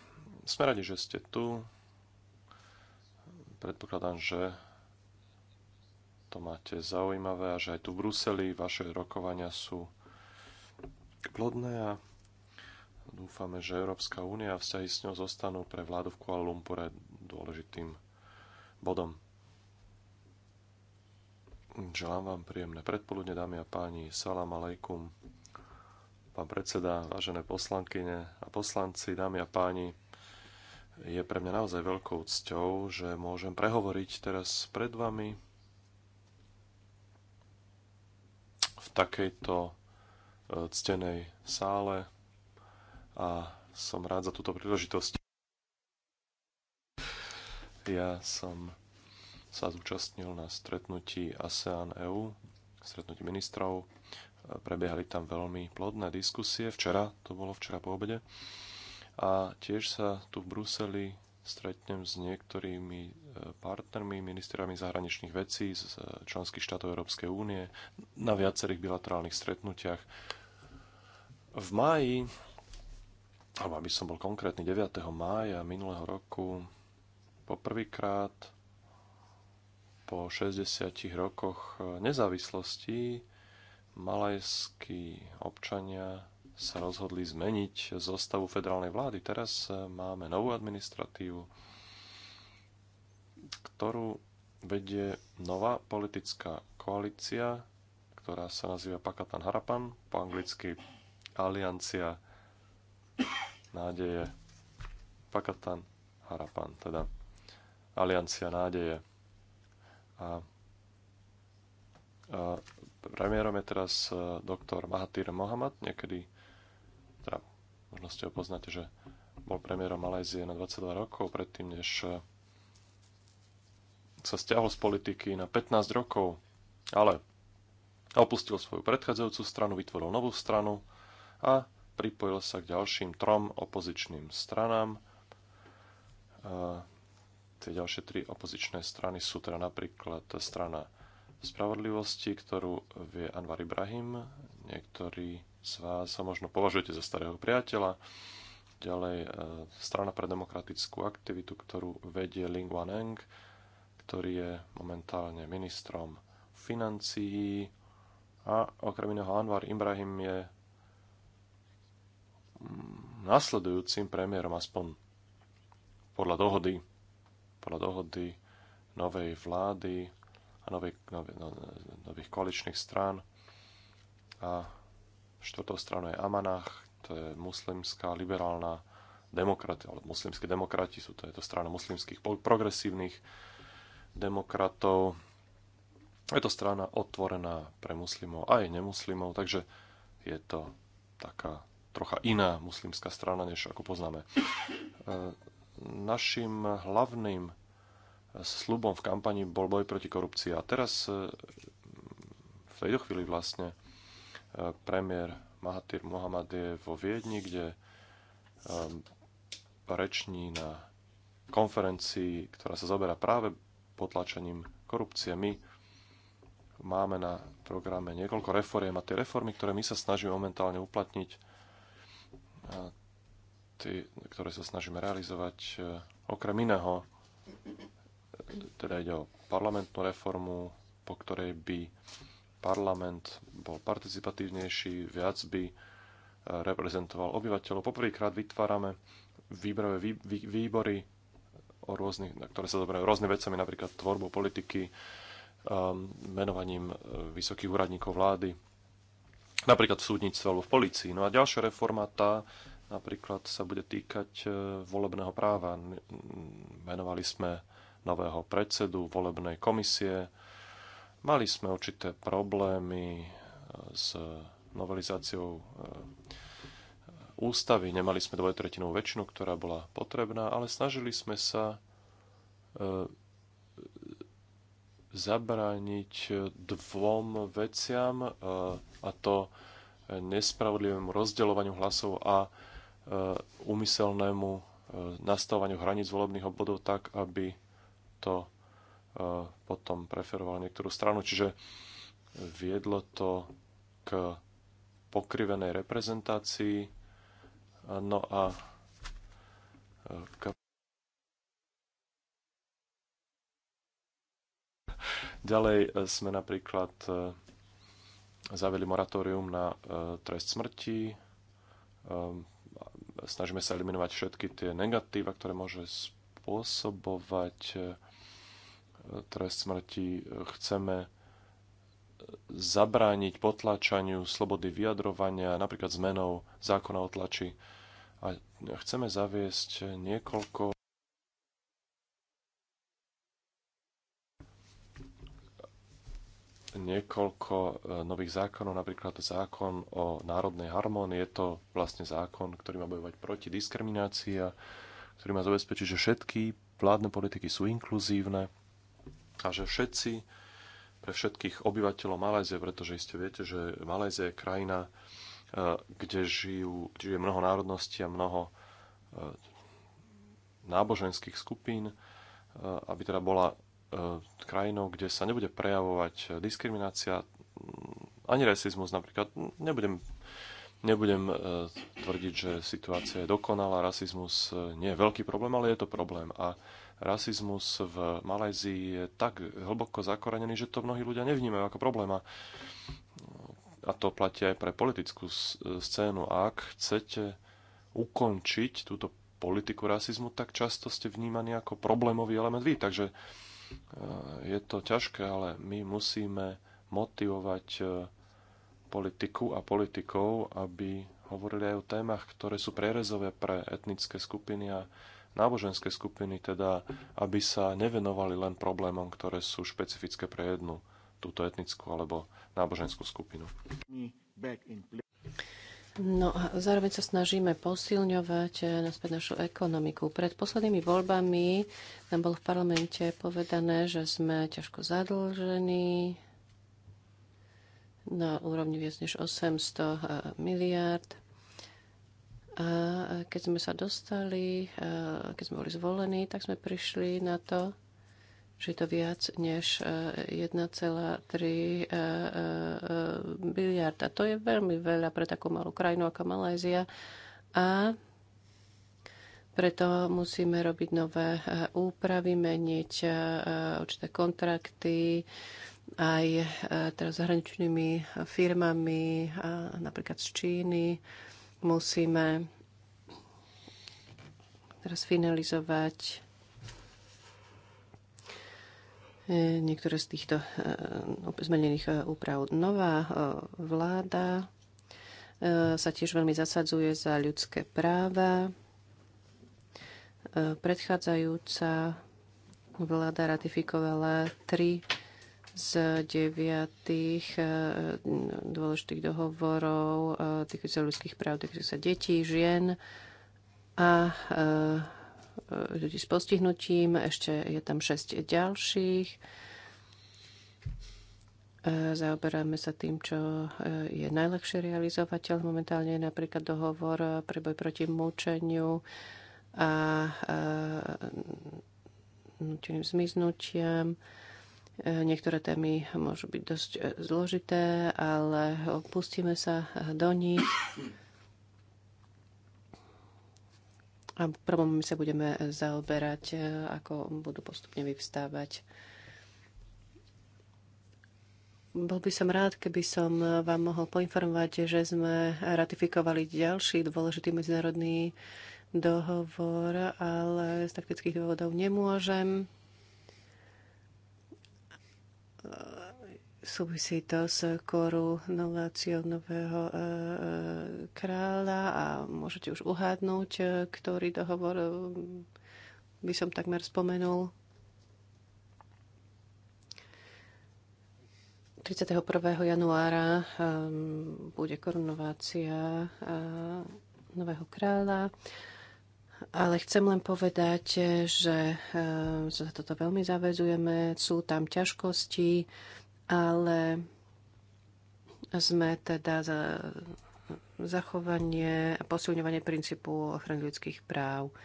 sme radi, že ste tu. Predpokladám, že to máte zaujímavé a že aj tu v Bruseli vaše rokovania sú plodné a dúfame, že Európska únia a vzťahy s ňou zostanú pre vládu v Kuala Lumpure dôležitým bodom. Želám vám príjemné predpoludne, dámy a páni. Salam aleikum pán predseda, vážené poslankyne a poslanci, dámy a páni. Je pre mňa naozaj veľkou cťou, že môžem prehovoriť teraz pred vami v takejto e, ctenej sále a som rád za túto príležitosť. Ja som sa zúčastnil na stretnutí ASEAN EU, stretnutí ministrov Prebiehali tam veľmi plodné diskusie. Včera, to bolo včera po obede. A tiež sa tu v Bruseli stretnem s niektorými e, partnermi, ministrami zahraničných vecí z členských štátov Európskej únie na viacerých bilaterálnych stretnutiach. V máji, alebo aby som bol konkrétny, 9. mája minulého roku poprvýkrát po 60 rokoch nezávislosti malajskí občania sa rozhodli zmeniť zostavu federálnej vlády. Teraz e, máme novú administratívu, ktorú vedie nová politická koalícia, ktorá sa nazýva Pakatan Harapan, po anglicky Aliancia nádeje. Pakatan Harapan, teda Aliancia nádeje. A, a Premiérom je teraz e, doktor Mahathir Mohamad, niekedy, teda možno ste ho poznáte, že bol premiérom Malajzie na 22 rokov, predtým než e, sa stiahol z politiky na 15 rokov, ale opustil svoju predchádzajúcu stranu, vytvoril novú stranu a pripojil sa k ďalším trom opozičným stranám. E, tie ďalšie tri opozičné strany sú teda napríklad strana spravodlivosti, ktorú vie Anwar Ibrahim. Niektorí z vás ho možno považujete za starého priateľa. Ďalej e, strana pre demokratickú aktivitu, ktorú vedie Ling Wanang, ktorý je momentálne ministrom financií a okrem iného Anwar Ibrahim je mm, nasledujúcim premiérom aspoň podľa dohody, podľa dohody novej vlády nových, nových, no, nových koaličných strán. A štvrtou stranou je Amanach, to je muslimská liberálna demokrati, ale muslimskí demokrati sú to, je to strana muslimských progresívnych demokratov. Je to strana otvorená pre muslimov aj nemuslimov, takže je to taká trocha iná muslimská strana, než ako poznáme. E, našim hlavným slubom v kampani bol boj proti korupcii. A teraz e, v tejto chvíli vlastne e, premiér Mahatir Mohamad je vo Viedni, kde e, reční na konferencii, ktorá sa zaoberá práve potlačením korupcie. My máme na programe niekoľko reforiem a tie reformy, ktoré my sa snažíme momentálne uplatniť, tie, ktoré sa snažíme realizovať, okrem iného teda ide o parlamentnú reformu, po ktorej by parlament bol participatívnejší, viac by e, reprezentoval obyvateľov. Poprvýkrát vytvárame výberové výbory, o rôznych, na ktoré sa zoberajú rôzne vecami, napríklad tvorbu politiky, e, menovaním e, vysokých úradníkov vlády, napríklad v súdnictve alebo v policii. No a ďalšia reforma tá napríklad sa bude týkať volebného práva. Menovali sme nového predsedu volebnej komisie. Mali sme určité problémy e, s novelizáciou e, ústavy. Nemali sme dvojtretinovú väčšinu, ktorá bola potrebná, ale snažili sme sa e, zabrániť dvom veciam, a to nespravodlivému rozdeľovaniu hlasov a úmyselnému nastavovaniu hraníc volebných obvodov tak, aby to e, potom preferoval niektorú stranu, čiže viedlo to k pokrivenej reprezentácii. No a e, k... ďalej e, sme napríklad zaveli moratórium na trest smrti, snažíme sa eliminovať všetky tie negatíva, ktoré môže spôsobovať trest smrti, e, chceme zabrániť potlačaniu slobody vyjadrovania, napríklad zmenou zákona o tlači. A chceme zaviesť niekoľko niekoľko e, nových zákonov, napríklad zákon o národnej harmónii. Je to vlastne zákon, ktorý má bojovať proti diskriminácii a ktorý má zabezpečiť, že všetky vládne politiky sú inkluzívne a že všetci, pre všetkých obyvateľov Malézie, pretože iste viete, že Malézia je krajina, e, kde žijú, kde je mnoho národností a mnoho e, náboženských skupín, e, aby teda bola krajinou, kde sa nebude prejavovať diskriminácia mm, ani rasizmus napríklad. Nebudem, nebudem tvrdiť, že situácia je dokonalá, rasizmus nie je veľký problém, ale je to problém. A rasizmus v Malajzii je tak hlboko zakorenený, že to mnohí ľudia nevnímajú ako problém. A to platí aj pre politickú scénu. A ak chcete ukončiť túto politiku rasizmu, tak často ste vnímaní ako problémový element vy. Takže e, je to ťažké, ale my musíme motivovať e, politiku a politikov, aby hovorili aj o témach, ktoré sú prierezové pre etnické skupiny a náboženské skupiny, teda aby sa nevenovali len problémom, ktoré sú špecifické pre jednu túto etnickú alebo náboženskú skupinu. No a zároveň sa snažíme posilňovať eh, naspäť našu ekonomiku. Pred poslednými voľbami nám bolo v parlamente povedané, že sme ťažko zadlžení na úrovni viac než 800 eh, miliard. A keď sme sa dostali, keď sme boli zvolení, tak sme prišli na to, že je to viac než 1,3 e, biliarda. E, e, to je veľmi veľa pre takú malú krajinu ako Malézia. A preto musíme robiť nové úpravy, meniť určité kontrakty aj teraz hraničnými firmami, napríklad z Číny musíme teraz finalizovať e, niektoré z týchto e, zmenených e, úprav. Nová vláda sa tiež veľmi zasadzuje za ľudské práva. Predchádzajúca vláda ratifikovala tri z deviatých eh, dôležitých dohovorov eh, týkajúcich sa ľudských práv, týkajúcich sa detí, žien a eh, ľudí s postihnutím. Ešte je tam šesť ďalších. Zaoberáme sa tým, čo je najlepšie realizovateľ. Momentálne je napríklad dohovor pre boj proti mučeniu a nuteným zmiznutiam. Niektoré témy môžu byť dosť e, zložité, ale pustíme sa do nich a problémami sa budeme zaoberať, e, ako budú postupne vyvstávať. Bol by som rád, keby som vám mohol poinformovať, že sme ratifikovali ďalší dôležitý medzinárodný dohovor, ale z taktických dôvodov nemôžem. E, súvisí to s korunováciou nového e, e, kráľa a môžete už uhádnuť, ktorý dohovor by som takmer spomenul. 31. januára bude korunovácia nového kráľa. Ale chcem len povedať, že sa eh, toto veľmi zavezujeme, sú tam ťažkosti, ale sme teda za zachovanie a posilňovanie princípu ochrany ľudských práv.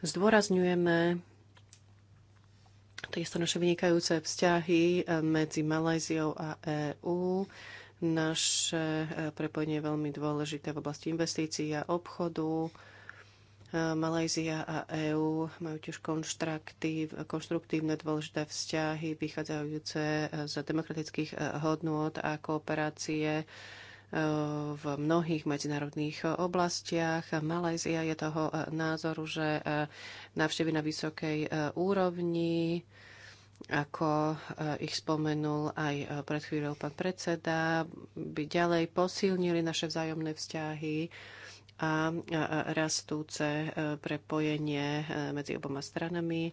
Zdôrazňujeme takisto naše vynikajúce vzťahy eh, medzi Malajziou a EÚ. Naše eh, prepojenie je veľmi dôležité v oblasti investícií a obchodu Malajzia a EÚ majú tiež konštruktívne dôležité vzťahy vychádzajúce z demokratických e, hodnôt a kooperácie e, v mnohých medzinárodných oblastiach. Malajzia je toho e, názoru, že návštevy na vysokej úrovni ako ich spomenul aj pred chvíľou pán predseda, by ďalej posilnili naše vzájomné vzťahy a rastúce e, prepojenie e, medzi oboma stranami. E,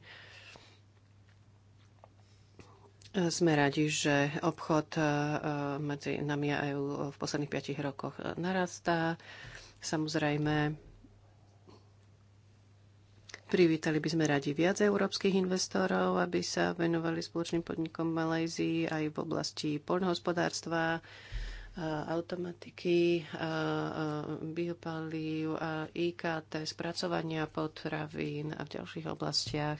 sme radi, že obchod medzi nami a EU v posledných 5 rokoch narastá. Samozrejme, privítali by sme radi viac európskych investorov, aby sa venovali spoločným podnikom Malézii aj v oblasti poľnohospodárstva, automatiky, biopalív, IKT, spracovania potravín a v ďalších oblastiach.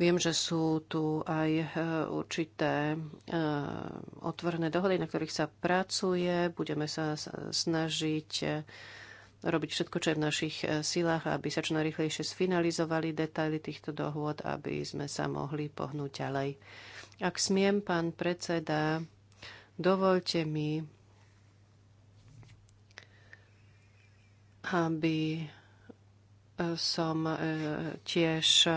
Viem, že sú tu aj e, určité e, otvorené dohody, na ktorých sa pracuje. Budeme sa snažiť e, robiť všetko, čo je v našich silách, aby sa čo najrychlejšie sfinalizovali detaily týchto dohôd, aby sme sa mohli pohnúť ďalej. Ak smiem, pán predseda, Dovolte mi, aby e, som e, tiež e,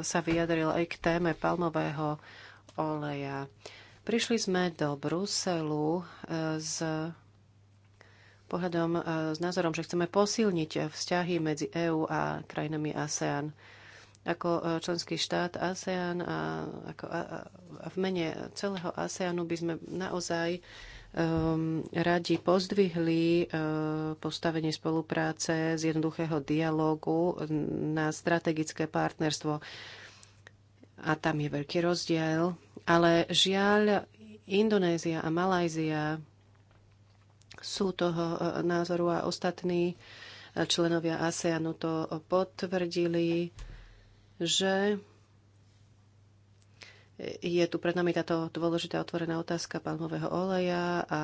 sa vyjadril aj k téme palmového oleja. Prišli sme do Bruselu s pohľadom, s názorom, že chceme posilniť vzťahy medzi EÚ a krajinami ASEAN ako e, členský štát ASEAN a, ako, a, a v mene celého ASEANu by sme naozaj um, radi pozdvihli uh, postavenie spolupráce z jednoduchého dialógu na strategické partnerstvo. A tam je veľký rozdiel. Ale žiaľ, Indonézia a Malajzia sú toho e, názoru a ostatní členovia ASEANu to potvrdili že je tu pred nami táto dôležitá otvorená otázka palmového oleja a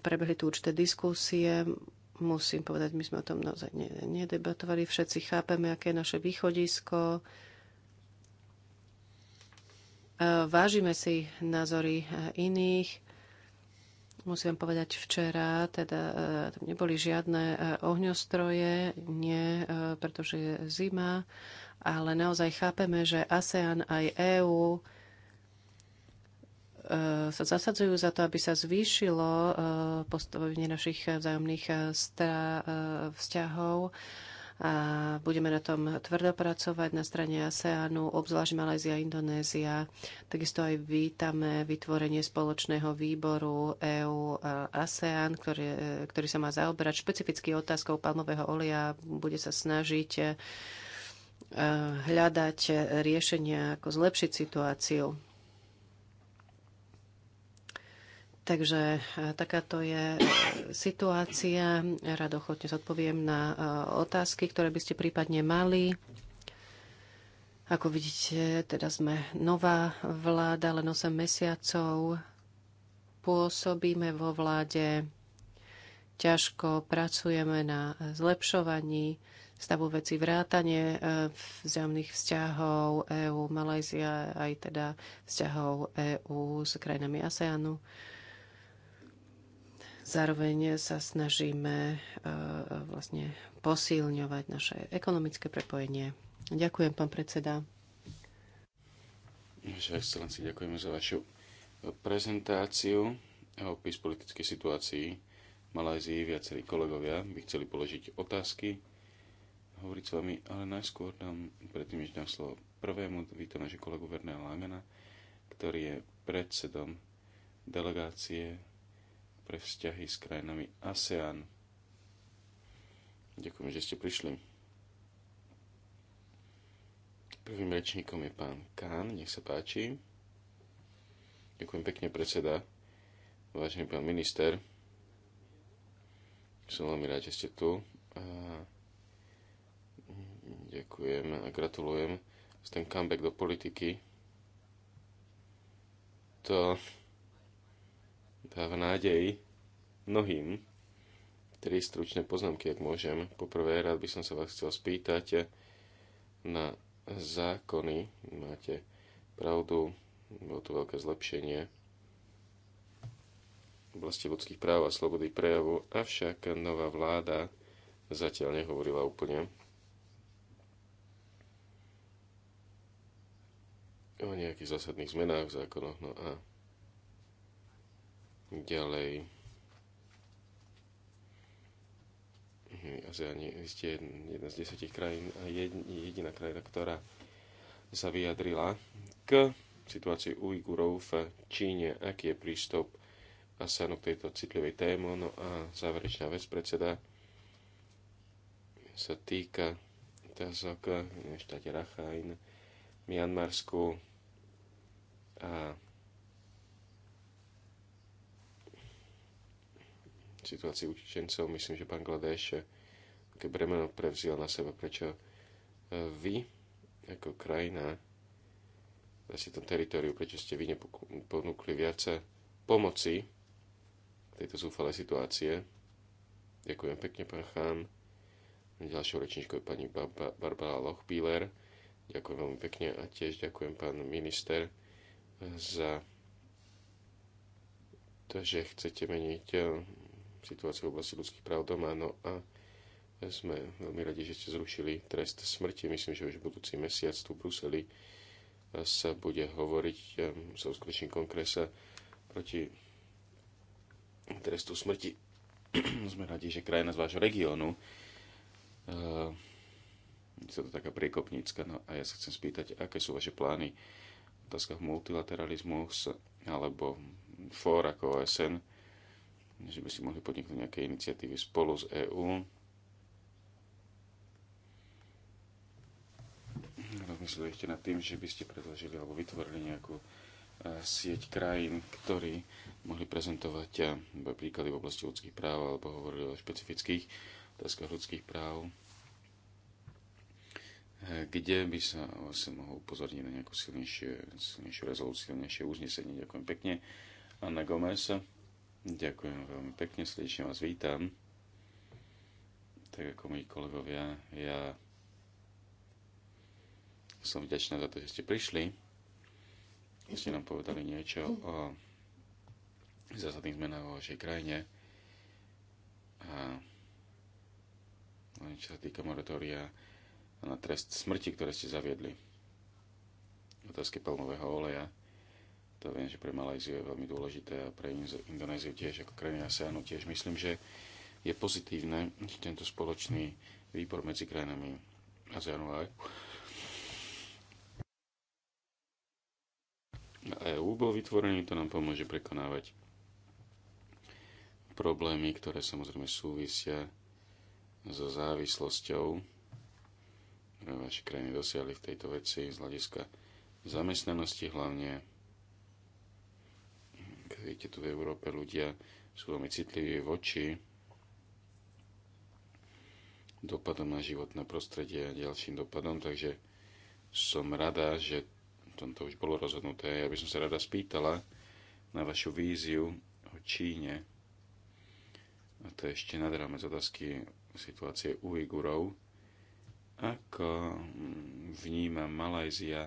prebehli tu určité diskusie. Musím povedať, my sme o tom naozaj nedebatovali. Všetci chápeme, aké je naše východisko. Vážime si názory iných Musím povedať, včera teda e, tam neboli žiadne e, ohňostroje, nie, e, pretože je zima, ale naozaj chápeme, že ASEAN aj EÚ sa zasadzujú za to, aby sa zvýšilo postavenie našich vzájomných vzťahov a budeme na tom tvrdo pracovať na strane ASEANu, obzvlášť Malézia, Indonézia. Takisto aj vítame vytvorenie spoločného výboru EU a ASEAN, ktorý, e, ktorý sa má zaoberať špecificky otázkou palmového oleja. Bude sa snažiť e, hľadať riešenia, ako zlepšiť situáciu. Takže e, takáto je e, situácia. Radochotne zodpoviem na e, otázky, ktoré by ste prípadne mali. Ako vidíte, teda sme nová vláda, len 8 mesiacov pôsobíme vo vláde, ťažko pracujeme na zlepšovaní stavu veci vrátane vzájomných vzťahov EÚ, Malajzia, aj teda vzťahov EÚ s krajinami ASEANu. Zároveň sa snažíme e, vlastne posilňovať naše ekonomické prepojenie. Ďakujem, pán predseda. Vaša excelencia, ďakujeme za vašu prezentáciu a opis politickej situácii v Malajzii. Viacerí kolegovia by chceli položiť otázky, hovoriť s vami, ale najskôr dám, predtým než dám slovo prvému, vítam našeho kolegu Verného Lámena, ktorý je predsedom delegácie pre vzťahy s krajinami ASEAN. Ďakujem, že ste prišli. Prvým rečníkom je pán Kán, nech sa páči. Ďakujem pekne, predseda. Vážený pán minister, som veľmi rád, že ste tu. A ďakujem a gratulujem z ten comeback do politiky. To dáva nádej mnohým tri stručné poznámky, ak môžem. Poprvé, rád by som sa vás chcel spýtať na zákony. Máte pravdu, bolo to veľké zlepšenie v oblasti ľudských práv a slobody prejavu, avšak nová vláda zatiaľ nehovorila úplne o nejakých zásadných zmenách v zákonoch. No a Ďalej. ASEAN je ste jedna z desetich krajín a jediná krajina, ktorá sa vyjadrila k situácii Ujgurov v Číne. Aký je prístup ASEANu k tejto citlivej tému? No a záverečná vec predseda sa týka otázok v štáte Rachajn, Mianmarsku a situácii utečencov. Myslím, že Bangladeš eh, také bremeno prevzal na seba. Prečo eh, vy, ako krajina, na si tom teritoriu, prečo ste vy neponúkli viac eh, pomoci tejto zúfalej situácie. Ďakujem pekne, pán Chán. Ďalšou rečničkou je pani Barbara Lochbíler. Ďakujem veľmi pekne a tiež ďakujem pán minister za to, že chcete meniť situáciu v oblasti ľudských práv doma. No a sme veľmi radi, že ste zrušili trest smrti. Myslím, že už v budúci mesiac tu v Bruseli sa bude hovoriť, sa uskutoční kongresa proti trestu smrti. sme radi, že krajina z vášho regiónu je to taká priekopnícka. No a ja sa chcem spýtať, aké sú vaše plány v otázkach multilateralizmu alebo fór ako OSN, že by si mohli podniknúť nejaké iniciatívy spolu s EÚ. Rozmysleli ešte nad tým, že by ste predložili alebo vytvorili nejakú e, sieť krajín, ktorí mohli prezentovať e, príklady v oblasti ľudských práv alebo hovorili o špecifických otázkach ľudských práv, e, kde by sa vlastne mohol upozorniť na nejakú silnejšiu, silnejšiu rezolúciu, silnejšie uznesenie. Ďakujem pekne. Anna Gomez. Ďakujem veľmi pekne, srdečne vás vítam. Tak ako moji kolegovia, ja som vďačná za to, že ste prišli. Že ste nám povedali niečo o zásadných zmenách vo vašej krajine. A čo sa týka moratória na trest smrti, ktoré ste zaviedli. Otázky palmového oleja to viem, že pre Malajziu je veľmi dôležité a pre Indonéziu tiež ako krajiny ASEANu tiež. Myslím, že je pozitívne, že tento spoločný výbor medzi krajinami ASEANu a EU bol vytvorený, to nám pomôže prekonávať problémy, ktoré samozrejme súvisia so závislosťou, ktoré vaše krajiny dosiahli v tejto veci z hľadiska zamestnanosti hlavne Viete, tu v Európe ľudia sú veľmi citliví voči dopadom na životné prostredie a ďalším dopadom, takže som rada, že tomto už bolo rozhodnuté. Ja by som sa rada spýtala na vašu víziu o Číne. A to je ešte nad rámec otázky situácie Ujgurov. Ako vníma Malajzia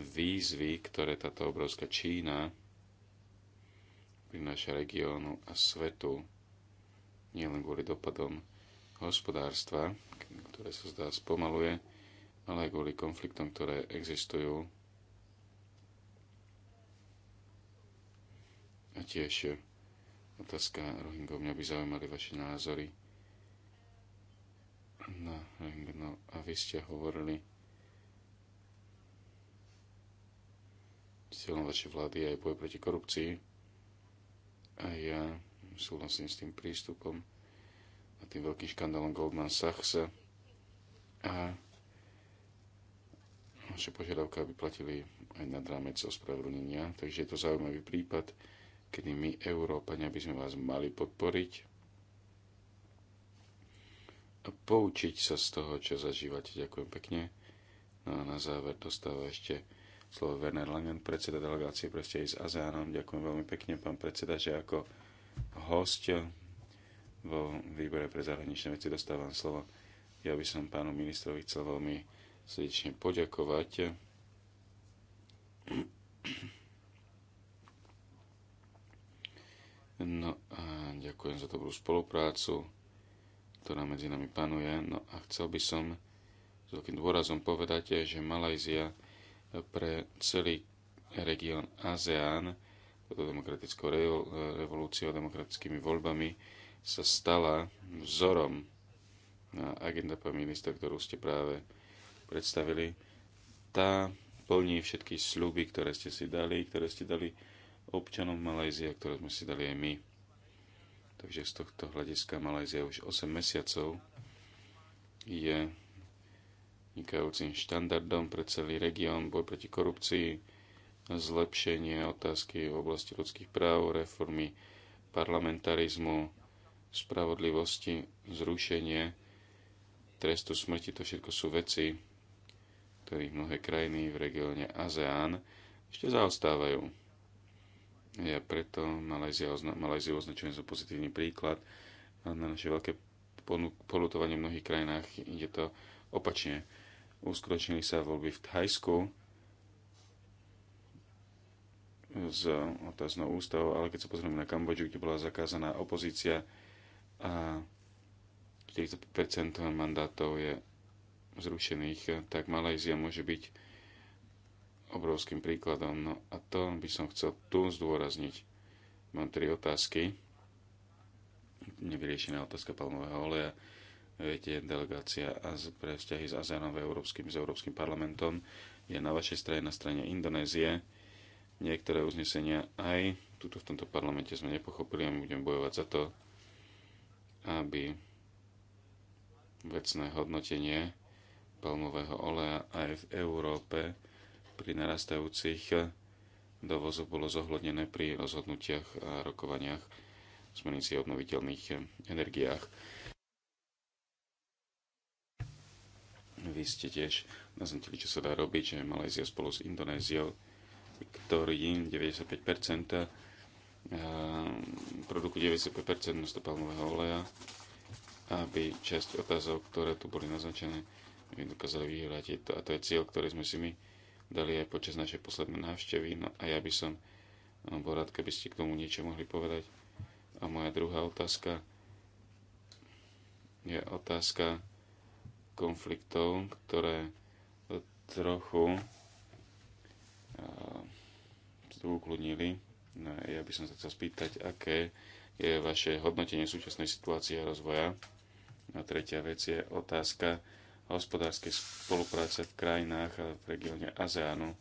výzvy, ktoré táto obrovská Čína prináša regiónu a svetu nielen kvôli dopadom hospodárstva, ktoré sa zdá spomaluje, ale aj kvôli konfliktom, ktoré existujú. A tiež otázka Rohingov. Mňa by zaujímali vaše názory na Rohingno. A vy ste hovorili cieľom vašej vlády aj boj proti korupcii. A ja súhlasím s tým prístupom a tým veľkým škandálom Goldman Sachs. A naša požiadavka, aby platili aj nad rámec ospravedlnenia. Takže je to zaujímavý prípad, kedy my, Európania, by sme vás mali podporiť a poučiť sa z toho, čo zažívate. Ďakujem pekne. No a na záver dostáva ešte slovo Werner Langen, predseda delegácie pre vzťahy s ASEANom. Ďakujem veľmi pekne, pán predseda, že ako host vo výbore pre zahraničné veci dostávam slovo. Ja by som pánu ministrovi chcel veľmi srdečne poďakovať. No a ďakujem za dobrú spoluprácu, ktorá medzi nami panuje. No a chcel by som s veľkým dôrazom povedať, že Malajzia pre celý región ASEAN demokratickou revolúciou, demokratickými voľbami sa stala vzorom na agenda pán minister, ktorú ste práve predstavili. Tá plní všetky sľuby, ktoré ste si dali, ktoré ste dali občanom Malajzie, ktoré sme si dali aj my. Takže z tohto hľadiska Malajzia už 8 mesiacov je vynikajúcim štandardom pre celý región, boj proti korupcii, zlepšenie otázky v oblasti ľudských práv, reformy parlamentarizmu, spravodlivosti, zrušenie trestu smrti. To všetko sú veci, ktorých mnohé krajiny v regióne ASEAN ešte zaostávajú. Ja preto Malajziu ozna označujem za pozitívny príklad na naše veľké polutovanie v mnohých krajinách ide to opačne uskutočnili sa voľby v Thajsku s otáznou ústavou, ale keď sa pozrieme na Kambodžu, kde bola zakázaná opozícia a 40% mandátov je zrušených, tak Malajzia môže byť obrovským príkladom. No a to by som chcel tu zdôrazniť. Mám tri otázky. Nevyriešená otázka palmového oleja Viete, delegácia pre vzťahy s ASEANom v Európskym, s Európskym parlamentom je na vašej strane, na strane Indonézie. Niektoré uznesenia aj tuto v tomto parlamente sme nepochopili a my budeme bojovať za to, aby vecné hodnotenie palmového oleja aj v Európe pri narastajúcich dovozu bolo zohľadnené pri rozhodnutiach a rokovaniach v obnoviteľných energiách. Vy ste tiež naznačili, čo sa dá robiť, že Malézia spolu s Indonéziou, ktorý 95% produku 95% množstva palmového oleja, aby časť otázok, ktoré tu boli naznačené, dokázali vyhrať. A to je cieľ, ktorý sme si my dali aj počas našej poslednej návštevy. No a ja by som eh, bol rád, keby ste k tomu niečo mohli povedať. A moja druhá otázka je otázka konfliktov, ktoré trochu eh, ukludnili. No, ja by som sa chcel spýtať, aké je vaše hodnotenie súčasnej situácie a rozvoja. A tretia vec je otázka hospodárskej spolupráce v krajinách a v regióne ASEANu.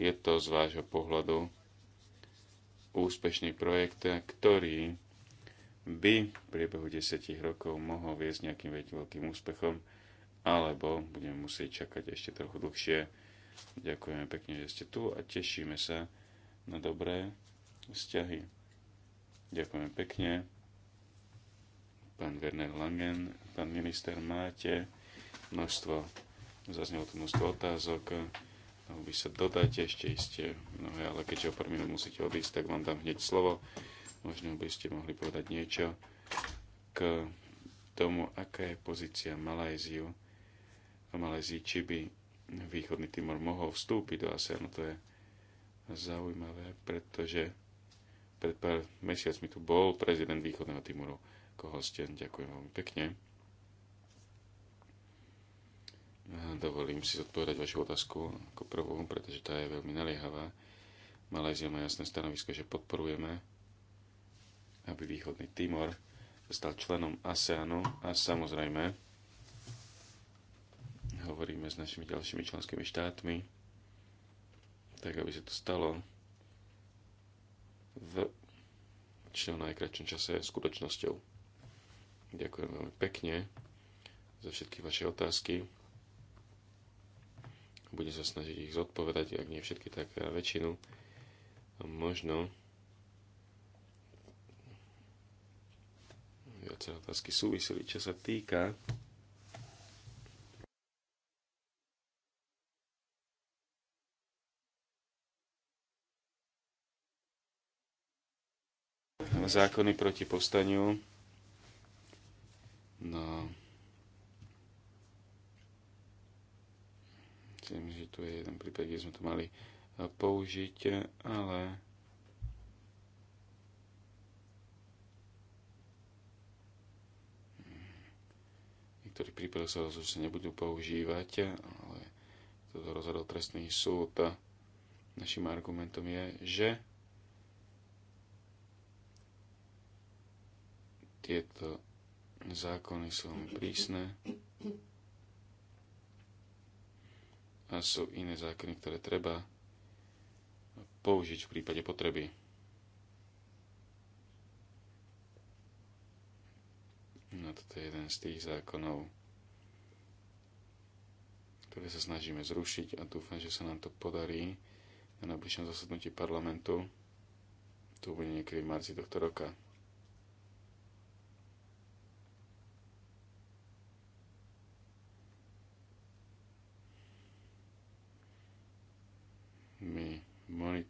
Je to z vášho pohľadu úspešný projekt, ktorý by v priebehu 10 rokov mohol viesť nejakým veľkým úspechom alebo budeme musieť čakať ešte trochu dlhšie. Ďakujeme pekne, že ste tu a tešíme sa na dobré vzťahy. Ďakujeme pekne. Pán Werner Langen, pán minister, máte množstvo, zaznelo tu množstvo otázok. Mohol by sa dodať ešte iste mnohé, ale keďže o pár minút musíte odísť, tak vám dám hneď slovo. Možno by ste mohli povedať niečo k tomu, aká je pozícia Malajziu Malézii, či by východný Timor mohol vstúpiť do ASEANu. To je zaujímavé, pretože pred pár mesiacmi tu bol prezident východného Timoru ako hosten. Ďakujem veľmi pekne. Dovolím si zodpovedať vašu otázku ako prvú, pretože tá je veľmi naliehavá. Malézia má jasné stanovisko, že podporujeme, aby východný Timor stal členom ASEANu a samozrejme hovoríme s našimi ďalšími členskými štátmi, tak aby sa to stalo v čo najkračšom čase skutočnosťou. Ďakujem veľmi pekne za všetky vaše otázky. Budem sa snažiť ich zodpovedať, ak nie všetky, tak väčšinu. A možno viacej otázky súviseli, čo sa týka zákony proti povstaniu. No. Myslím, že tu je jeden prípad, kde sme to mali eh, použiť, ale niektorý prípadoch sa rozhodol, že nebudú používať, ale toto rozhodol trestný súd. Našim argumentom je, že Tieto zákony sú prísne a sú iné zákony, ktoré treba použiť v prípade potreby. No toto je jeden z tých zákonov, ktoré sa snažíme zrušiť a dúfam, že sa nám to podarí na najbližšom zasadnutí parlamentu. Tu bude niekedy v marci tohto roka.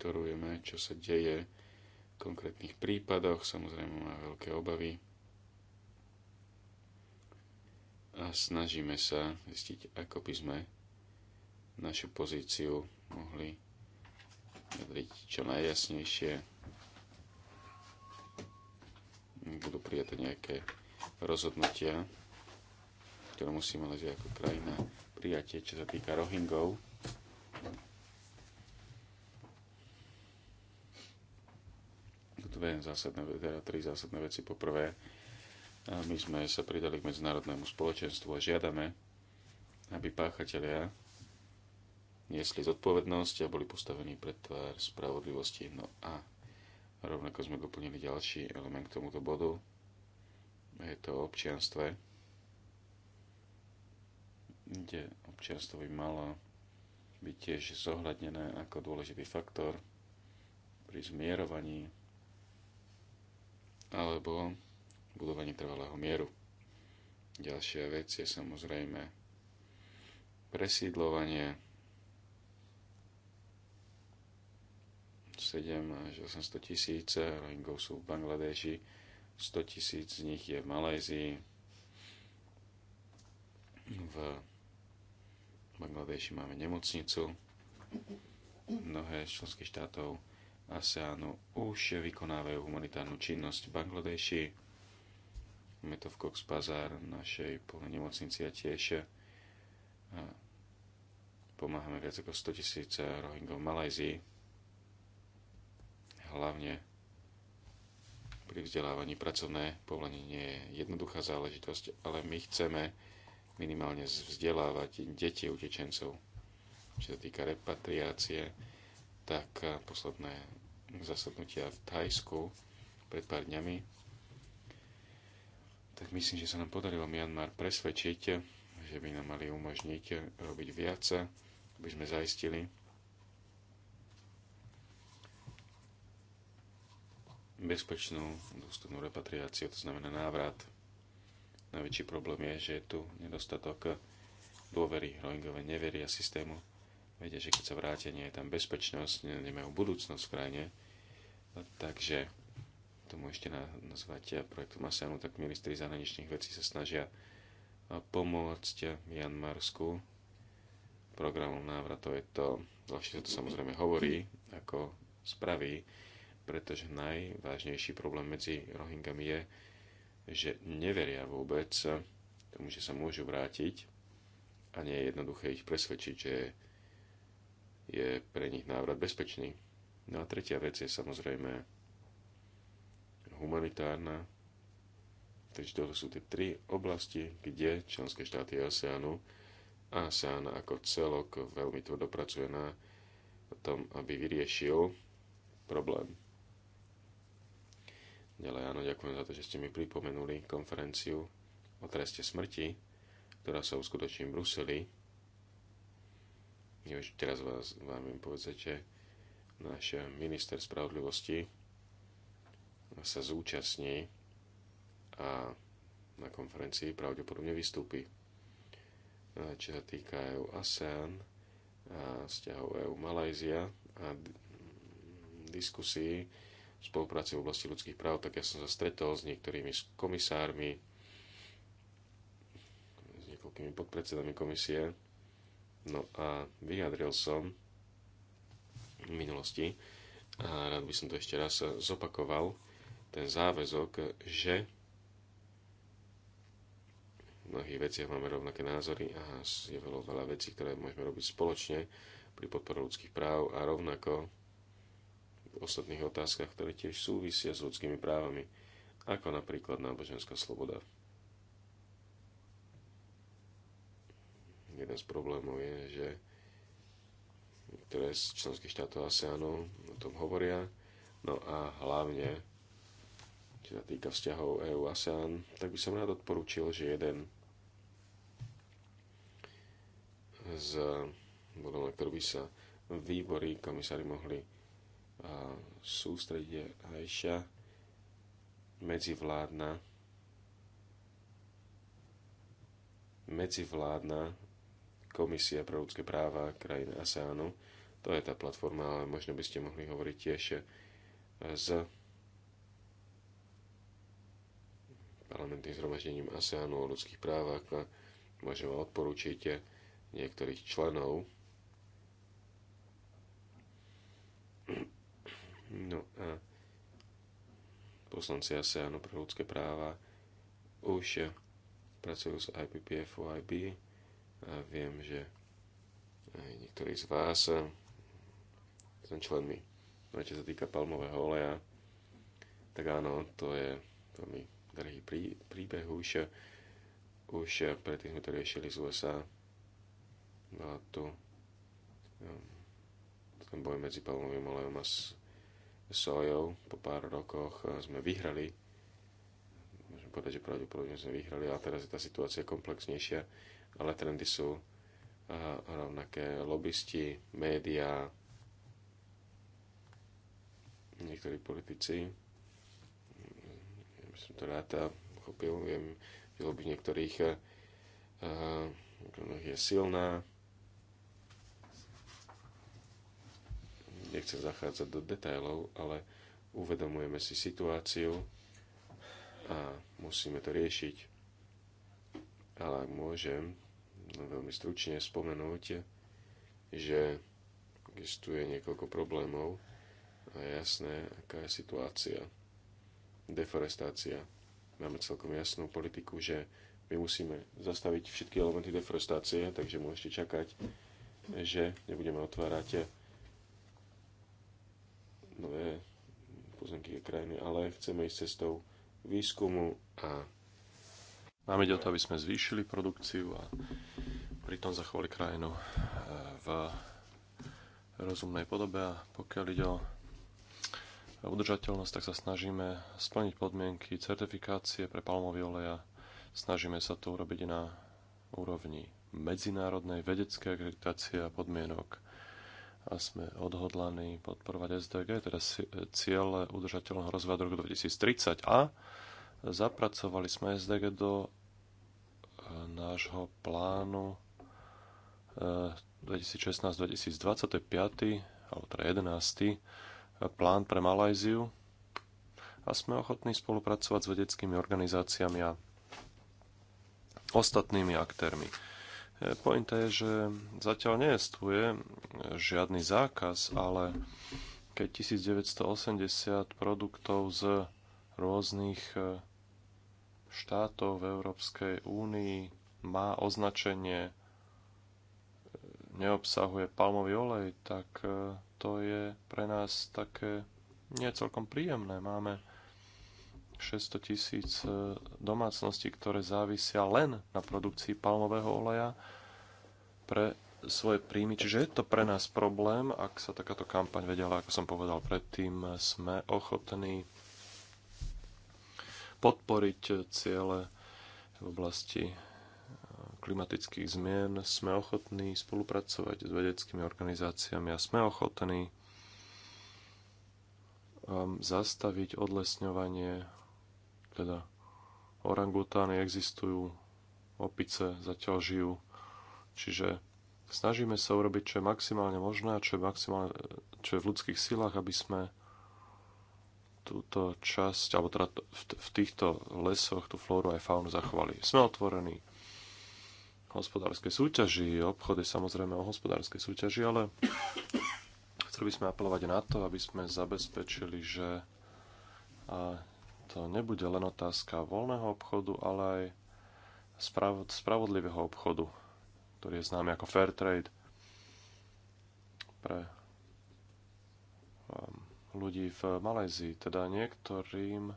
monitorujeme, čo sa deje v konkrétnych prípadoch. Samozrejme má veľké obavy. A snažíme sa zistiť, ako by sme našu pozíciu mohli vedriť čo najjasnejšie. Budú prijaté nejaké rozhodnutia, ktoré musíme ale ako krajina prijatie, čo sa týka Rohingov dve zásadné, teda tri zásadné veci. Poprvé, e, my sme sa pridali k medzinárodnému spoločenstvu a žiadame, aby páchatelia niesli zodpovednosť a boli postavení pred tvár spravodlivosti. No a rovnako sme doplnili ďalší element k tomuto bodu. Je to o občianstve, kde občianstvo by malo byť tiež zohľadnené ako dôležitý faktor pri zmierovaní alebo budovanie trvalého mieru. Ďalšia vec je samozrejme presídlovanie 7 až 800 tisíc Rohingov sú v Bangladeši, 100 tisíc z nich je v Malézii, v Bangladeši máme nemocnicu, mnohé z členských štátov ASEANu už vykonávajú humanitárnu činnosť v Bangladeši. Máme to v Cox Bazar, našej plnej nemocnici a tiež pomáhame viac ako 100 tisíc Rohingov v Malajzii. Hlavne pri vzdelávaní pracovné povolenie nie je jednoduchá záležitosť, ale my chceme minimálne vzdelávať deti utečencov. Čo sa týka repatriácie, tak posledné zasadnutia v Thajsku pred pár dňami, tak myslím, že sa nám podarilo Myanmar presvedčiť, že by nám mali umožniť robiť viac, aby sme zaistili bezpečnú dostupnú repatriáciu, to znamená návrat. Najväčší problém je, že je tu nedostatok dôvery. Rohingové neveria systému Viete, že keď sa vráte, nie je tam bezpečnosť, nemajú budúcnosť v krajine. Takže to môžete nazvať eh, projektom ASEANu, tak ministri zahraničných vecí sa snažia eh, pomôcť Janmarsku. Eh, programom návratov. Je to, dlhšie sa to samozrejme hovorí, ako spraví, pretože najvážnejší problém medzi Rohingami je, že neveria vôbec tomu, že sa môžu vrátiť a nie je jednoduché ich presvedčiť, že je pre nich návrat bezpečný. No a tretia vec je samozrejme humanitárna. Takže toto sú tie tri oblasti, kde členské štáty ASEANu a ASEAN ako celok veľmi tvrdo pracuje na tom, aby vyriešil problém. Ďalej, áno, ďakujem za to, že ste mi pripomenuli konferenciu o treste smrti, ktorá sa uskutoční v Bruseli Neviem, teraz vás, vám im povedzete, náš minister spravodlivosti sa zúčastní a na konferencii pravdepodobne vystúpi. Čo sa týka EU ASEAN a vzťahov EU Malajzia a diskusí spolupráce v oblasti ľudských práv, tak ja som sa stretol s niektorými komisármi, s niekoľkými podpredsedami komisie, No a vyjadril som v minulosti, a rád by som to ešte raz zopakoval, ten záväzok, že v mnohých veciach máme rovnaké názory a je veľa, veľa vecí, ktoré môžeme robiť spoločne pri podpore ľudských práv a rovnako v ostatných otázkach, ktoré tiež súvisia s ľudskými právami, ako napríklad náboženská sloboda. Jeden z problémov je, že ktoré z členských štátov áno, o tom hovoria, no a hlavne, čo sa týka vzťahov EU-ASEAN, tak by som rád odporúčil, že jeden z bodov, na ktorý by sa výbory komisári mohli sústrediť Ajša medzivládna medzivládna Komisia pre ľudské práva krajín ASEANu. To je tá platforma, ale možno by ste mohli hovoriť tiež e, s parlamentným zhromaždením ASEANu o ľudských právach. vám odporúčiť niektorých členov. No a poslanci ASEANu pre ľudské práva už pracujú s IPPF, OIB, Viem, že aj niektorí z vás eh, som členmi, no, čo sa týka palmového oleja, tak áno, to je veľmi drahý prí, príbeh už. Už eh, predtým sme to riešili z USA. Bola tu eh, ten boj medzi palmovým olejom a sojou. Po pár rokoch sme vyhrali. Môžem povedať, že pravdepodobne sme vyhrali, ale teraz je tá situácia komplexnejšia ale trendy sú eh, rovnaké. Lobbysti, médiá, niektorí politici. Ja som to rád eh, pochopil, viem, že lobby niektorých niektorých eh, je silná. Nechcem zachádzať do detajlov, ale uvedomujeme si situáciu a musíme to riešiť. Ale ak môžem, veľmi stručne spomenúť, že existuje niekoľko problémov a je jasné, aká je situácia. Deforestácia. Máme celkom jasnú politiku, že my musíme zastaviť všetky elementy deforestácie, takže môžete čakať, že nebudeme otvárať nové pozemky krajiny, ale chceme ísť cestou výskumu a Máme ide o to, aby sme zvýšili produkciu a pritom zachovali krajinu eh, v rozumnej podobe a pokiaľ ide o udržateľnosť, tak sa snažíme splniť podmienky certifikácie pre palmový olej a snažíme sa to urobiť na úrovni medzinárodnej vedeckej akreditácie a podmienok a sme odhodlaní podporovať SDG, teda cieľ udržateľného rozvoja do roku 2030 a Zapracovali sme SDG do eh, nášho plánu 2016-2020, eh, to je 5. alebo teda 11. Eh, plán pre Malajziu a sme ochotní spolupracovať s vedeckými organizáciami a ostatnými aktérmi. Pointa je, že zatiaľ nie je žiadny zákaz, ale keď 1980 produktov z rôznych štátov v Európskej únii má označenie e, neobsahuje palmový olej, tak e, to je pre nás také nie celkom príjemné. Máme 600 tisíc e, domácností, ktoré závisia len na produkcii palmového oleja pre svoje príjmy. Čiže je to pre nás problém, ak sa takáto kampaň vedela, ako som povedal predtým, sme ochotní podporiť ciele v oblasti eh, klimatických zmien, sme ochotní spolupracovať s vedeckými organizáciami a sme ochotní ehm, zastaviť odlesňovanie, teda orangutány existujú, opice zatiaľ žijú, čiže snažíme sa urobiť, čo je maximálne možné, čo je, maximálne, čo je v ľudských silách, aby sme túto časť, alebo teda v týchto lesoch tú flóru aj faunu zachovali. Sme otvorení hospodárskej súťaži, obchod je samozrejme o hospodárskej súťaži, ale chceli by sme apelovať na to, aby sme zabezpečili, že to nebude len otázka voľného obchodu, ale aj spravodlivého obchodu, ktorý je známy ako fair trade pre ľudí v Malézii. Teda niektorým...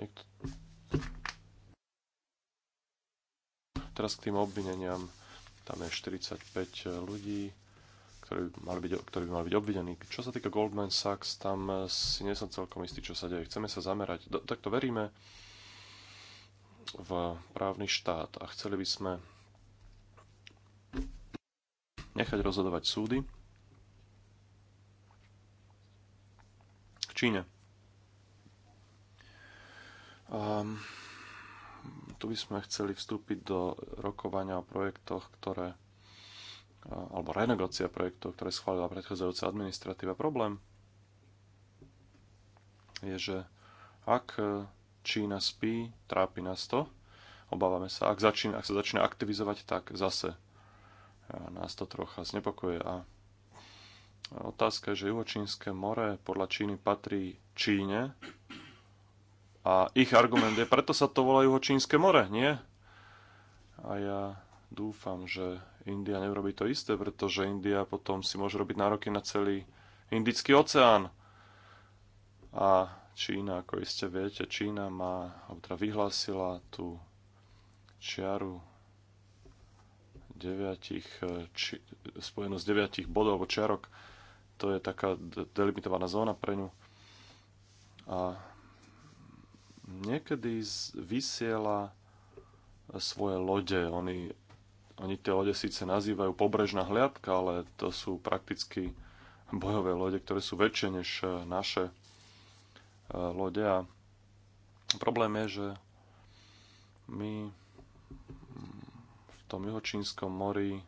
Niektor... Teraz k tým obvineniam. Tam je 45 ľudí, ktorí, mali byť, ktorí by mali byť obvinení. Čo sa týka Goldman Sachs, tam si nie som celkom istý, čo sa deje. Chceme sa zamerať. Do, takto veríme v právny štát a chceli by sme nechať rozhodovať súdy Číne. Um, tu by sme chceli vstúpiť do rokovania o projektoch, ktoré alebo renegocia projektov, ktoré schválila predchádzajúca administratíva. Problém je, že ak Čína spí, trápi nás to, obávame sa. Ak, začína, ak sa začína aktivizovať, tak zase nás to trocha znepokoje a Otázka je, že Juhočínske more podľa Číny patrí Číne a ich argument je, preto sa to volá Juhočínske more, nie? A ja dúfam, že India neurobi to isté, pretože India potom si môže robiť nároky na celý Indický oceán. A Čína, ako iste viete, Čína má, alebo teda vyhlásila tú čiaru deviatich, či, spojenú z deviatich bodov alebo čiarok, to je taká delimitovaná zóna pre ňu. A niekedy vysiela svoje lode. Oni, oni tie lode síce nazývajú pobrežná hliadka, ale to sú prakticky bojové lode, ktoré sú väčšie než e, naše e, lode. A problém je, že my v tom juhočínskom mori e,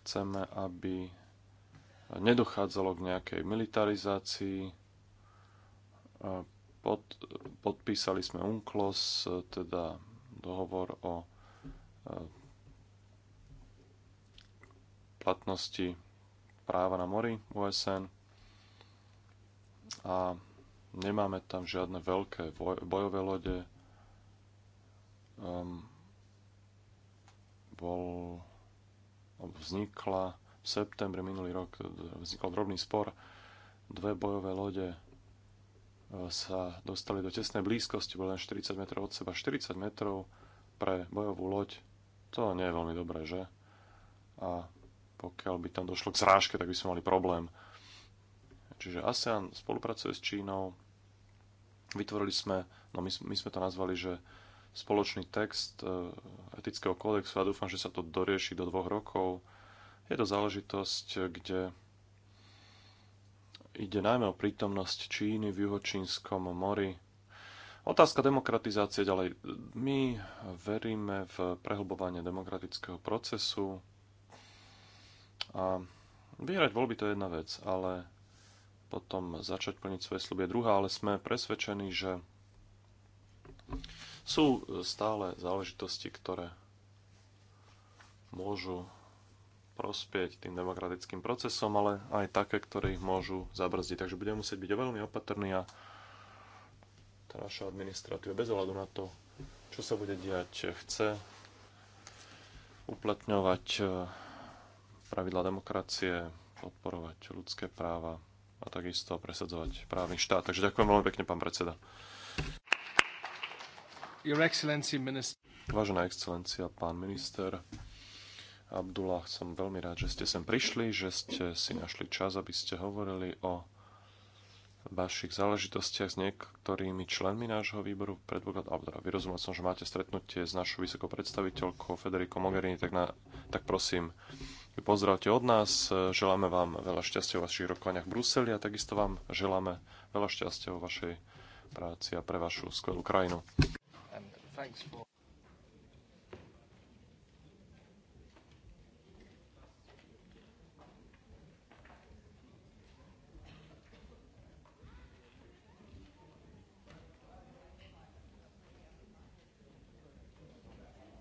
chceme, aby nedochádzalo k nejakej militarizácii. Pod, podpísali sme UNCLOS, teda dohovor o e, platnosti práva na mori USN a nemáme tam žiadne veľké bojové lode. Um, bol, vznikla septembri minulý rok vznikol drobný spor. Dve bojové lode e, sa dostali do tesnej blízkosti, boli len 40 metrov od seba. 40 metrov pre bojovú loď, to nie je veľmi dobré, že? A pokiaľ by tam došlo k zrážke, tak by sme mali problém. Čiže ASEAN spolupracuje s Čínou. Vytvorili sme, no my, my sme to nazvali, že spoločný text e, etického kódexu a dúfam, že sa to dorieši do dvoch rokov je to záležitosť, kde ide najmä o prítomnosť Číny v juhočínskom mori. Otázka demokratizácie ďalej. My veríme v prehlbovanie demokratického procesu a vyhrať voľby to je jedna vec, ale potom začať plniť svoje sluby je druhá, ale sme presvedčení, že sú stále záležitosti, ktoré môžu prospieť tým demokratickým procesom, ale aj také, ktoré ich môžu zabrzdiť. Takže budeme musieť byť veľmi opatrní a tá naša administratíva bez ohľadu na to, čo sa bude diať, chce uplatňovať eh, pravidla demokracie, podporovať ľudské práva a takisto presadzovať právny štát. Takže ďakujem veľmi pekne, pán predseda. Your Excellency, minister. Vážená excelencia, pán minister, Abdullah, som veľmi rád, že ste sem prišli, že ste si našli čas, aby ste hovorili o vašich záležitostiach s niektorými členmi nášho výboru predpoklad Abdullah. Teda vyrozumel som, že máte stretnutie s našou vysokou predstaviteľkou Federico Mogherini, tak, na, tak prosím, pozdravte od nás. Želáme vám veľa šťastia v vašich rokovaniach v Bruseli a takisto vám želáme veľa šťastia vo vašej práci a pre vašu skvelú krajinu.